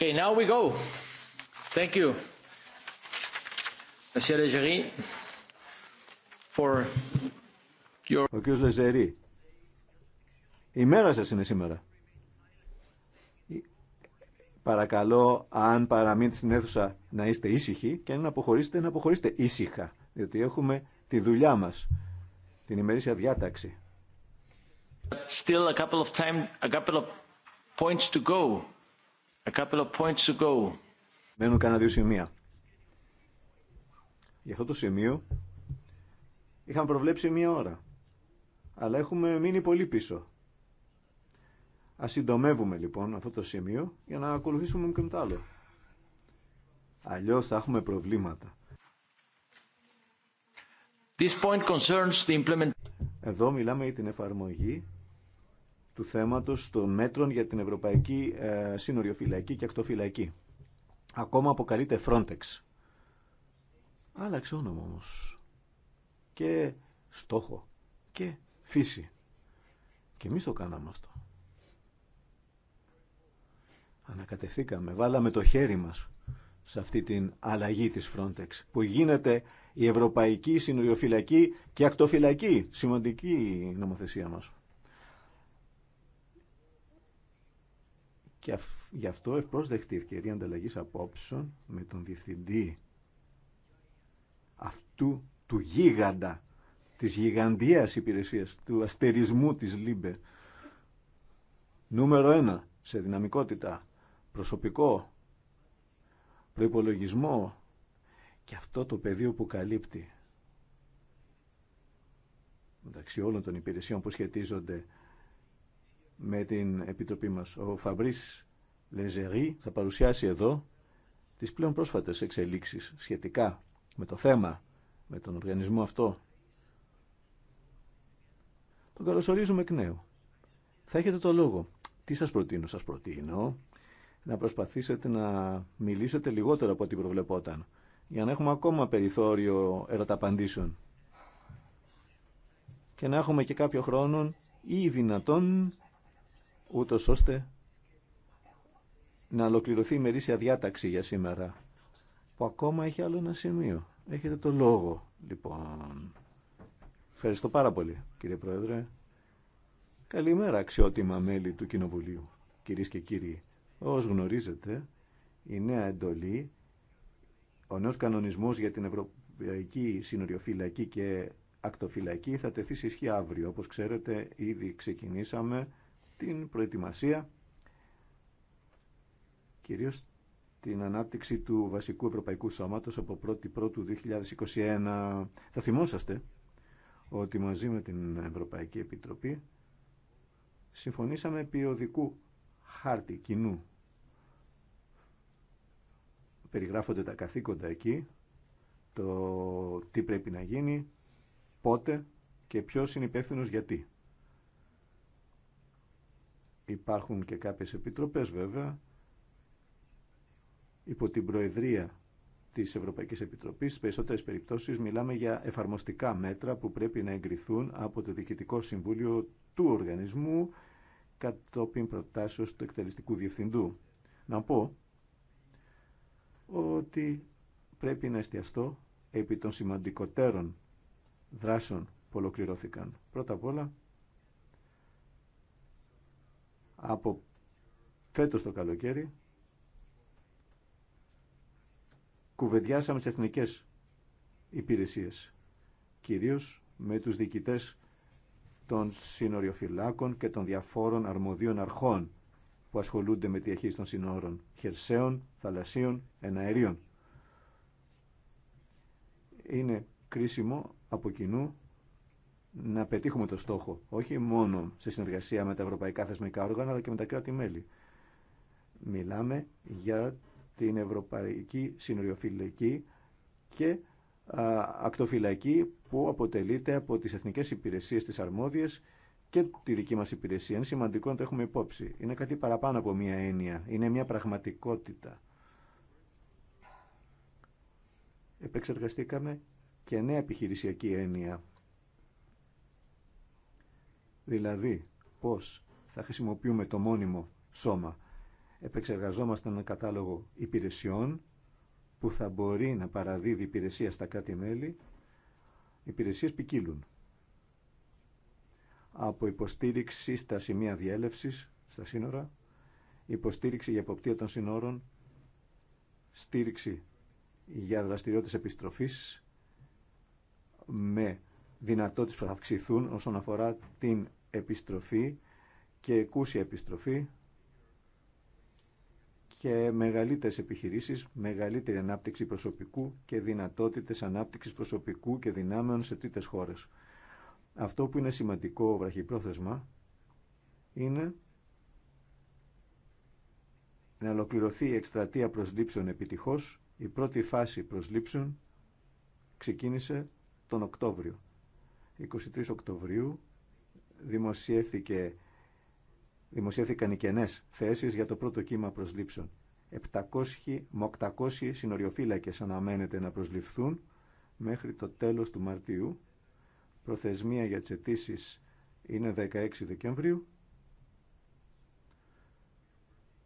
Speaker 4: Okay, now we go. Thank you,
Speaker 2: Monsieur Legeri, for your... Ο κ. Λεζερή, η μέρα σας είναι σήμερα. Παρακαλώ, αν παραμείνετε στην αίθουσα, να είστε ήσυχοι και αν αποχωρήσετε, να αποχωρήσετε ήσυχα, διότι έχουμε τη δουλειά μας, την ημερήσια διάταξη.
Speaker 4: Still a couple of time, a couple of points to go.
Speaker 2: A couple of points to go. Μένουν κανένα δύο σημεία. Για αυτό το σημείο είχαμε προβλέψει μία ώρα. Αλλά έχουμε μείνει πολύ πίσω. Ας συντομεύουμε λοιπόν αυτό το σημείο για να ακολουθήσουμε και με το άλλο. Αλλιώς θα έχουμε προβλήματα. This point concerns the implement... Εδώ μιλάμε για την εφαρμογή του θέματος των μέτρων για την Ευρωπαϊκή ε, Σύνοριοφυλακή και Ακτοφυλακή. Ακόμα αποκαλείται Frontex. Άλλαξε όνομα όμως. Και στόχο. Και φύση. Και εμείς το κάναμε αυτό. Ανακατευθήκαμε, βάλαμε το χέρι μας σε αυτή την αλλαγή της Frontex που γίνεται η Ευρωπαϊκή Συνοριοφυλακή και Ακτοφυλακή. Σημαντική νομοθεσία μας. Και γι' αυτό ευπρόσδεκτη ευκαιρία ανταλλαγής απόψεων με τον διευθυντή αυτού του γίγαντα, της γιγαντίας υπηρεσίας, του αστερισμού της ΛΥΜΠΕ. Νούμερο ένα, σε δυναμικότητα, προσωπικό, προϋπολογισμό και αυτό το πεδίο που καλύπτει μεταξύ όλων των υπηρεσιών που σχετίζονται με την Επιτροπή μας. Ο Φαμπρίς Λεζερή θα παρουσιάσει εδώ τις πλέον πρόσφατες εξελίξεις σχετικά με το θέμα, με τον οργανισμό αυτό. Τον καλωσορίζουμε εκ νέου. Θα έχετε το λόγο. Τι σας προτείνω, σας προτείνω να προσπαθήσετε να μιλήσετε λιγότερο από ό,τι προβλεπόταν, για να έχουμε ακόμα περιθώριο ερωταπαντήσεων και να έχουμε και κάποιο χρόνο ή δυνατόν ούτως ώστε να ολοκληρωθεί η μερίσια διάταξη για σήμερα, που ακόμα έχει άλλο ένα σημείο. Έχετε το λόγο, λοιπόν. Ευχαριστώ πάρα πολύ, κύριε Πρόεδρε. Καλημέρα, αξιότιμα μέλη του Κοινοβουλίου, κυρίε και κύριοι. Όπω γνωρίζετε, η νέα εντολή, ο νέος κανονισμός για την Ευρωπαϊκή Συνοριοφυλακή και Ακτοφυλακή θα τεθεί σε ισχύ αύριο. όπω ξέρετε, ήδη ξεκινήσαμε την προετοιμασία κυρίως την ανάπτυξη του βασικού ευρωπαϊκού σώματος από 1η Πρώτου 2021. Θα θυμόσαστε ότι μαζί με την Ευρωπαϊκή Επιτροπή συμφωνήσαμε επί οδικού χάρτη κοινού. Περιγράφονται τα καθήκοντα εκεί, το τι πρέπει να γίνει, πότε και ποιος είναι υπεύθυνο γιατί. Υπάρχουν και κάποιες επιτροπές βέβαια υπό την Προεδρία της Ευρωπαϊκής Επιτροπής. Στις περισσότερες περιπτώσεις μιλάμε για εφαρμοστικά μέτρα που πρέπει να εγκριθούν από το Διοικητικό Συμβούλιο του Οργανισμού κατόπιν προτάσεως του εκτελεστικού διευθυντού. Να πω ότι πρέπει να εστιαστώ επί των σημαντικότερων δράσεων που ολοκληρώθηκαν. Πρώτα απ' όλα, από φέτος το καλοκαίρι κουβεντιάσαμε τις εθνικές υπηρεσίες, κυρίως με τους διοικητές των σύνοριοφυλάκων και των διαφόρων αρμοδίων αρχών που ασχολούνται με τη διαχείριση των σύνορων χερσαίων, θαλασσίων, εναερίων. Είναι κρίσιμο από κοινού να πετύχουμε το στόχο, όχι μόνο σε συνεργασία με τα ευρωπαϊκά θεσμικά όργανα, αλλά και με τα κράτη-μέλη. Μιλάμε για την ευρωπαϊκή συνοριοφυλακή και α, ακτοφυλακή που αποτελείται από τις εθνικές υπηρεσίες της αρμόδιες και τη δική μας υπηρεσία. Είναι σημαντικό να το έχουμε υπόψη. Είναι κάτι παραπάνω από μία έννοια. Είναι μία πραγματικότητα. Επεξεργαστήκαμε και νέα επιχειρησιακή έννοια Δηλαδή, πώς θα χρησιμοποιούμε το μόνιμο σώμα. Επεξεργαζόμαστε έναν κατάλογο υπηρεσιών που θα μπορεί να παραδίδει υπηρεσία στα κράτη-μέλη. Υπηρεσίες ποικίλουν. Από υποστήριξη στα σημεία διέλευσης, στα σύνορα, υποστήριξη για υποπτήρια των σύνορων, στήριξη για δραστηριότητες επιστροφής με δυνατότητες που θα αυξηθούν όσον αφορά την επιστροφή και εκούσια επιστροφή και μεγαλύτερες επιχειρήσεις, μεγαλύτερη ανάπτυξη προσωπικού και δυνατότητες ανάπτυξης προσωπικού και δυνάμεων σε τρίτες χώρες. Αυτό που είναι σημαντικό βραχυπρόθεσμα είναι να ολοκληρωθεί η εκστρατεία προσλήψεων επιτυχώς. Η πρώτη φάση προσλήψεων ξεκίνησε τον Οκτώβριο. 23 Οκτωβρίου δημοσιεύθηκε, δημοσιεύθηκαν οι κενές θέσεις για το πρώτο κύμα προσλήψεων. 700 με 800 συνοριοφύλακες αναμένεται να προσληφθούν μέχρι το τέλος του Μαρτίου. Προθεσμία για τις αιτήσει είναι 16 Δεκεμβρίου.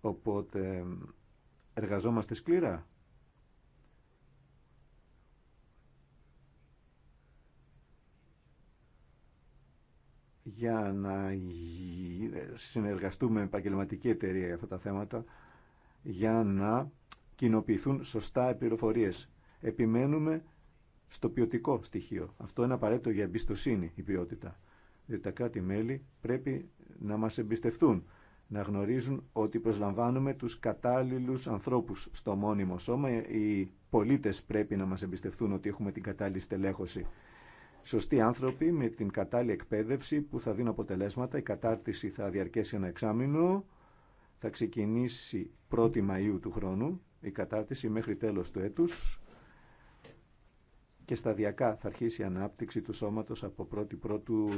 Speaker 2: Οπότε εργαζόμαστε σκληρά για να συνεργαστούμε με επαγγελματική εταιρεία για αυτά τα θέματα, για να κοινοποιηθούν σωστά οι πληροφορίες. Επιμένουμε στο ποιοτικό στοιχείο. Αυτό είναι απαραίτητο για εμπιστοσύνη η ποιότητα. Διότι τα κράτη-μέλη πρέπει να μας εμπιστευτούν, να γνωρίζουν ότι προσλαμβάνουμε τους κατάλληλους ανθρώπους στο μόνιμο σώμα. Οι πολίτες πρέπει να μας εμπιστευτούν ότι έχουμε την κατάλληλη στελέχωση σωστοί άνθρωποι με την κατάλληλη εκπαίδευση που θα δίνουν αποτελέσματα. Η κατάρτιση θα διαρκέσει ένα εξάμεινο. Θα ξεκινήσει 1η Μαΐου του χρόνου η κατάρτιση μέχρι τέλος του έτους και σταδιακά θα αρχίσει η ανάπτυξη του σώματος από 1η Πρώτου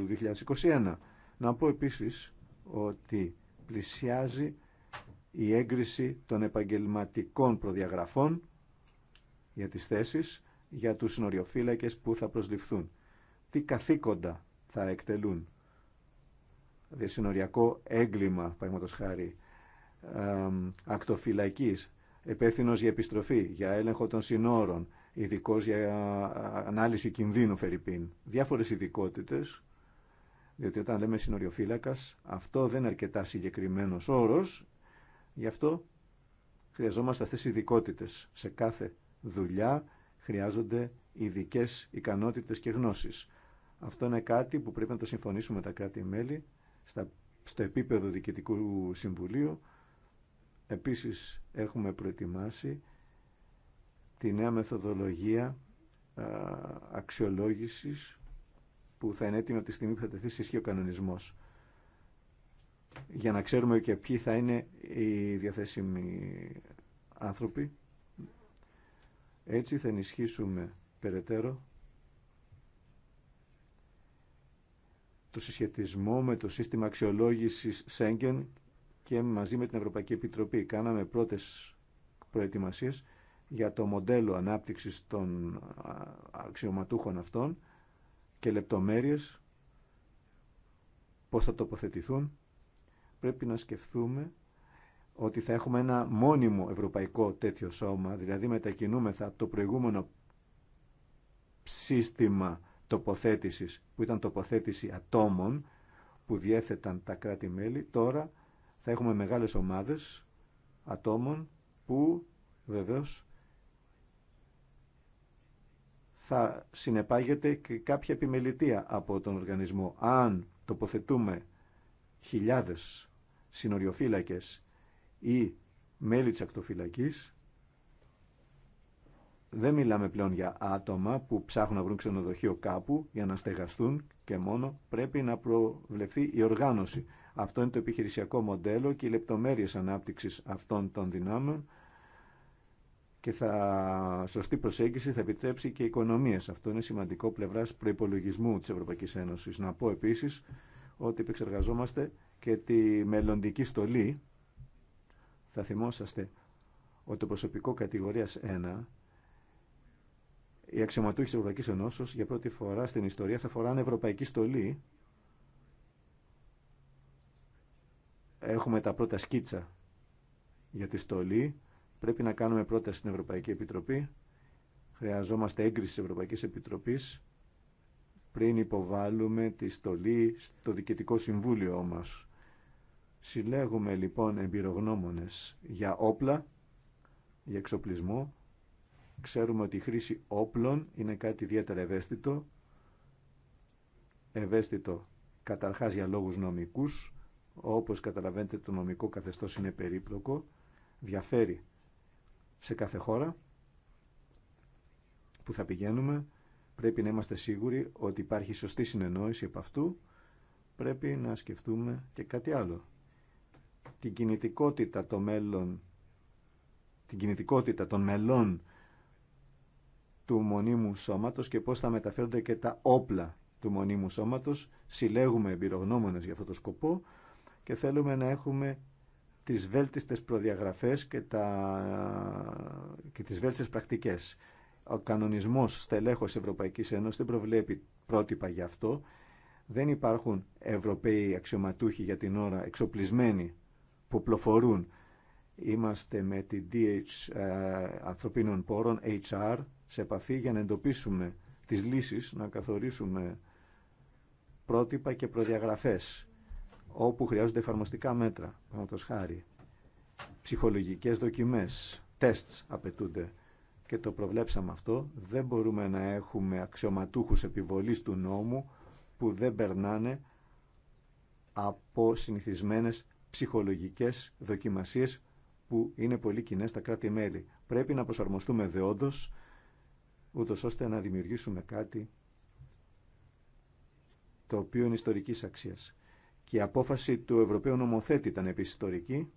Speaker 2: 2021. Να πω επίσης ότι πλησιάζει η έγκριση των επαγγελματικών προδιαγραφών για τις θέσεις για τους συνοριοφύλακες που θα προσληφθούν τι καθήκοντα θα εκτελούν. συνοριακό έγκλημα, παραδείγματο χάρη, ακτοφυλακή, υπεύθυνο για επιστροφή, για έλεγχο των συνόρων, ειδικό για ανάλυση κινδύνου, Φερρυπίν. Διάφορε ειδικότητε, διότι όταν λέμε συνοριοφύλακα, αυτό δεν είναι αρκετά συγκεκριμένο όρο, γι' αυτό χρειαζόμαστε αυτέ τι ειδικότητε. Σε κάθε δουλειά χρειάζονται ειδικέ ικανότητε και γνώσεις. Αυτό είναι κάτι που πρέπει να το συμφωνήσουμε τα κράτη-μέλη στο επίπεδο Διοικητικού Συμβουλίου. Επίσης έχουμε προετοιμάσει τη νέα μεθοδολογία αξιολόγησης που θα είναι έτοιμη από τη στιγμή που θα τεθεί σε ισχύ ο κανονισμός για να ξέρουμε και ποιοι θα είναι οι διαθέσιμοι άνθρωποι. Έτσι θα ενισχύσουμε περαιτέρω το συσχετισμό με το σύστημα αξιολόγησης Σέγγεν και μαζί με την Ευρωπαϊκή Επιτροπή κάναμε πρώτες προετοιμασίες για το μοντέλο ανάπτυξης των αξιωματούχων αυτών και λεπτομέρειες πώς θα τοποθετηθούν. Πρέπει να σκεφτούμε ότι θα έχουμε ένα μόνιμο ευρωπαϊκό τέτοιο σώμα, δηλαδή μετακινούμεθα από το προηγούμενο σύστημα τοποθέτησης που ήταν τοποθέτηση ατόμων που διέθεταν τα κράτη-μέλη, τώρα θα έχουμε μεγάλες ομάδες ατόμων που βεβαίως θα συνεπάγεται και κάποια επιμελητία από τον οργανισμό. Αν τοποθετούμε χιλιάδες συνοριοφύλακες ή μέλη της ακτοφυλακής, δεν μιλάμε πλέον για άτομα που ψάχνουν να βρουν ξενοδοχείο κάπου για να στεγαστούν και μόνο πρέπει να προβλεφθεί η οργάνωση. Αυτό είναι το επιχειρησιακό μοντέλο και οι λεπτομέρειες ανάπτυξης αυτών των δυνάμεων και θα σωστή προσέγγιση θα επιτρέψει και οικονομίες. Αυτό είναι σημαντικό πλευράς προϋπολογισμού της Ευρωπαϊκής Ένωσης. Να πω επίσης ότι επεξεργαζόμαστε και τη μελλοντική στολή. Θα θυμόσαστε ότι το προσωπικό κατηγορίας 1 οι αξιωματούχοι τη Ευρωπαϊκή Ενώσεω για πρώτη φορά στην ιστορία θα φοράνε ευρωπαϊκή στολή. Έχουμε τα πρώτα σκίτσα για τη στολή. Πρέπει να κάνουμε πρόταση στην Ευρωπαϊκή Επιτροπή. Χρειαζόμαστε έγκριση τη Ευρωπαϊκή Επιτροπής πριν υποβάλουμε τη στολή στο Διοικητικό Συμβούλιο μας. Συλλέγουμε λοιπόν εμπειρογνώμονες για όπλα, για εξοπλισμό, Ξέρουμε ότι η χρήση όπλων είναι κάτι ιδιαίτερα ευαίσθητο. Ευαίσθητο καταρχάς για λόγους νομικούς, όπως καταλαβαίνετε το νομικό καθεστώς είναι περίπλοκο, διαφέρει σε κάθε χώρα που θα πηγαίνουμε. Πρέπει να είμαστε σίγουροι ότι υπάρχει σωστή συνεννόηση από αυτού. Πρέπει να σκεφτούμε και κάτι άλλο. Την κινητικότητα, των μέλων την κινητικότητα των μελών του μονίμου σώματος και πώς θα μεταφέρονται και τα όπλα του μονίμου σώματος. Συλλέγουμε εμπειρογνώμονες για αυτό το σκοπό και θέλουμε να έχουμε τις βέλτιστες προδιαγραφές και, τα... και τις βέλτιστες πρακτικές. Ο κανονισμός στελέχος Ευρωπαϊκής Ένωσης δεν προβλέπει πρότυπα γι' αυτό. Δεν υπάρχουν Ευρωπαίοι αξιωματούχοι για την ώρα εξοπλισμένοι που πλοφορούν. Είμαστε με την DH ε, ανθρωπίνων πόρων, HR, σε επαφή για να εντοπίσουμε τις λύσεις, να καθορίσουμε πρότυπα και προδιαγραφές όπου χρειάζονται εφαρμοστικά μέτρα, παραδείγματο χάρη. Ψυχολογικές δοκιμές, τεστ απαιτούνται και το προβλέψαμε αυτό. Δεν μπορούμε να έχουμε αξιωματούχους επιβολής του νόμου που δεν περνάνε από συνηθισμένες ψυχολογικές δοκιμασίες που είναι πολύ κοινέ στα κράτη-μέλη. Πρέπει να προσαρμοστούμε δεόντως ούτως ώστε να δημιουργήσουμε κάτι το οποίο είναι ιστορικής αξίας. Και η απόφαση του Ευρωπαίου νομοθέτη ήταν επίσης ιστορική.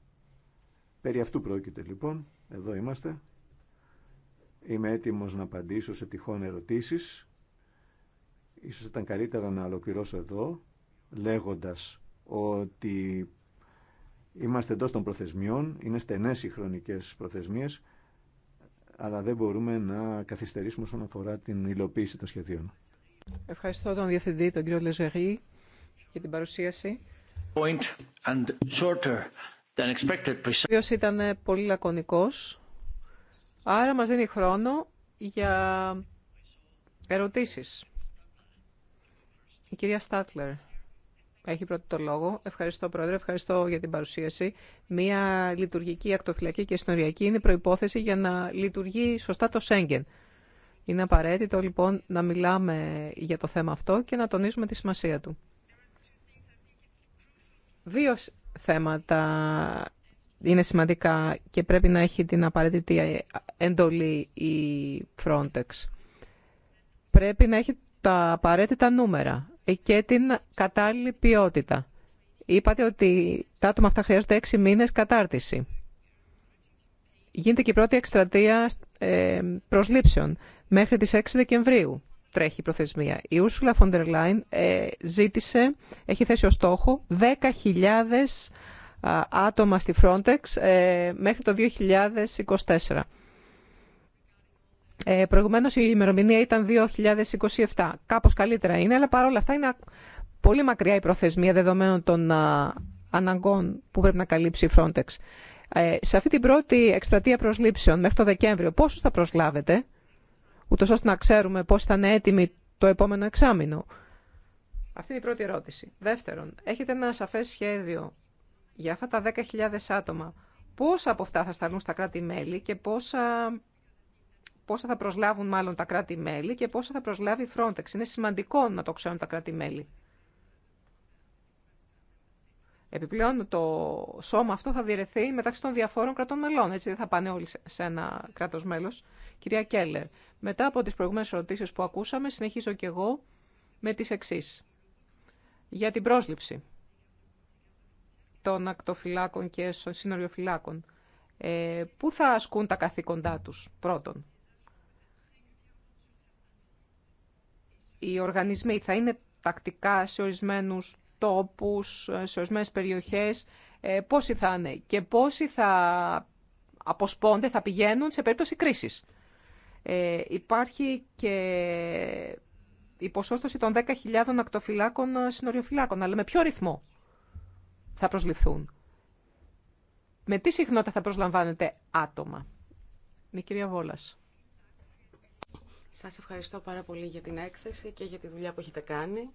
Speaker 2: Περί αυτού πρόκειται λοιπόν. Εδώ είμαστε. Είμαι έτοιμος να απαντήσω σε τυχόν ερωτήσεις. Ίσως ήταν καλύτερα να ολοκληρώσω εδώ, λέγοντας ότι είμαστε εντός των προθεσμιών, είναι στενές οι χρονικές προθεσμίες αλλά δεν μπορούμε να καθυστερήσουμε όσον αφορά την υλοποίηση των σχεδίων.
Speaker 3: Ευχαριστώ τον Διευθυντή, τον κύριο Λεζερή, για την παρουσίαση.
Speaker 2: Point and Ο οποίο ήταν
Speaker 3: πολύ λακωνικός, άρα μας δίνει χρόνο για ερωτήσεις. Η κυρία Στάτλερ έχει πρώτο το λόγο. Ευχαριστώ, Πρόεδρε, ευχαριστώ για την παρουσίαση. Μία λειτουργική ακτοφυλακή και ιστοριακή είναι προπόθεση για να λειτουργεί σωστά το Σέγγεν. Είναι απαραίτητο, λοιπόν, να μιλάμε για το θέμα αυτό και να τονίζουμε τη σημασία του. Δύο θέματα είναι σημαντικά και πρέπει να έχει την απαραίτητη εντολή η Frontex. Πρέπει να έχει τα απαραίτητα νούμερα και την κατάλληλη ποιότητα. Είπατε ότι τα άτομα αυτά χρειάζονται έξι μήνες κατάρτιση. Γίνεται και η πρώτη εκστρατεία ε, προσλήψεων μέχρι τις 6 Δεκεμβρίου τρέχει η προθεσμία. Η Ursula von der Leyen ε, ζήτησε, έχει θέσει ως στόχο 10.000 άτομα στη Frontex ε, μέχρι το 2024. Ε, προηγουμένως η ημερομηνία ήταν 2027. Κάπως καλύτερα είναι, αλλά παρόλα αυτά είναι πολύ μακριά η προθεσμία δεδομένων των αναγκών που πρέπει να καλύψει η Frontex. Ε, σε αυτή την πρώτη εκστρατεία προσλήψεων μέχρι το Δεκέμβριο, πόσους θα προσλάβετε, ούτω ώστε να ξέρουμε πώ θα είναι έτοιμοι το επόμενο εξάμεινο. Αυτή είναι η πρώτη ερώτηση. Δεύτερον, έχετε ένα σαφέ σχέδιο για αυτά τα 10.000 άτομα. Πόσα από αυτά θα σταλούν στα κράτη-μέλη και πόσα πόσα θα προσλάβουν μάλλον τα κράτη-μέλη και πόσα θα προσλάβει η Frontex. Είναι σημαντικό να το ξέρουν τα κράτη-μέλη. Επιπλέον το σώμα αυτό θα διαιρεθεί μεταξύ των διαφόρων κρατών μελών, έτσι δεν θα πάνε όλοι σε ένα κράτος μέλος. Κυρία Κέλλερ, μετά από τις προηγούμενες ερωτήσεις που ακούσαμε, συνεχίζω και εγώ με τις εξή. Για την πρόσληψη των ακτοφυλάκων και των σύνοριοφυλάκων, ε, πού θα ασκούν τα καθήκοντά τους πρώτον. οι οργανισμοί θα είναι τακτικά σε ορισμένου τόπους, σε ορισμένες περιοχές, ε, πόσοι θα είναι και πόσοι θα αποσπώνται, θα πηγαίνουν σε περίπτωση κρίσης. Ε, υπάρχει και η ποσόστοση των 10.000 ακτοφυλάκων ε, συνοριοφυλάκων, αλλά με ποιο ρυθμό θα προσληφθούν. Με τι συχνότητα θα προσλαμβάνετε άτομα. Με κυρία Βόλας.
Speaker 1: Σας ευχαριστώ πάρα πολύ για την έκθεση και για τη δουλειά που έχετε κάνει.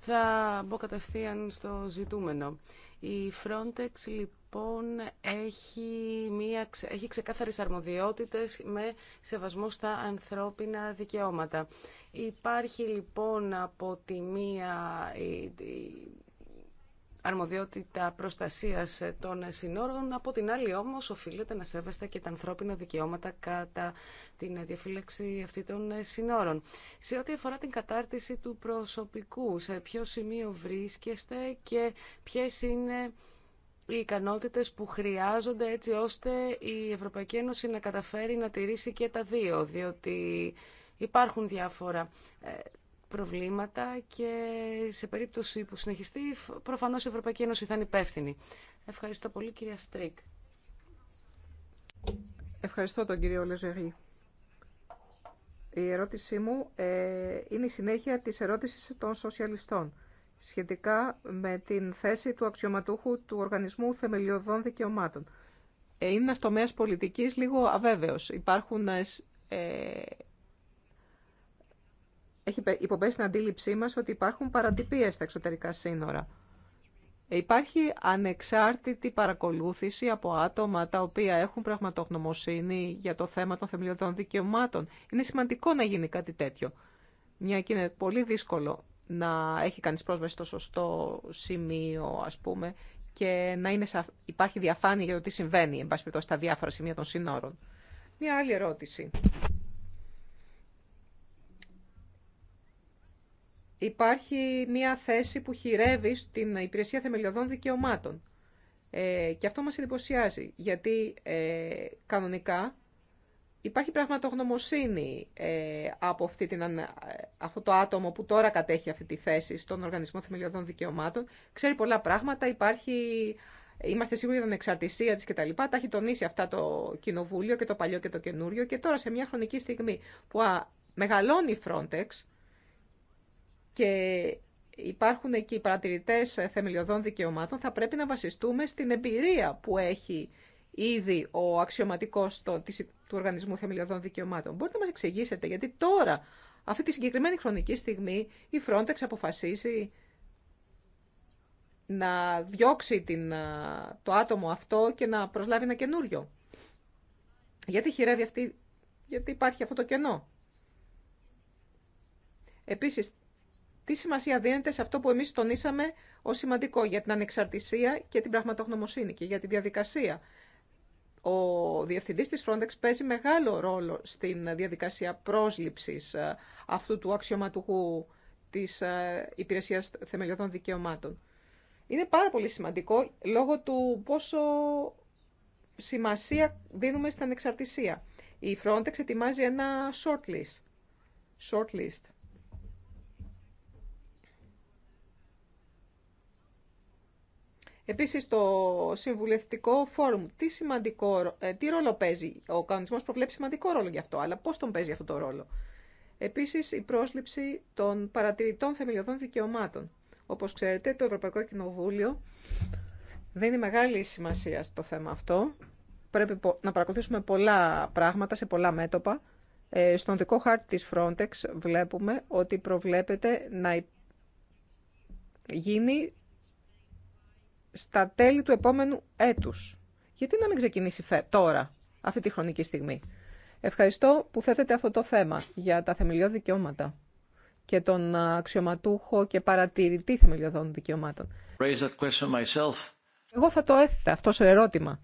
Speaker 1: Θα μπω κατευθείαν στο ζητούμενο. Η Frontex λοιπόν έχει, μία, έχει ξεκάθαρες αρμοδιότητες με σεβασμό στα ανθρώπινα δικαιώματα. Υπάρχει λοιπόν από τη μία αρμοδιότητα προστασία των συνόρων. Από την άλλη όμως οφείλεται να σέβεστε και τα ανθρώπινα δικαιώματα κατά την διαφύλαξη αυτή των συνόρων. Σε ό,τι αφορά την κατάρτιση του προσωπικού, σε ποιο σημείο βρίσκεστε και ποιε είναι οι ικανότητες που χρειάζονται έτσι ώστε η Ευρωπαϊκή Ένωση να καταφέρει να τηρήσει και τα δύο, διότι υπάρχουν διάφορα ε, προβλήματα και σε περίπτωση που συνεχιστεί προφανώς η Ευρωπαϊκή Ένωση θα είναι υπεύθυνη. Ευχαριστώ πολύ κυρία Στρίκ. Ευχαριστώ τον κύριο Λεζερή.
Speaker 3: Η ερώτησή μου ε, είναι η συνέχεια της ερώτησης των σοσιαλιστών σχετικά με την θέση του αξιωματούχου του Οργανισμού Θεμελιωδών Δικαιωμάτων. Ε, είναι ένα τομέα πολιτικής λίγο αβέβαιος. Υπάρχουν ε, έχει υποπέσει στην αντίληψή μας ότι υπάρχουν παρατυπίες στα εξωτερικά σύνορα. Υπάρχει ανεξάρτητη παρακολούθηση από άτομα τα οποία έχουν πραγματογνωμοσύνη για το θέμα των θεμελιωδών δικαιωμάτων. Είναι σημαντικό να γίνει κάτι τέτοιο, μια και είναι πολύ δύσκολο να έχει κανείς πρόσβαση στο σωστό σημείο, ας πούμε, και να είναι υπάρχει διαφάνεια για το τι συμβαίνει, εν πάση περιπτώσει, στα διάφορα σημεία των σύνορων. Μια άλλη ερώτηση υπάρχει μια θέση που χειρεύει στην Υπηρεσία Θεμελιωδών Δικαιωμάτων. Ε, και αυτό μας εντυπωσιάζει, γιατί ε, κανονικά υπάρχει πραγματογνωμοσύνη ε, από αυτή την, αυτό το άτομο που τώρα κατέχει αυτή τη θέση στον Οργανισμό Θεμελιωδών Δικαιωμάτων. Ξέρει πολλά πράγματα, υπάρχει, είμαστε σίγουροι για την εξαρτησία της κτλ. Τα έχει τονίσει αυτά το Κοινοβούλιο και το παλιό και το καινούριο και τώρα σε μια χρονική στιγμή που α, μεγαλώνει η Frontex, και υπάρχουν εκεί οι παρατηρητές θεμελιωδών δικαιωμάτων, θα πρέπει να βασιστούμε στην εμπειρία που έχει ήδη ο αξιωματικός του Οργανισμού Θεμελιωδών Δικαιωμάτων. Μπορείτε να μας εξηγήσετε γιατί τώρα, αυτή τη συγκεκριμένη χρονική στιγμή, η Frontex αποφασίσει να διώξει την, το άτομο αυτό και να προσλάβει ένα καινούριο. Γιατί χειρεύει αυτή, γιατί υπάρχει αυτό το κενό. Επίσης, τι σημασία δίνεται σε αυτό που εμείς τονίσαμε ως σημαντικό για την ανεξαρτησία και την πραγματογνωμοσύνη και για τη διαδικασία. Ο διευθυντής της Frontex παίζει μεγάλο ρόλο στην διαδικασία πρόσληψης ε, αυτού του αξιωματούχου της ε, Υπηρεσίας Θεμελιωδών Δικαιωμάτων. Είναι πάρα πολύ σημαντικό λόγω του πόσο σημασία δίνουμε στην ανεξαρτησία. Η Frontex ετοιμάζει ένα shortlist. shortlist Επίσης, το συμβουλευτικό φόρουμ, τι, σημαντικό, ε, τι ρόλο παίζει, ο κανονισμός προβλέπει σημαντικό ρόλο γι' αυτό, αλλά πώς τον παίζει αυτό το ρόλο. Επίσης, η πρόσληψη των παρατηρητών θεμελιωδών δικαιωμάτων. Όπως ξέρετε, το Ευρωπαϊκό Κοινοβούλιο δίνει μεγάλη σημασία στο θέμα αυτό. Πρέπει να παρακολουθήσουμε πολλά πράγματα σε πολλά μέτωπα. Ε, στον δικό χάρτη της Frontex βλέπουμε ότι προβλέπεται να γίνει στα τέλη του επόμενου έτους. Γιατί να μην ξεκινήσει τώρα, αυτή τη χρονική στιγμή. Ευχαριστώ που θέτετε αυτό το θέμα για τα θεμελιώδη δικαιώματα και τον αξιωματούχο και παρατηρητή θεμελιωδών δικαιωμάτων. Εγώ θα το έθετα αυτό σε ερώτημα.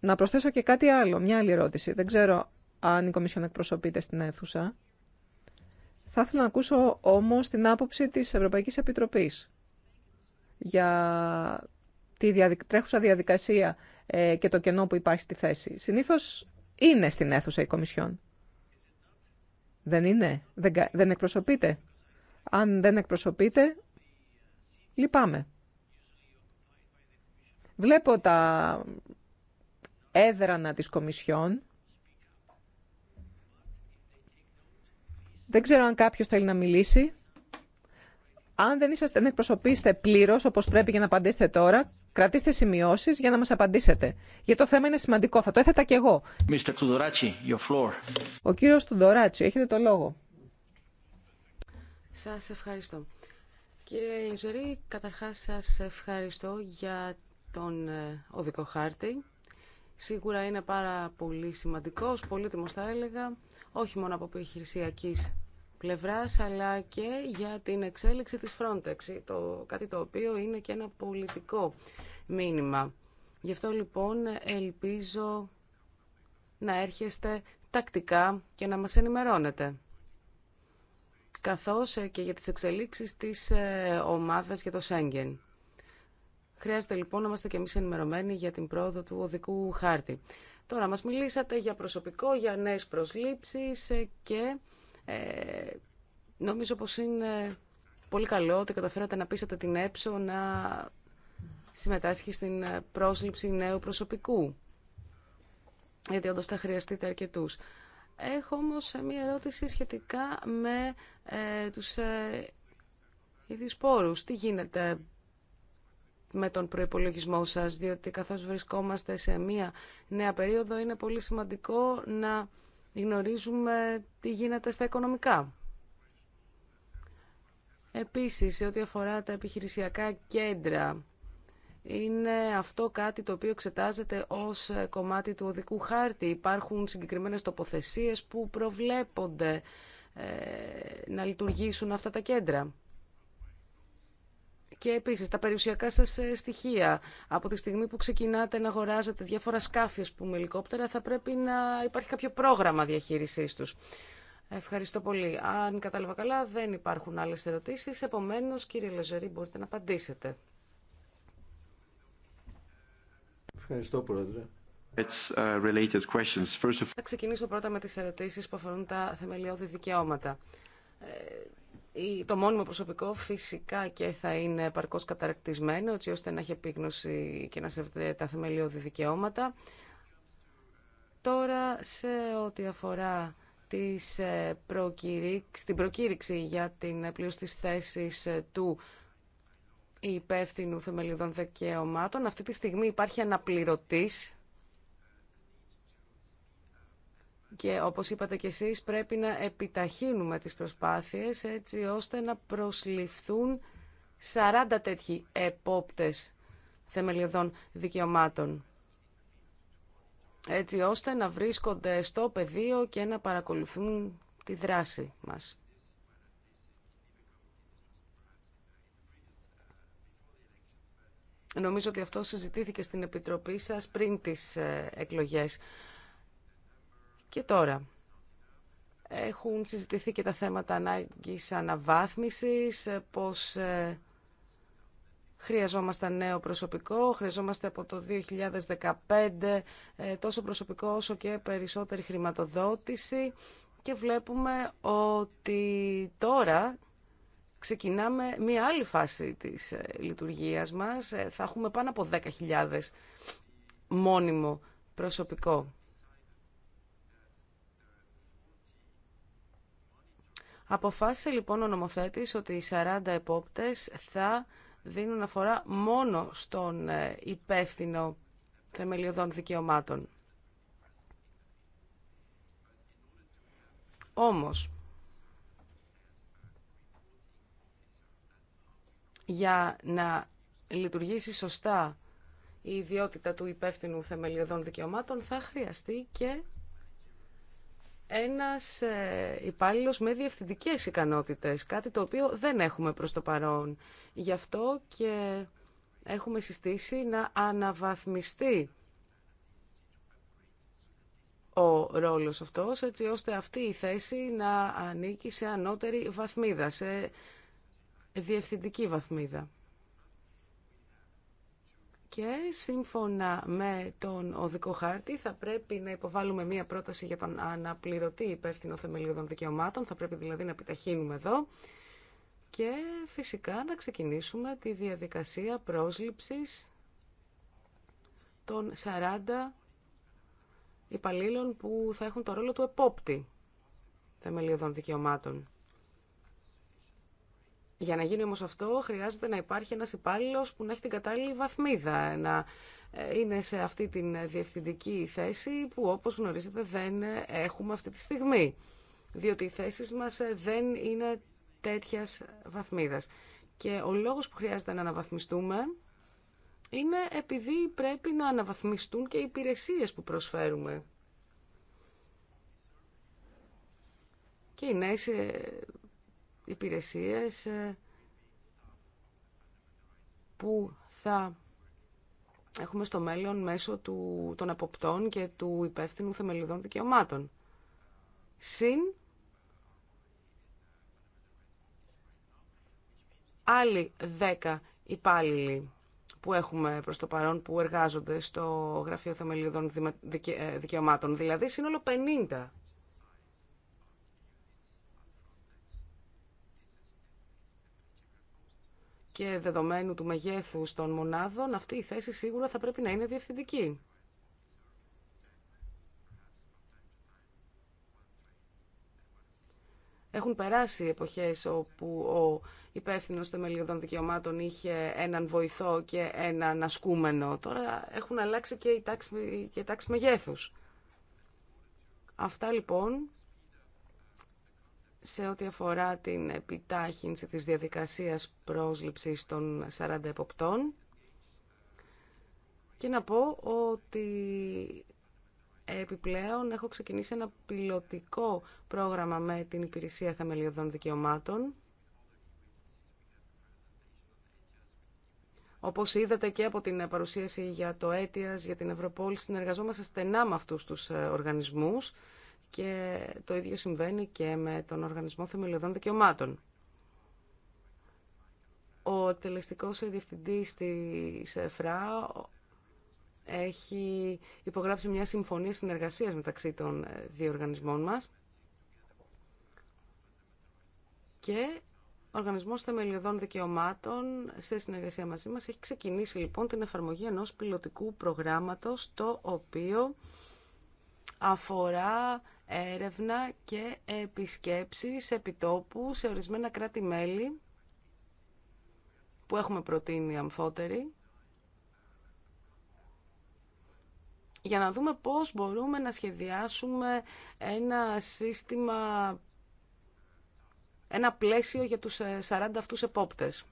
Speaker 3: Να προσθέσω και κάτι άλλο, μια άλλη ερώτηση. Δεν ξέρω αν η Κομισιόν εκπροσωπείται στην αίθουσα. Θα ήθελα να ακούσω όμως την άποψη της Ευρωπαϊκής Επιτροπής για τη τρέχουσα διαδικασία ε, και το κενό που υπάρχει στη θέση. Συνήθως είναι στην αίθουσα η Κομισιόν. Δεν είναι, δεν, δεν εκπροσωπείται. Αν δεν εκπροσωπείται, λυπάμαι. Βλέπω τα έδρανα της Κομισιόν. Δεν ξέρω αν κάποιος θέλει να μιλήσει. Αν δεν είσαστε, να εκπροσωπήσετε πλήρω όπω πρέπει για να απαντήσετε τώρα, κρατήστε σημειώσει για να μα απαντήσετε. Γιατί το θέμα είναι σημαντικό. Θα το έθετα κι εγώ.
Speaker 4: Mr. your floor.
Speaker 3: Ο κύριο Τουντοράτσι, έχετε το λόγο.
Speaker 1: Σα ευχαριστώ. Κύριε Λιζερή, καταρχάς σας ευχαριστώ για τον ε, οδικό χάρτη. Σίγουρα είναι πάρα πολύ σημαντικός, πολύτιμος θα έλεγα, όχι μόνο από επιχειρησιακής πλευράς αλλά και για την εξέλιξη της Frontex, το, κάτι το οποίο είναι και ένα πολιτικό μήνυμα. Γι' αυτό λοιπόν ελπίζω να έρχεστε τακτικά και να μας ενημερώνετε καθώς ε, και για τις εξελίξεις της ε, ομάδας για το Σέγγεν. Χρειάζεται λοιπόν να είμαστε και εμείς ενημερωμένοι για την πρόοδο του οδικού χάρτη. Τώρα μας μιλήσατε για προσωπικό, για νέες προσλήψεις ε, και ε, νομίζω πως είναι πολύ καλό ότι καταφέρατε να πείσατε την ΕΠΣΟ να συμμετάσχει στην πρόσληψη νέου προσωπικού. Γιατί όντως θα χρειαστείτε αρκετούς. Έχω όμως μία ερώτηση σχετικά με ε, τους ε, Τι γίνεται με τον προϋπολογισμό σας, διότι καθώς βρισκόμαστε σε μία νέα περίοδο είναι πολύ σημαντικό να γνωρίζουμε τι γίνεται στα οικονομικά. Επίσης, σε ό,τι αφορά τα επιχειρησιακά κέντρα, είναι αυτό κάτι το οποίο εξετάζεται ως κομμάτι του οδικού χάρτη. Υπάρχουν συγκεκριμένες τοποθεσίες που προβλέπονται ε, να λειτουργήσουν αυτά τα κέντρα. Και επίσης τα περιουσιακά σας ε, στοιχεία. Από τη στιγμή που ξεκινάτε να αγοράζετε διάφορα σκάφη, που πούμε, ελικόπτερα, θα πρέπει να υπάρχει κάποιο πρόγραμμα διαχείρισής τους. Ευχαριστώ πολύ. Αν κατάλαβα καλά, δεν υπάρχουν άλλες ερωτήσεις. Επομένως, κύριε Λεζερή, μπορείτε να απαντήσετε.
Speaker 2: Ευχαριστώ, Πρόεδρε.
Speaker 3: It's uh, related questions. First of...
Speaker 1: Θα ξεκινήσω πρώτα με τις ερωτήσεις που αφορούν τα θεμελιώδη δικαιώματα. Ε, το μόνιμο προσωπικό φυσικά και θα είναι παρκώς καταρακτισμένο, έτσι ώστε να έχει επίγνωση και να σέβεται τα θεμελιώδη δικαιώματα. Τώρα, σε ό,τι αφορά ε, την προκήρυξη για την ε, πλήρωση της θέσης ε, του υπεύθυνου θεμελιωδών δικαιωμάτων, αυτή τη στιγμή υπάρχει αναπληρωτής Και όπως είπατε και εσείς πρέπει να επιταχύνουμε τις προσπάθειες έτσι ώστε να προσληφθούν 40 τέτοιοι επόπτες θεμελιωδών δικαιωμάτων. Έτσι ώστε να βρίσκονται στο πεδίο και να παρακολουθούν τη δράση μας. Νομίζω ότι αυτό συζητήθηκε στην Επιτροπή σας πριν τις ε, εκλογές. Και τώρα, έχουν συζητηθεί και τα θέματα ανάγκης αναβάθμισης, ε, πως ε, χρειαζόμαστε νέο προσωπικό, χρειαζόμαστε από το 2015 ε, τόσο προσωπικό όσο και περισσότερη χρηματοδότηση και βλέπουμε ότι τώρα ξεκινάμε μία άλλη φάση της λειτουργίας μας. Θα έχουμε πάνω από 10.000 μόνιμο προσωπικό. Αποφάσισε λοιπόν ο νομοθέτης ότι οι 40 επόπτες θα δίνουν αφορά μόνο στον ε, υπεύθυνο θεμελιωδών δικαιωμάτων. Όμως, για να λειτουργήσει σωστά η ιδιότητα του υπεύθυνου θεμελιωδών δικαιωμάτων θα χρειαστεί και ένας ε, υπάλληλο με διευθυντικέ ικανότητες, κάτι το οποίο δεν έχουμε προς το παρόν. Γι' αυτό και έχουμε συστήσει να αναβαθμιστεί ο ρόλος αυτός, έτσι ώστε αυτή η θέση να ανήκει σε ανώτερη βαθμίδα, σε διευθυντική βαθμίδα και σύμφωνα με τον οδικό χάρτη θα πρέπει να υποβάλουμε μία πρόταση για τον αναπληρωτή υπεύθυνο θεμελιωδών δικαιωμάτων, θα πρέπει δηλαδή να επιταχύνουμε εδώ και φυσικά να ξεκινήσουμε τη διαδικασία πρόσληψης των 40 υπαλλήλων που θα έχουν το ρόλο του επόπτη θεμελιωδών δικαιωμάτων. Για να γίνει όμως αυτό χρειάζεται να υπάρχει ένας υπάλληλο που να έχει την κατάλληλη βαθμίδα, να ε, είναι σε αυτή την διευθυντική θέση που όπως γνωρίζετε δεν έχουμε αυτή τη στιγμή, διότι οι θέσεις μας ε, δεν είναι τέτοιας βαθμίδας. Και ο λόγος που χρειάζεται να αναβαθμιστούμε είναι επειδή πρέπει να αναβαθμιστούν και οι υπηρεσίες που προσφέρουμε. Και οι νέες ε, υπηρεσίες ε, που θα έχουμε στο μέλλον μέσω του, των αποπτών και του υπεύθυνου θεμελιδών δικαιωμάτων. Συν άλλοι 10 υπάλληλοι που έχουμε προς το παρόν που εργάζονται στο Γραφείο Θεμελιδών ε, Δικαιωμάτων, δηλαδή σύνολο 50 και δεδομένου του μεγέθους των μονάδων, αυτή η θέση σίγουρα θα πρέπει να είναι διευθυντική. Έχουν περάσει εποχές όπου ο υπεύθυνο θεμελιωδών δικαιωμάτων είχε έναν βοηθό και έναν ασκούμενο. Τώρα έχουν αλλάξει και οι τάξη, και μεγέθους. Αυτά λοιπόν σε ό,τι αφορά την επιτάχυνση της διαδικασίας πρόσληψης των 40 εποπτών και να πω ότι επιπλέον έχω ξεκινήσει ένα πιλωτικό πρόγραμμα με την Υπηρεσία Θεμελιωδών Δικαιωμάτων Όπως είδατε και από την παρουσίαση για το ΕΤΙΑΣ, για την Ευρωπόλη, συνεργαζόμαστε στενά με αυτούς τους ε, οργανισμούς και το ίδιο συμβαίνει και με τον Οργανισμό Θεμελιωδών Δικαιωμάτων. Ο τελεστικός διευθυντής της ΕΦΡΑ έχει υπογράψει μια συμφωνία συνεργασίας μεταξύ των δύο οργανισμών μας και ο Οργανισμός Θεμελιωδών Δικαιωμάτων σε συνεργασία μαζί μας έχει ξεκινήσει λοιπόν την εφαρμογή ενός πιλωτικού προγράμματος το οποίο αφορά έρευνα και επισκέψεις επιτόπου σε ορισμένα κράτη-μέλη που έχουμε προτείνει αμφότεροι για να δούμε πώς μπορούμε να σχεδιάσουμε ένα σύστημα, ένα πλαίσιο για τους 40 ε, αυτούς επόπτες.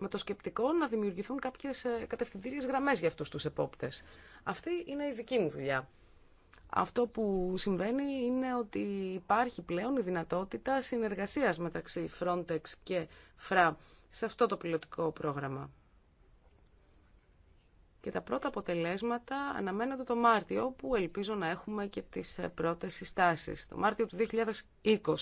Speaker 1: με το σκεπτικό να δημιουργηθούν κάποιες ε, κατευθυντήριε γραμμέ για αυτού τους επόπτες. Αυτή είναι η δική μου δουλειά. Αυτό που συμβαίνει είναι ότι υπάρχει πλέον η δυνατότητα συνεργασίας μεταξύ Frontex και FRA σε αυτό το πιλωτικό πρόγραμμα. Και τα πρώτα αποτελέσματα αναμένονται το Μάρτιο, που ελπίζω να έχουμε και τις ε, πρώτες συστάσεις. Το Μάρτιο του 2020.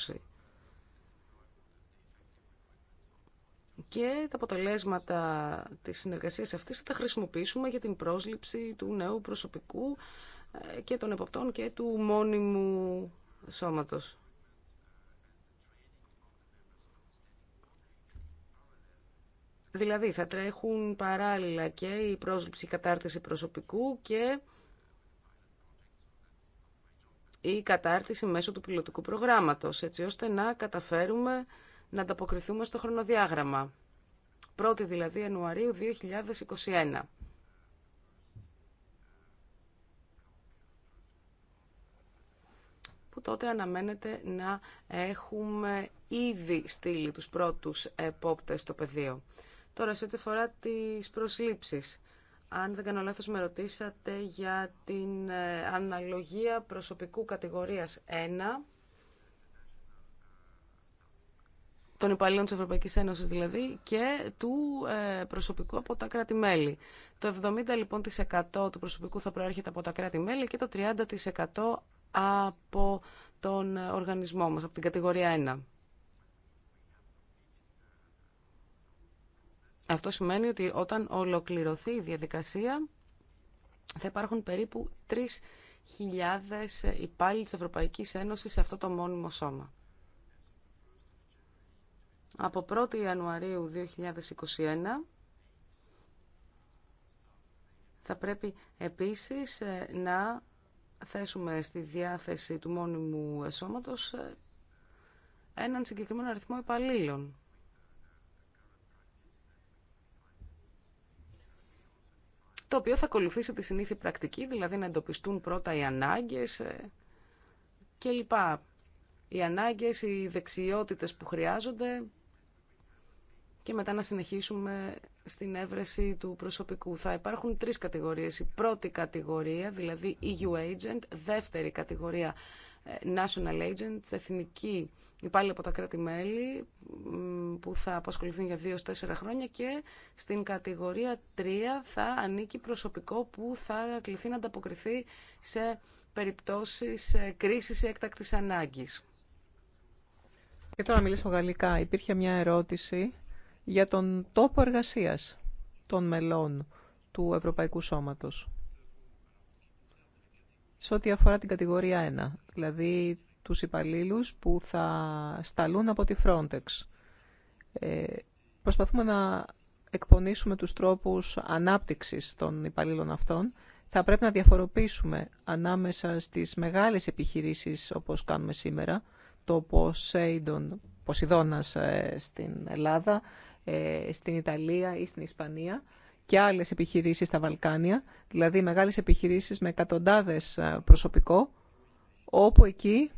Speaker 1: και τα αποτελέσματα της συνεργασίας αυτής θα τα χρησιμοποιήσουμε για την πρόσληψη του νέου προσωπικού ε, και των εποπτών και του μόνιμου σώματος. Δηλαδή θα τρέχουν παράλληλα και η πρόσληψη κατάρτιση προσωπικού και η κατάρτιση μέσω του πιλωτικού προγράμματος, έτσι ώστε να καταφέρουμε να ανταποκριθούμε στο χρονοδιάγραμμα. 1η δηλαδή Ιανουαρίου 2021. που τότε αναμένεται να έχουμε ήδη στείλει τους πρώτους επόπτες στο πεδίο. Τώρα, σε ό,τι αφορά τις προσλήψεις, αν δεν κάνω λάθος με ρωτήσατε για την ε, αναλογία προσωπικού κατηγορίας 1 των υπαλλήλων της Ευρωπαϊκής Ένωσης δηλαδή και του ε, προσωπικού από τα κράτη-μέλη. Το 70% λοιπόν του προσωπικού θα προέρχεται από τα κράτη-μέλη και το 30% από τον ε, οργανισμό μας, από την κατηγορία 1. Αυτό σημαίνει ότι όταν ολοκληρωθεί η διαδικασία θα υπάρχουν περίπου 3.000 ε, υπάλληλοι της Ευρωπαϊκής Ένωσης σε αυτό το μόνιμο σώμα από 1η Ιανουαρίου 2021 θα πρέπει επίσης ε, να θέσουμε στη διάθεση του μόνιμου σώματος ε, έναν συγκεκριμένο αριθμό υπαλλήλων. Το οποίο θα ακολουθήσει τη συνήθη πρακτική, δηλαδή να εντοπιστούν πρώτα οι ανάγκες ε, και λοιπά. Οι ανάγκες, οι δεξιότητες που χρειάζονται και μετά να συνεχίσουμε στην έβρεση του προσωπικού. Θα υπάρχουν τρεις κατηγορίες. Η πρώτη κατηγορία, δηλαδή EU Agent, δεύτερη κατηγορία ε, National Agents, εθνική υπάλληλοι από τα κράτη-μέλη που θα απασχοληθούν για 2-4 χρόνια και στην κατηγορία 3 θα ανήκει προσωπικό που θα κληθεί να ανταποκριθεί σε περιπτώσεις κρίσης ή έκτακτης ανάγκης.
Speaker 3: Και τώρα να μιλήσω γαλλικά. Υπήρχε μια ερώτηση για τον τόπο εργασίας των μελών του Ευρωπαϊκού Σώματος. Σε ό,τι αφορά την κατηγορία 1, δηλαδή τους υπαλλήλους που θα σταλούν από τη Frontex. Ε, προσπαθούμε να εκπονήσουμε τους τρόπους ανάπτυξης των υπαλλήλων αυτών. Θα πρέπει να διαφοροποιήσουμε ανάμεσα στις μεγάλες επιχειρήσεις όπως κάνουμε σήμερα, το Poseidon, Ποσειδώνας στην Ελλάδα, ε, στην Ιταλία ή στην Ισπανία και άλλες επιχειρήσεις στα Βαλκάνια, δηλαδή μεγάλες επιχειρήσεις με εκατοντάδες προσωπικό, όπου εκεί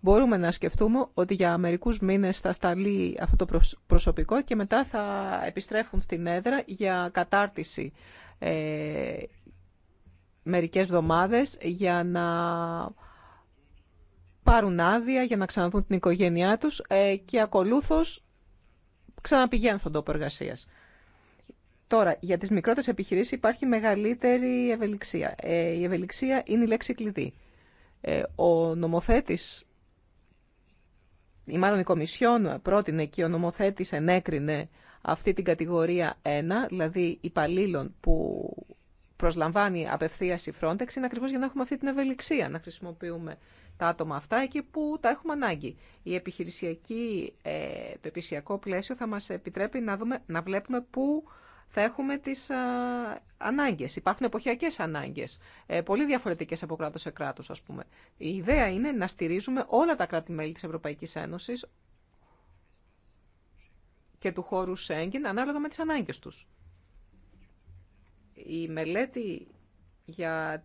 Speaker 3: μπορούμε να σκεφτούμε ότι για μερικούς μήνες θα σταλεί αυτό το προσωπικό και μετά θα επιστρέφουν στην έδρα για κατάρτιση ε, μερικές εβδομάδες για να πάρουν άδεια για να ξαναδούν την οικογένειά τους ε, και ακολούθω ξαναπηγαίνουν στον τόπο εργασία. Τώρα, για τι μικρότερε επιχειρήσει υπάρχει μεγαλύτερη ευελιξία. Ε, η ευελιξία είναι η λέξη κλειδί. Ε, ο νομοθέτης, ή μάλλον η Κομισιόν πρότεινε και ο νομοθέτης ενέκρινε αυτή την κατηγορία 1, δηλαδή υπαλλήλων που προσλαμβάνει απευθείας η Frontex, είναι ακριβώς για να έχουμε αυτή την ευελιξία, να χρησιμοποιούμε τα άτομα αυτά εκεί που τα έχουμε ανάγκη. Η επιχειρησιακή, ε, το επιχειρησιακό πλαίσιο θα μας επιτρέπει να, δούμε, να βλέπουμε πού θα έχουμε τις α, ανάγκες. Υπάρχουν εποχιακές ανάγκες, ε, πολύ διαφορετικές από κράτος σε κράτος, ας πούμε. Η ιδέα είναι να στηρίζουμε όλα τα κράτη-μέλη της Ευρωπαϊκής Ένωσης και του χώρου Σέγγιν ανάλογα με τις ανάγκες τους. Η μελέτη για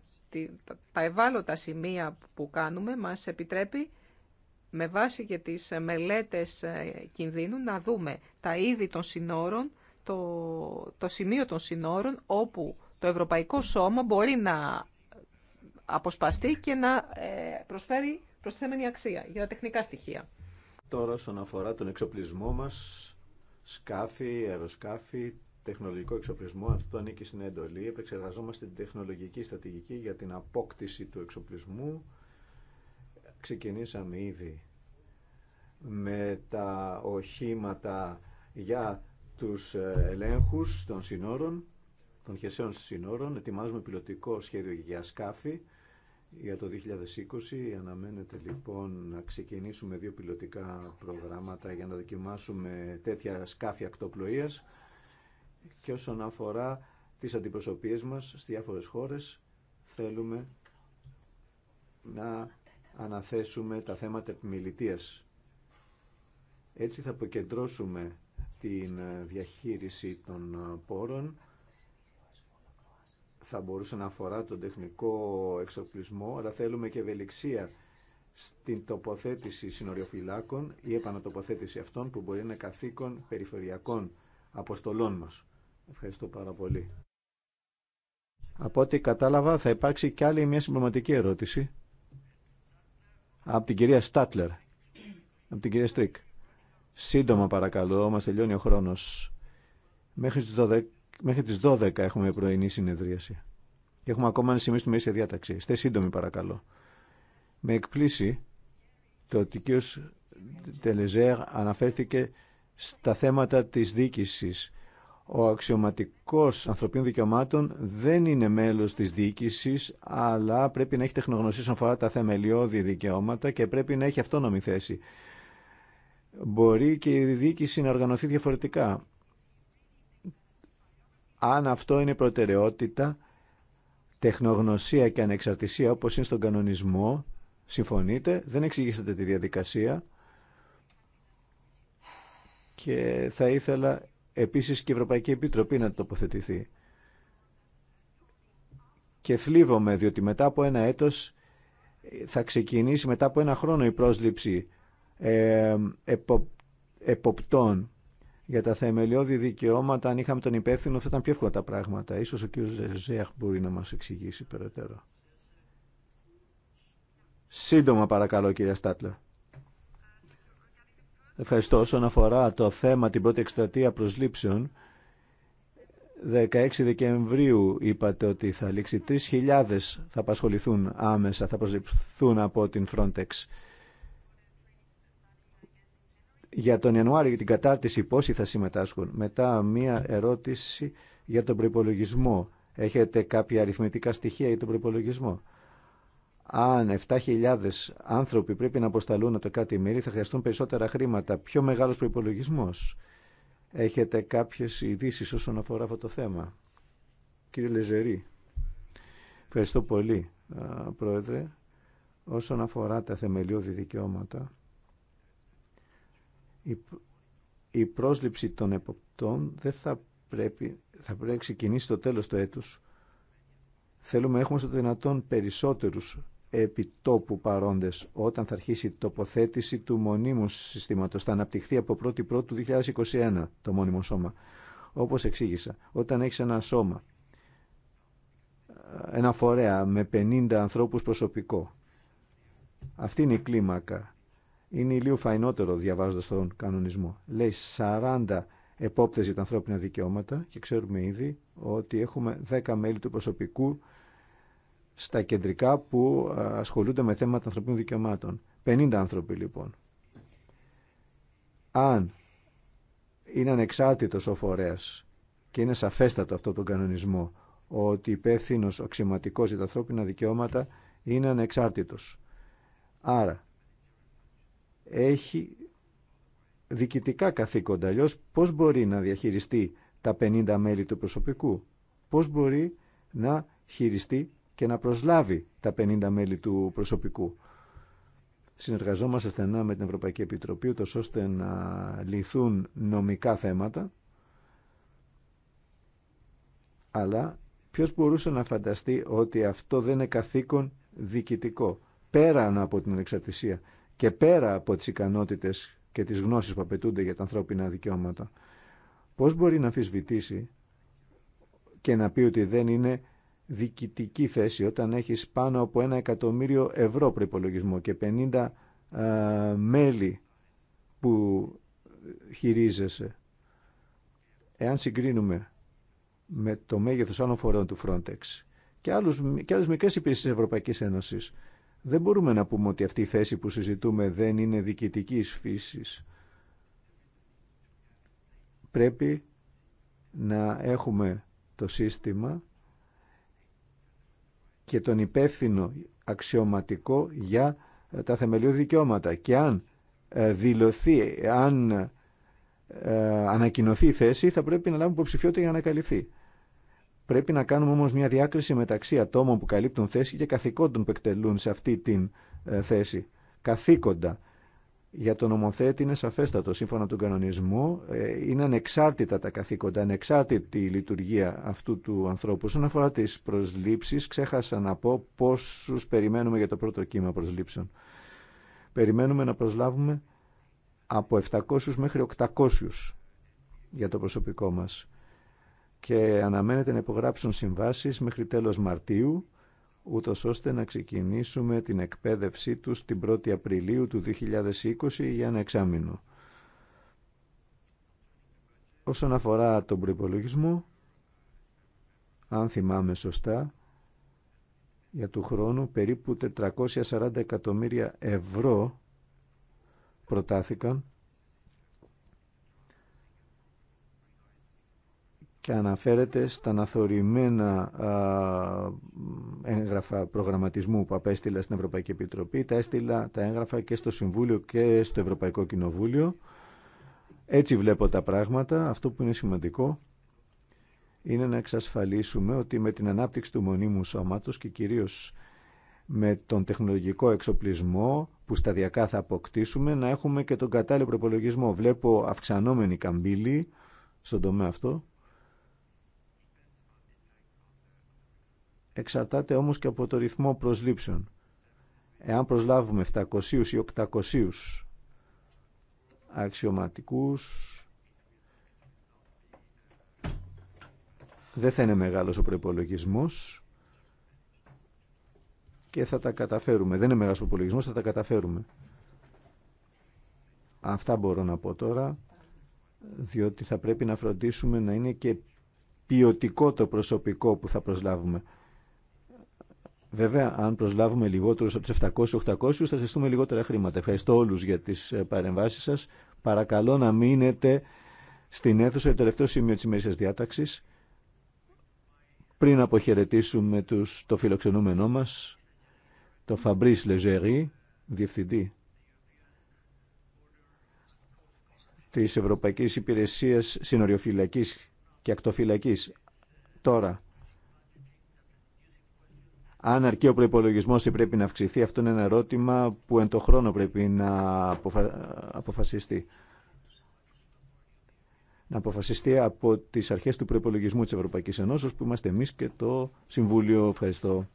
Speaker 3: τα ευάλωτα σημεία που κάνουμε μας επιτρέπει με βάση και τις μελέτες ε, κινδύνου να δούμε τα είδη των συνόρων, το, το σημείο των συνόρων όπου το Ευρωπαϊκό Σώμα μπορεί να αποσπαστεί και να ε, προσφέρει προσθέμενη αξία για τα τεχνικά στοιχεία.
Speaker 2: Τώρα, όσον αφορά τον εξοπλισμό μας, σκάφη, αεροσκάφη, τεχνολογικό εξοπλισμό, αυτό ανήκει στην εντολή. Επεξεργαζόμαστε την τεχνολογική στρατηγική για την απόκτηση του εξοπλισμού. Ξεκινήσαμε ήδη με τα οχήματα για τους ε, ελέγχους των συνόρων, των χερσαίων συνόρων. Ετοιμάζουμε πιλωτικό σχέδιο για σκάφη για το 2020. Αναμένεται λοιπόν να ξεκινήσουμε δύο πιλωτικά προγράμματα για να δοκιμάσουμε τέτοια σκάφη ακτοπλοείας και όσον αφορά τις αντιπροσωπείες μας στις διάφορες χώρες θέλουμε να αναθέσουμε τα θέματα επιμελητίας. Έτσι θα αποκεντρώσουμε την διαχείριση των πόρων θα μπορούσε να αφορά τον τεχνικό εξοπλισμό, αλλά θέλουμε και ευελιξία στην τοποθέτηση συνοριοφυλάκων ή επανατοποθέτηση αυτών που μπορεί να είναι καθήκον περιφερειακών αποστολών μας. Ευχαριστώ πάρα πολύ. Από ό,τι κατάλαβα θα υπάρξει κι άλλη μια συμπληρωματική ερώτηση από την κυρία Στάτλερ, από την κυρία Στρίκ. Σύντομα παρακαλώ, μας τελειώνει ο χρόνος. Μέχρι τις 12, 12 έχουμε πρωινή συνεδρίαση. Και έχουμε ακόμα ένα σημείο στη μέση διάταξη. Είστε σύντομοι παρακαλώ. Με εκπλήσει το ότι ο κ. Τελεζέρ αναφέρθηκε στα θέματα της δίκησης ο αξιωματικός ανθρωπίνων δικαιωμάτων δεν είναι μέλος της διοίκησης, αλλά πρέπει να έχει τεχνογνωσία όσον αφορά τα θεμελιώδη δικαιώματα και πρέπει να έχει αυτόνομη θέση. Μπορεί και η διοίκηση να οργανωθεί διαφορετικά. Αν αυτό είναι προτεραιότητα, τεχνογνωσία και ανεξαρτησία όπως είναι στον κανονισμό, συμφωνείτε, δεν εξηγήσατε τη διαδικασία και θα ήθελα Επίσης και η Ευρωπαϊκή Επιτροπή να τοποθετηθεί. Και θλίβομαι διότι μετά από ένα έτος θα ξεκινήσει μετά από ένα χρόνο η πρόσληψη ε, εποπτών για τα θεμελιώδη δικαιώματα. Αν είχαμε τον υπεύθυνο θα ήταν πιο εύκολα τα πράγματα. Ίσως ο κ. Ζέαχ μπορεί να μας εξηγήσει περαιτέρω. Σύντομα παρακαλώ κυρία Στάτλερ. Ευχαριστώ. Όσον αφορά το θέμα την πρώτη εκστρατεία προσλήψεων, 16 Δεκεμβρίου είπατε ότι θα λήξει 3.000 θα απασχοληθούν άμεσα, θα προσληφθούν από την Frontex. Για τον Ιανουάριο, για την κατάρτιση, πόσοι θα συμμετάσχουν. Μετά μία ερώτηση για τον προπολογισμό. Έχετε κάποια αριθμητικά στοιχεία για τον προπολογισμό αν 7.000 άνθρωποι πρέπει να αποσταλούν το κάτι ημέρη, θα χρειαστούν περισσότερα χρήματα. Πιο μεγάλος προπολογισμό. Έχετε κάποιες ειδήσει όσον αφορά αυτό το θέμα. Κύριε Λεζερή, ευχαριστώ πολύ, Πρόεδρε. Όσον αφορά τα θεμελιώδη δικαιώματα, η πρόσληψη των εποπτών δεν θα πρέπει, θα πρέπει να ξεκινήσει στο τέλος του έτους. Θέλουμε να έχουμε στο δυνατόν περισσότερους επιτόπου παρόντες όταν θα αρχίσει η τοποθέτηση του μονίμου συστήματος. Θα αναπτυχθεί από 1η Πρώτου 2021 το μόνιμο σώμα. Όπως εξήγησα, όταν έχεις ένα σώμα, ένα φορέα με 50 ανθρώπους προσωπικό, αυτή είναι η κλίμακα. Είναι λίγο φαϊνότερο διαβάζοντας τον κανονισμό. Λέει 40 επόπτες για τα ανθρώπινα δικαιώματα και ξέρουμε ήδη ότι έχουμε 10 μέλη του προσωπικού στα κεντρικά που ε, ασχολούνται με θέματα ανθρωπίνων δικαιωμάτων. 50 άνθρωποι λοιπόν. Αν είναι ανεξάρτητος ο φορέα και είναι σαφέστατο αυτό τον κανονισμό ότι υπεύθυνο ο για τα ανθρώπινα δικαιώματα είναι ανεξάρτητος. Άρα, έχει διοικητικά καθήκοντα. Αλλιώ πώς μπορεί να διαχειριστεί τα 50 μέλη του προσωπικού. Πώς μπορεί να χειριστεί και να προσλάβει τα 50 μέλη του προσωπικού. Συνεργαζόμαστε στενά με την Ευρωπαϊκή Επιτροπή, ούτως ώστε να λυθούν νομικά θέματα, αλλά ποιος μπορούσε να φανταστεί ότι αυτό δεν είναι καθήκον διοικητικό, πέραν από την εξαρτησία και πέρα από τις ικανότητες και τις γνώσεις που απαιτούνται για τα ανθρώπινα δικαιώματα. Πώς μπορεί να αμφισβητήσει και να πει ότι δεν είναι διοικητική θέση όταν έχεις πάνω από ένα εκατομμύριο ευρώ προπολογισμό και 50 μέλη που χειρίζεσαι. Εάν συγκρίνουμε με το μέγεθος άλλων φορών του Frontex και, άλλους, και άλλες μικρές υπηρεσίες της Ευρωπαϊκής Ένωσης, δεν μπορούμε να πούμε ότι αυτή η θέση που συζητούμε δεν είναι διοικητική φύσης. Πρέπει να έχουμε το σύστημα και τον υπεύθυνο αξιωματικό για ε, τα θεμελιώδη δικαιώματα. Και αν ε, δηλωθεί, αν ε, ανακοινωθεί η θέση, θα πρέπει να λάβουμε υποψηφιότητα για να καλυφθεί. Πρέπει να κάνουμε όμως μια διάκριση μεταξύ ατόμων που καλύπτουν θέση και καθηκόντων που εκτελούν σε αυτή τη θέση. Καθήκοντα για τον νομοθέτη είναι σαφέστατο. Σύμφωνα με τον κανονισμό, ε, είναι ανεξάρτητα τα καθήκοντα, ανεξάρτητη η λειτουργία αυτού του ανθρώπου. Σε αφορά τι προσλήψει, ξέχασα να πω πόσου περιμένουμε για το πρώτο κύμα προσλήψεων. Περιμένουμε να προσλάβουμε από 700 μέχρι 800 για το προσωπικό μας και αναμένεται να υπογράψουν συμβάσεις μέχρι τέλος Μαρτίου ούτως ώστε να ξεκινήσουμε την εκπαίδευσή τους την 1η Απριλίου του 2020 για ένα εξάμεινο. Όσον αφορά τον προϋπολογισμό, αν θυμάμαι σωστά, για του χρόνου περίπου 440 εκατομμύρια ευρώ προτάθηκαν και αναφέρεται στα αναθωρημένα έγγραφα προγραμματισμού που απέστειλα στην Ευρωπαϊκή Επιτροπή. Τα έστειλα τα έγγραφα και στο Συμβούλιο και στο Ευρωπαϊκό Κοινοβούλιο. Έτσι βλέπω τα πράγματα. Αυτό που είναι σημαντικό είναι να εξασφαλίσουμε ότι με την ανάπτυξη του μονίμου σώματος και κυρίως με τον τεχνολογικό εξοπλισμό που σταδιακά θα αποκτήσουμε να έχουμε και τον κατάλληλο προπολογισμό. Βλέπω αυξανόμενη καμπύλη στον τομέα αυτό Εξαρτάται όμως και από το ρυθμό προσλήψεων. Εάν προσλάβουμε 700 ή 800 αξιωματικούς, δεν θα είναι μεγάλος ο προϋπολογισμός και θα τα καταφέρουμε. Δεν είναι μεγάλος ο προϋπολογισμός, θα τα καταφέρουμε. Αυτά μπορώ να πω τώρα, διότι θα πρέπει να φροντίσουμε να είναι και ποιοτικό το προσωπικό που θα προσλάβουμε. Βέβαια, αν προσλάβουμε λιγότερου από του 700-800 θα χρειαστούμε λιγότερα χρήματα. Ευχαριστώ όλου για τις ε, παρεμβάσει σας. Παρακαλώ να μείνετε στην αίθουσα το τελευταίο σημείο τη ημερήσια διάταξης πριν αποχαιρετήσουμε τους, το φιλοξενούμενό μας, το Φαμπρί Λεζερή, διευθυντή της Ευρωπαϊκής Υπηρεσία Συνοριοφυλακή και ακτοφυλακή. Τώρα, αν αρκεί ο προπολογισμό ή πρέπει να αυξηθεί, αυτό είναι ένα ερώτημα που εν το χρόνο πρέπει να αποφα... αποφασιστεί. Να αποφασιστεί από τις αρχές του προπολογισμού της Ευρωπαϊκής Ενώσεως που είμαστε εμείς και το Συμβούλιο. Ευχαριστώ.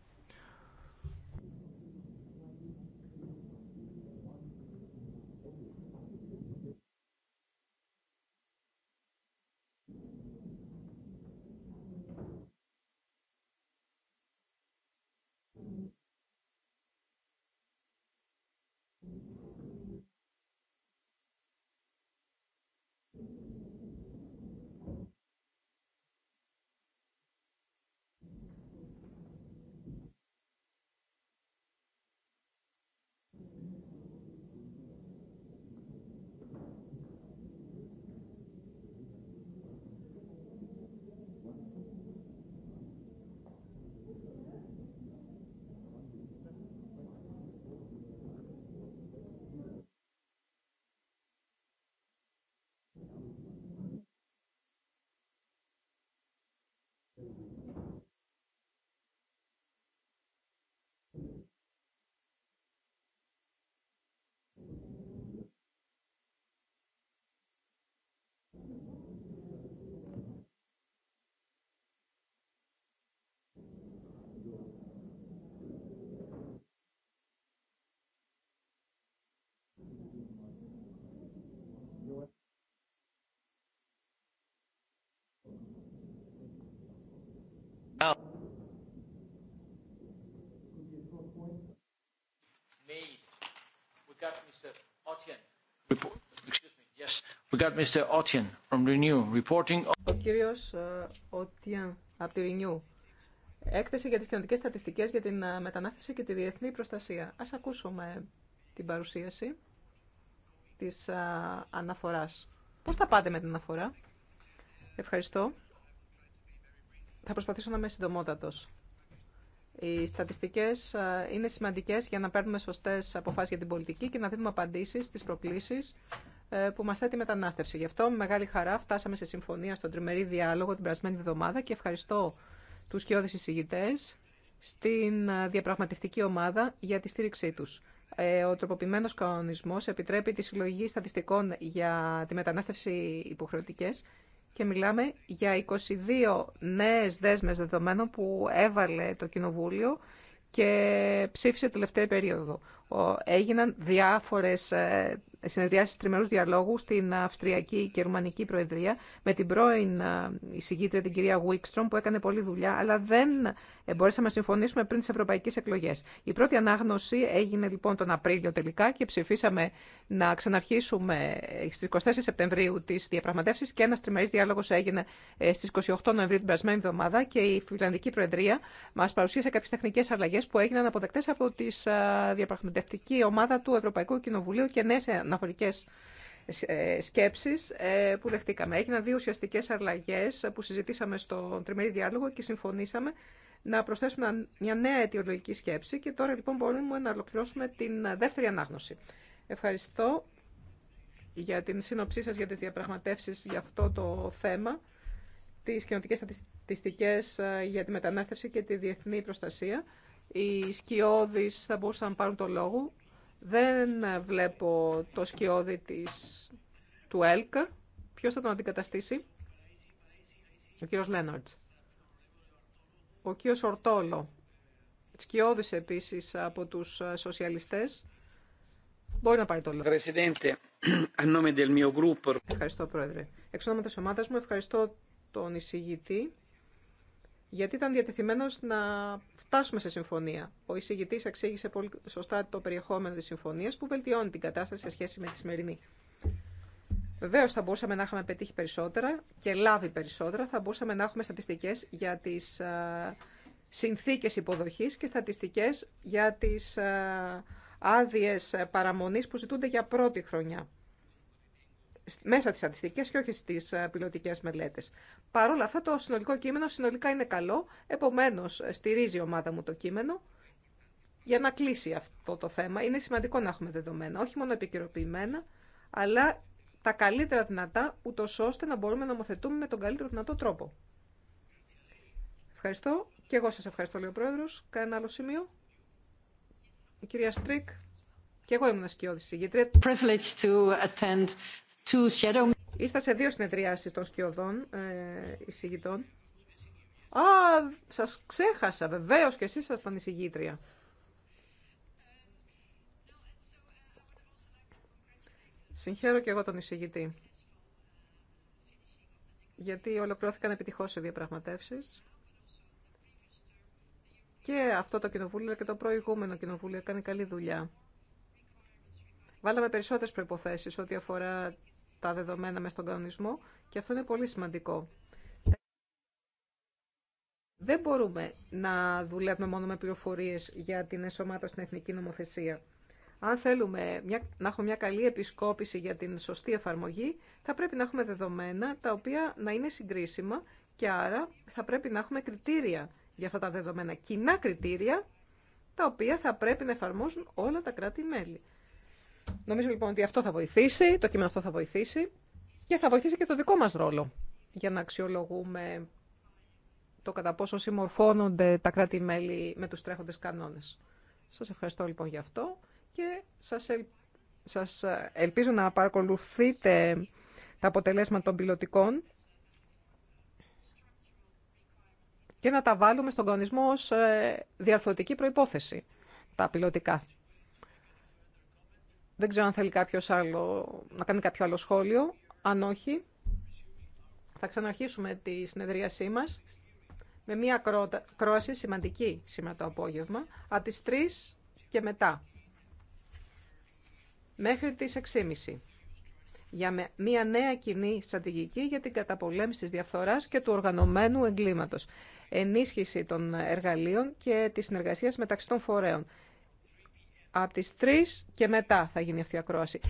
Speaker 4: Ο
Speaker 3: κύριο ε, Οτιάν από τη Renew. Έκθεση για τι κοινωνικέ στατιστικέ για την ε, μετανάστευση και τη διεθνή προστασία. Α ακούσουμε την παρουσίαση τη ε, αναφορά. Πώ θα πάτε με την αναφορά. Ευχαριστώ. Θα προσπαθήσω να είμαι συντομότατο. Οι στατιστικέ είναι σημαντικέ για να παίρνουμε σωστέ αποφάσει για την πολιτική και να δίνουμε απαντήσει στι προκλήσει ε, που μα θέτει η μετανάστευση. Γι' αυτό, με μεγάλη χαρά, φτάσαμε σε συμφωνία στον τριμερή διάλογο την περασμένη εβδομάδα και ευχαριστώ του σκιώδει εισηγητέ στην διαπραγματευτική ομάδα για τη στήριξή του. Ε, ο τροποποιημένο κανονισμός επιτρέπει τη συλλογή στατιστικών για τη μετανάστευση υποχρεωτικέ και μιλάμε για 22 νέες δέσμες δεδομένων που έβαλε το Κοινοβούλιο και ψήφισε τελευταία περίοδο. Έγιναν διάφορες ε, συνεδριάσει τριμερού διαλόγου στην Αυστριακή και Ρουμανική Προεδρία με την πρώην ε, εισηγήτρια την κυρία Βίξτρομ που έκανε πολλή δουλειά αλλά δεν μπορέσαμε να συμφωνήσουμε πριν τι ευρωπαϊκέ εκλογέ. Η πρώτη ανάγνωση έγινε λοιπόν τον Απρίλιο τελικά και ψηφίσαμε να ξαναρχίσουμε στι 24 Σεπτεμβρίου τι διαπραγματεύσει. και ένα τριμερή διάλογο έγινε ε, στι 28 Νοεμβρίου την περασμένη εβδομάδα και η Φιλανδική Προεδρία μα παρουσίασε κάποιε τεχνικέ αλλαγέ που έγιναν αποδεκτέ από τη ε, διαπραγματευτική ομάδα του Ευρωπαϊκού Κοινοβουλίου και νέε αναφορικές ε, σκέψεις ε, που δεχτήκαμε. Έγιναν δύο ουσιαστικέ αλλαγέ που συζητήσαμε στον τριμερή διάλογο και συμφωνήσαμε να προσθέσουμε μια νέα αιτιολογική σκέψη και τώρα λοιπόν μπορούμε να ολοκληρώσουμε την δεύτερη ανάγνωση. Ευχαριστώ για την σύνοψή σας για τις διαπραγματεύσεις για αυτό το θέμα, τις κοινωτικές στατιστικές ε, για τη μετανάστευση και τη διεθνή προστασία. Οι σκιώδεις θα μπορούσαν να πάρουν το λόγο. Δεν βλέπω το σκιώδη της, του ΕΛΚΑ. Ποιος θα τον αντικαταστήσει? Ο κύριος Λέναρτς. Ο κύριος Ορτόλο. Σκιώδης επίσης από τους ε, σοσιαλιστές. Μπορεί να πάρει το λόγο. Ευχαριστώ, Πρόεδρε. Εξ ονόματος ομάδας μου, ευχαριστώ τον εισηγητή γιατί ήταν διατεθειμένος να φτάσουμε σε συμφωνία. Ο εισηγητής εξήγησε πολύ σωστά το περιεχόμενο της συμφωνίας που βελτιώνει την κατάσταση σε σχέση με τη σημερινή. Βεβαίω θα μπορούσαμε να είχαμε πετύχει περισσότερα και λάβει περισσότερα. Θα μπορούσαμε να έχουμε στατιστικές για τις ε, συνθήκες υποδοχής και στατιστικές για τις ε, άδειε παραμονής που ζητούνται για πρώτη χρονιά μέσα τις αντιστοιχές και όχι στις ε, πιλωτικές μελέτες. Παρ' όλα αυτά το συνολικό κείμενο συνολικά είναι καλό, επομένως ε, στηρίζει η ομάδα μου το κείμενο για να κλείσει αυτό το θέμα. Είναι σημαντικό να έχουμε δεδομένα, όχι μόνο επικαιροποιημένα, αλλά τα καλύτερα δυνατά, ούτω ώστε να μπορούμε να νομοθετούμε με τον καλύτερο δυνατό τρόπο. Ευχαριστώ. Και εγώ σας ευχαριστώ, λέει ο Πρόεδρος. Κανένα άλλο σημείο. Η κυρία Στρίκ. Και εγώ ήμουν σκιώδη συγγήτρια. Ήρθα σε δύο συνεδριάσεις των σκιωδών ε, εισηγητών. Α, σας ξέχασα βεβαίως και εσείς ήσασταν εισηγήτρια. Συγχαίρω και εγώ τον εισηγητή. Γιατί ολοκληρώθηκαν επιτυχώς οι διαπραγματεύσεις. Και αυτό το κοινοβούλιο και το προηγούμενο κοινοβούλιο κάνει καλή δουλειά Βάλαμε περισσότερες προϋποθέσεις ό,τι αφορά τα δεδομένα με στον κανονισμό και αυτό είναι πολύ σημαντικό. Δεν μπορούμε να δουλεύουμε μόνο με πληροφορίες για την ενσωμάτωση στην εθνική νομοθεσία. Αν θέλουμε να έχουμε μια καλή επισκόπηση για την σωστή εφαρμογή, θα πρέπει να έχουμε δεδομένα τα οποία να είναι συγκρίσιμα και άρα θα πρέπει να έχουμε κριτήρια για αυτά τα δεδομένα, κοινά κριτήρια, τα οποία θα πρέπει να εφαρμόζουν όλα τα κράτη-μέλη. Νομίζω λοιπόν ότι αυτό θα βοηθήσει, το κείμενο αυτό θα βοηθήσει και θα βοηθήσει και το δικό μας ρόλο για να αξιολογούμε το κατά πόσο συμμορφώνονται τα κράτη-μέλη με τους τρέχοντες κανόνες. Σας ευχαριστώ λοιπόν για αυτό και σας, σας ε, ελπίζω να παρακολουθείτε τα αποτελέσματα των πιλωτικών και να τα βάλουμε στον κανονισμό ως ε, διαρθρωτική προϋπόθεση, τα πιλωτικά. Δεν ξέρω αν θέλει κάποιο άλλο να κάνει κάποιο άλλο σχόλιο. Αν όχι, θα ξαναρχίσουμε τη συνεδρίασή μας με μια κρόαση σημαντική σήμερα το απόγευμα, από τις 3 και μετά, μέχρι τις 6.30, για μια νέα κοινή στρατηγική για την καταπολέμηση της διαφθοράς και του οργανωμένου εγκλήματος, ενίσχυση των εργαλείων και τη συνεργασία μεταξύ των φορέων. Από τις 3 και μετά θα γίνει αυτή η ακρόαση.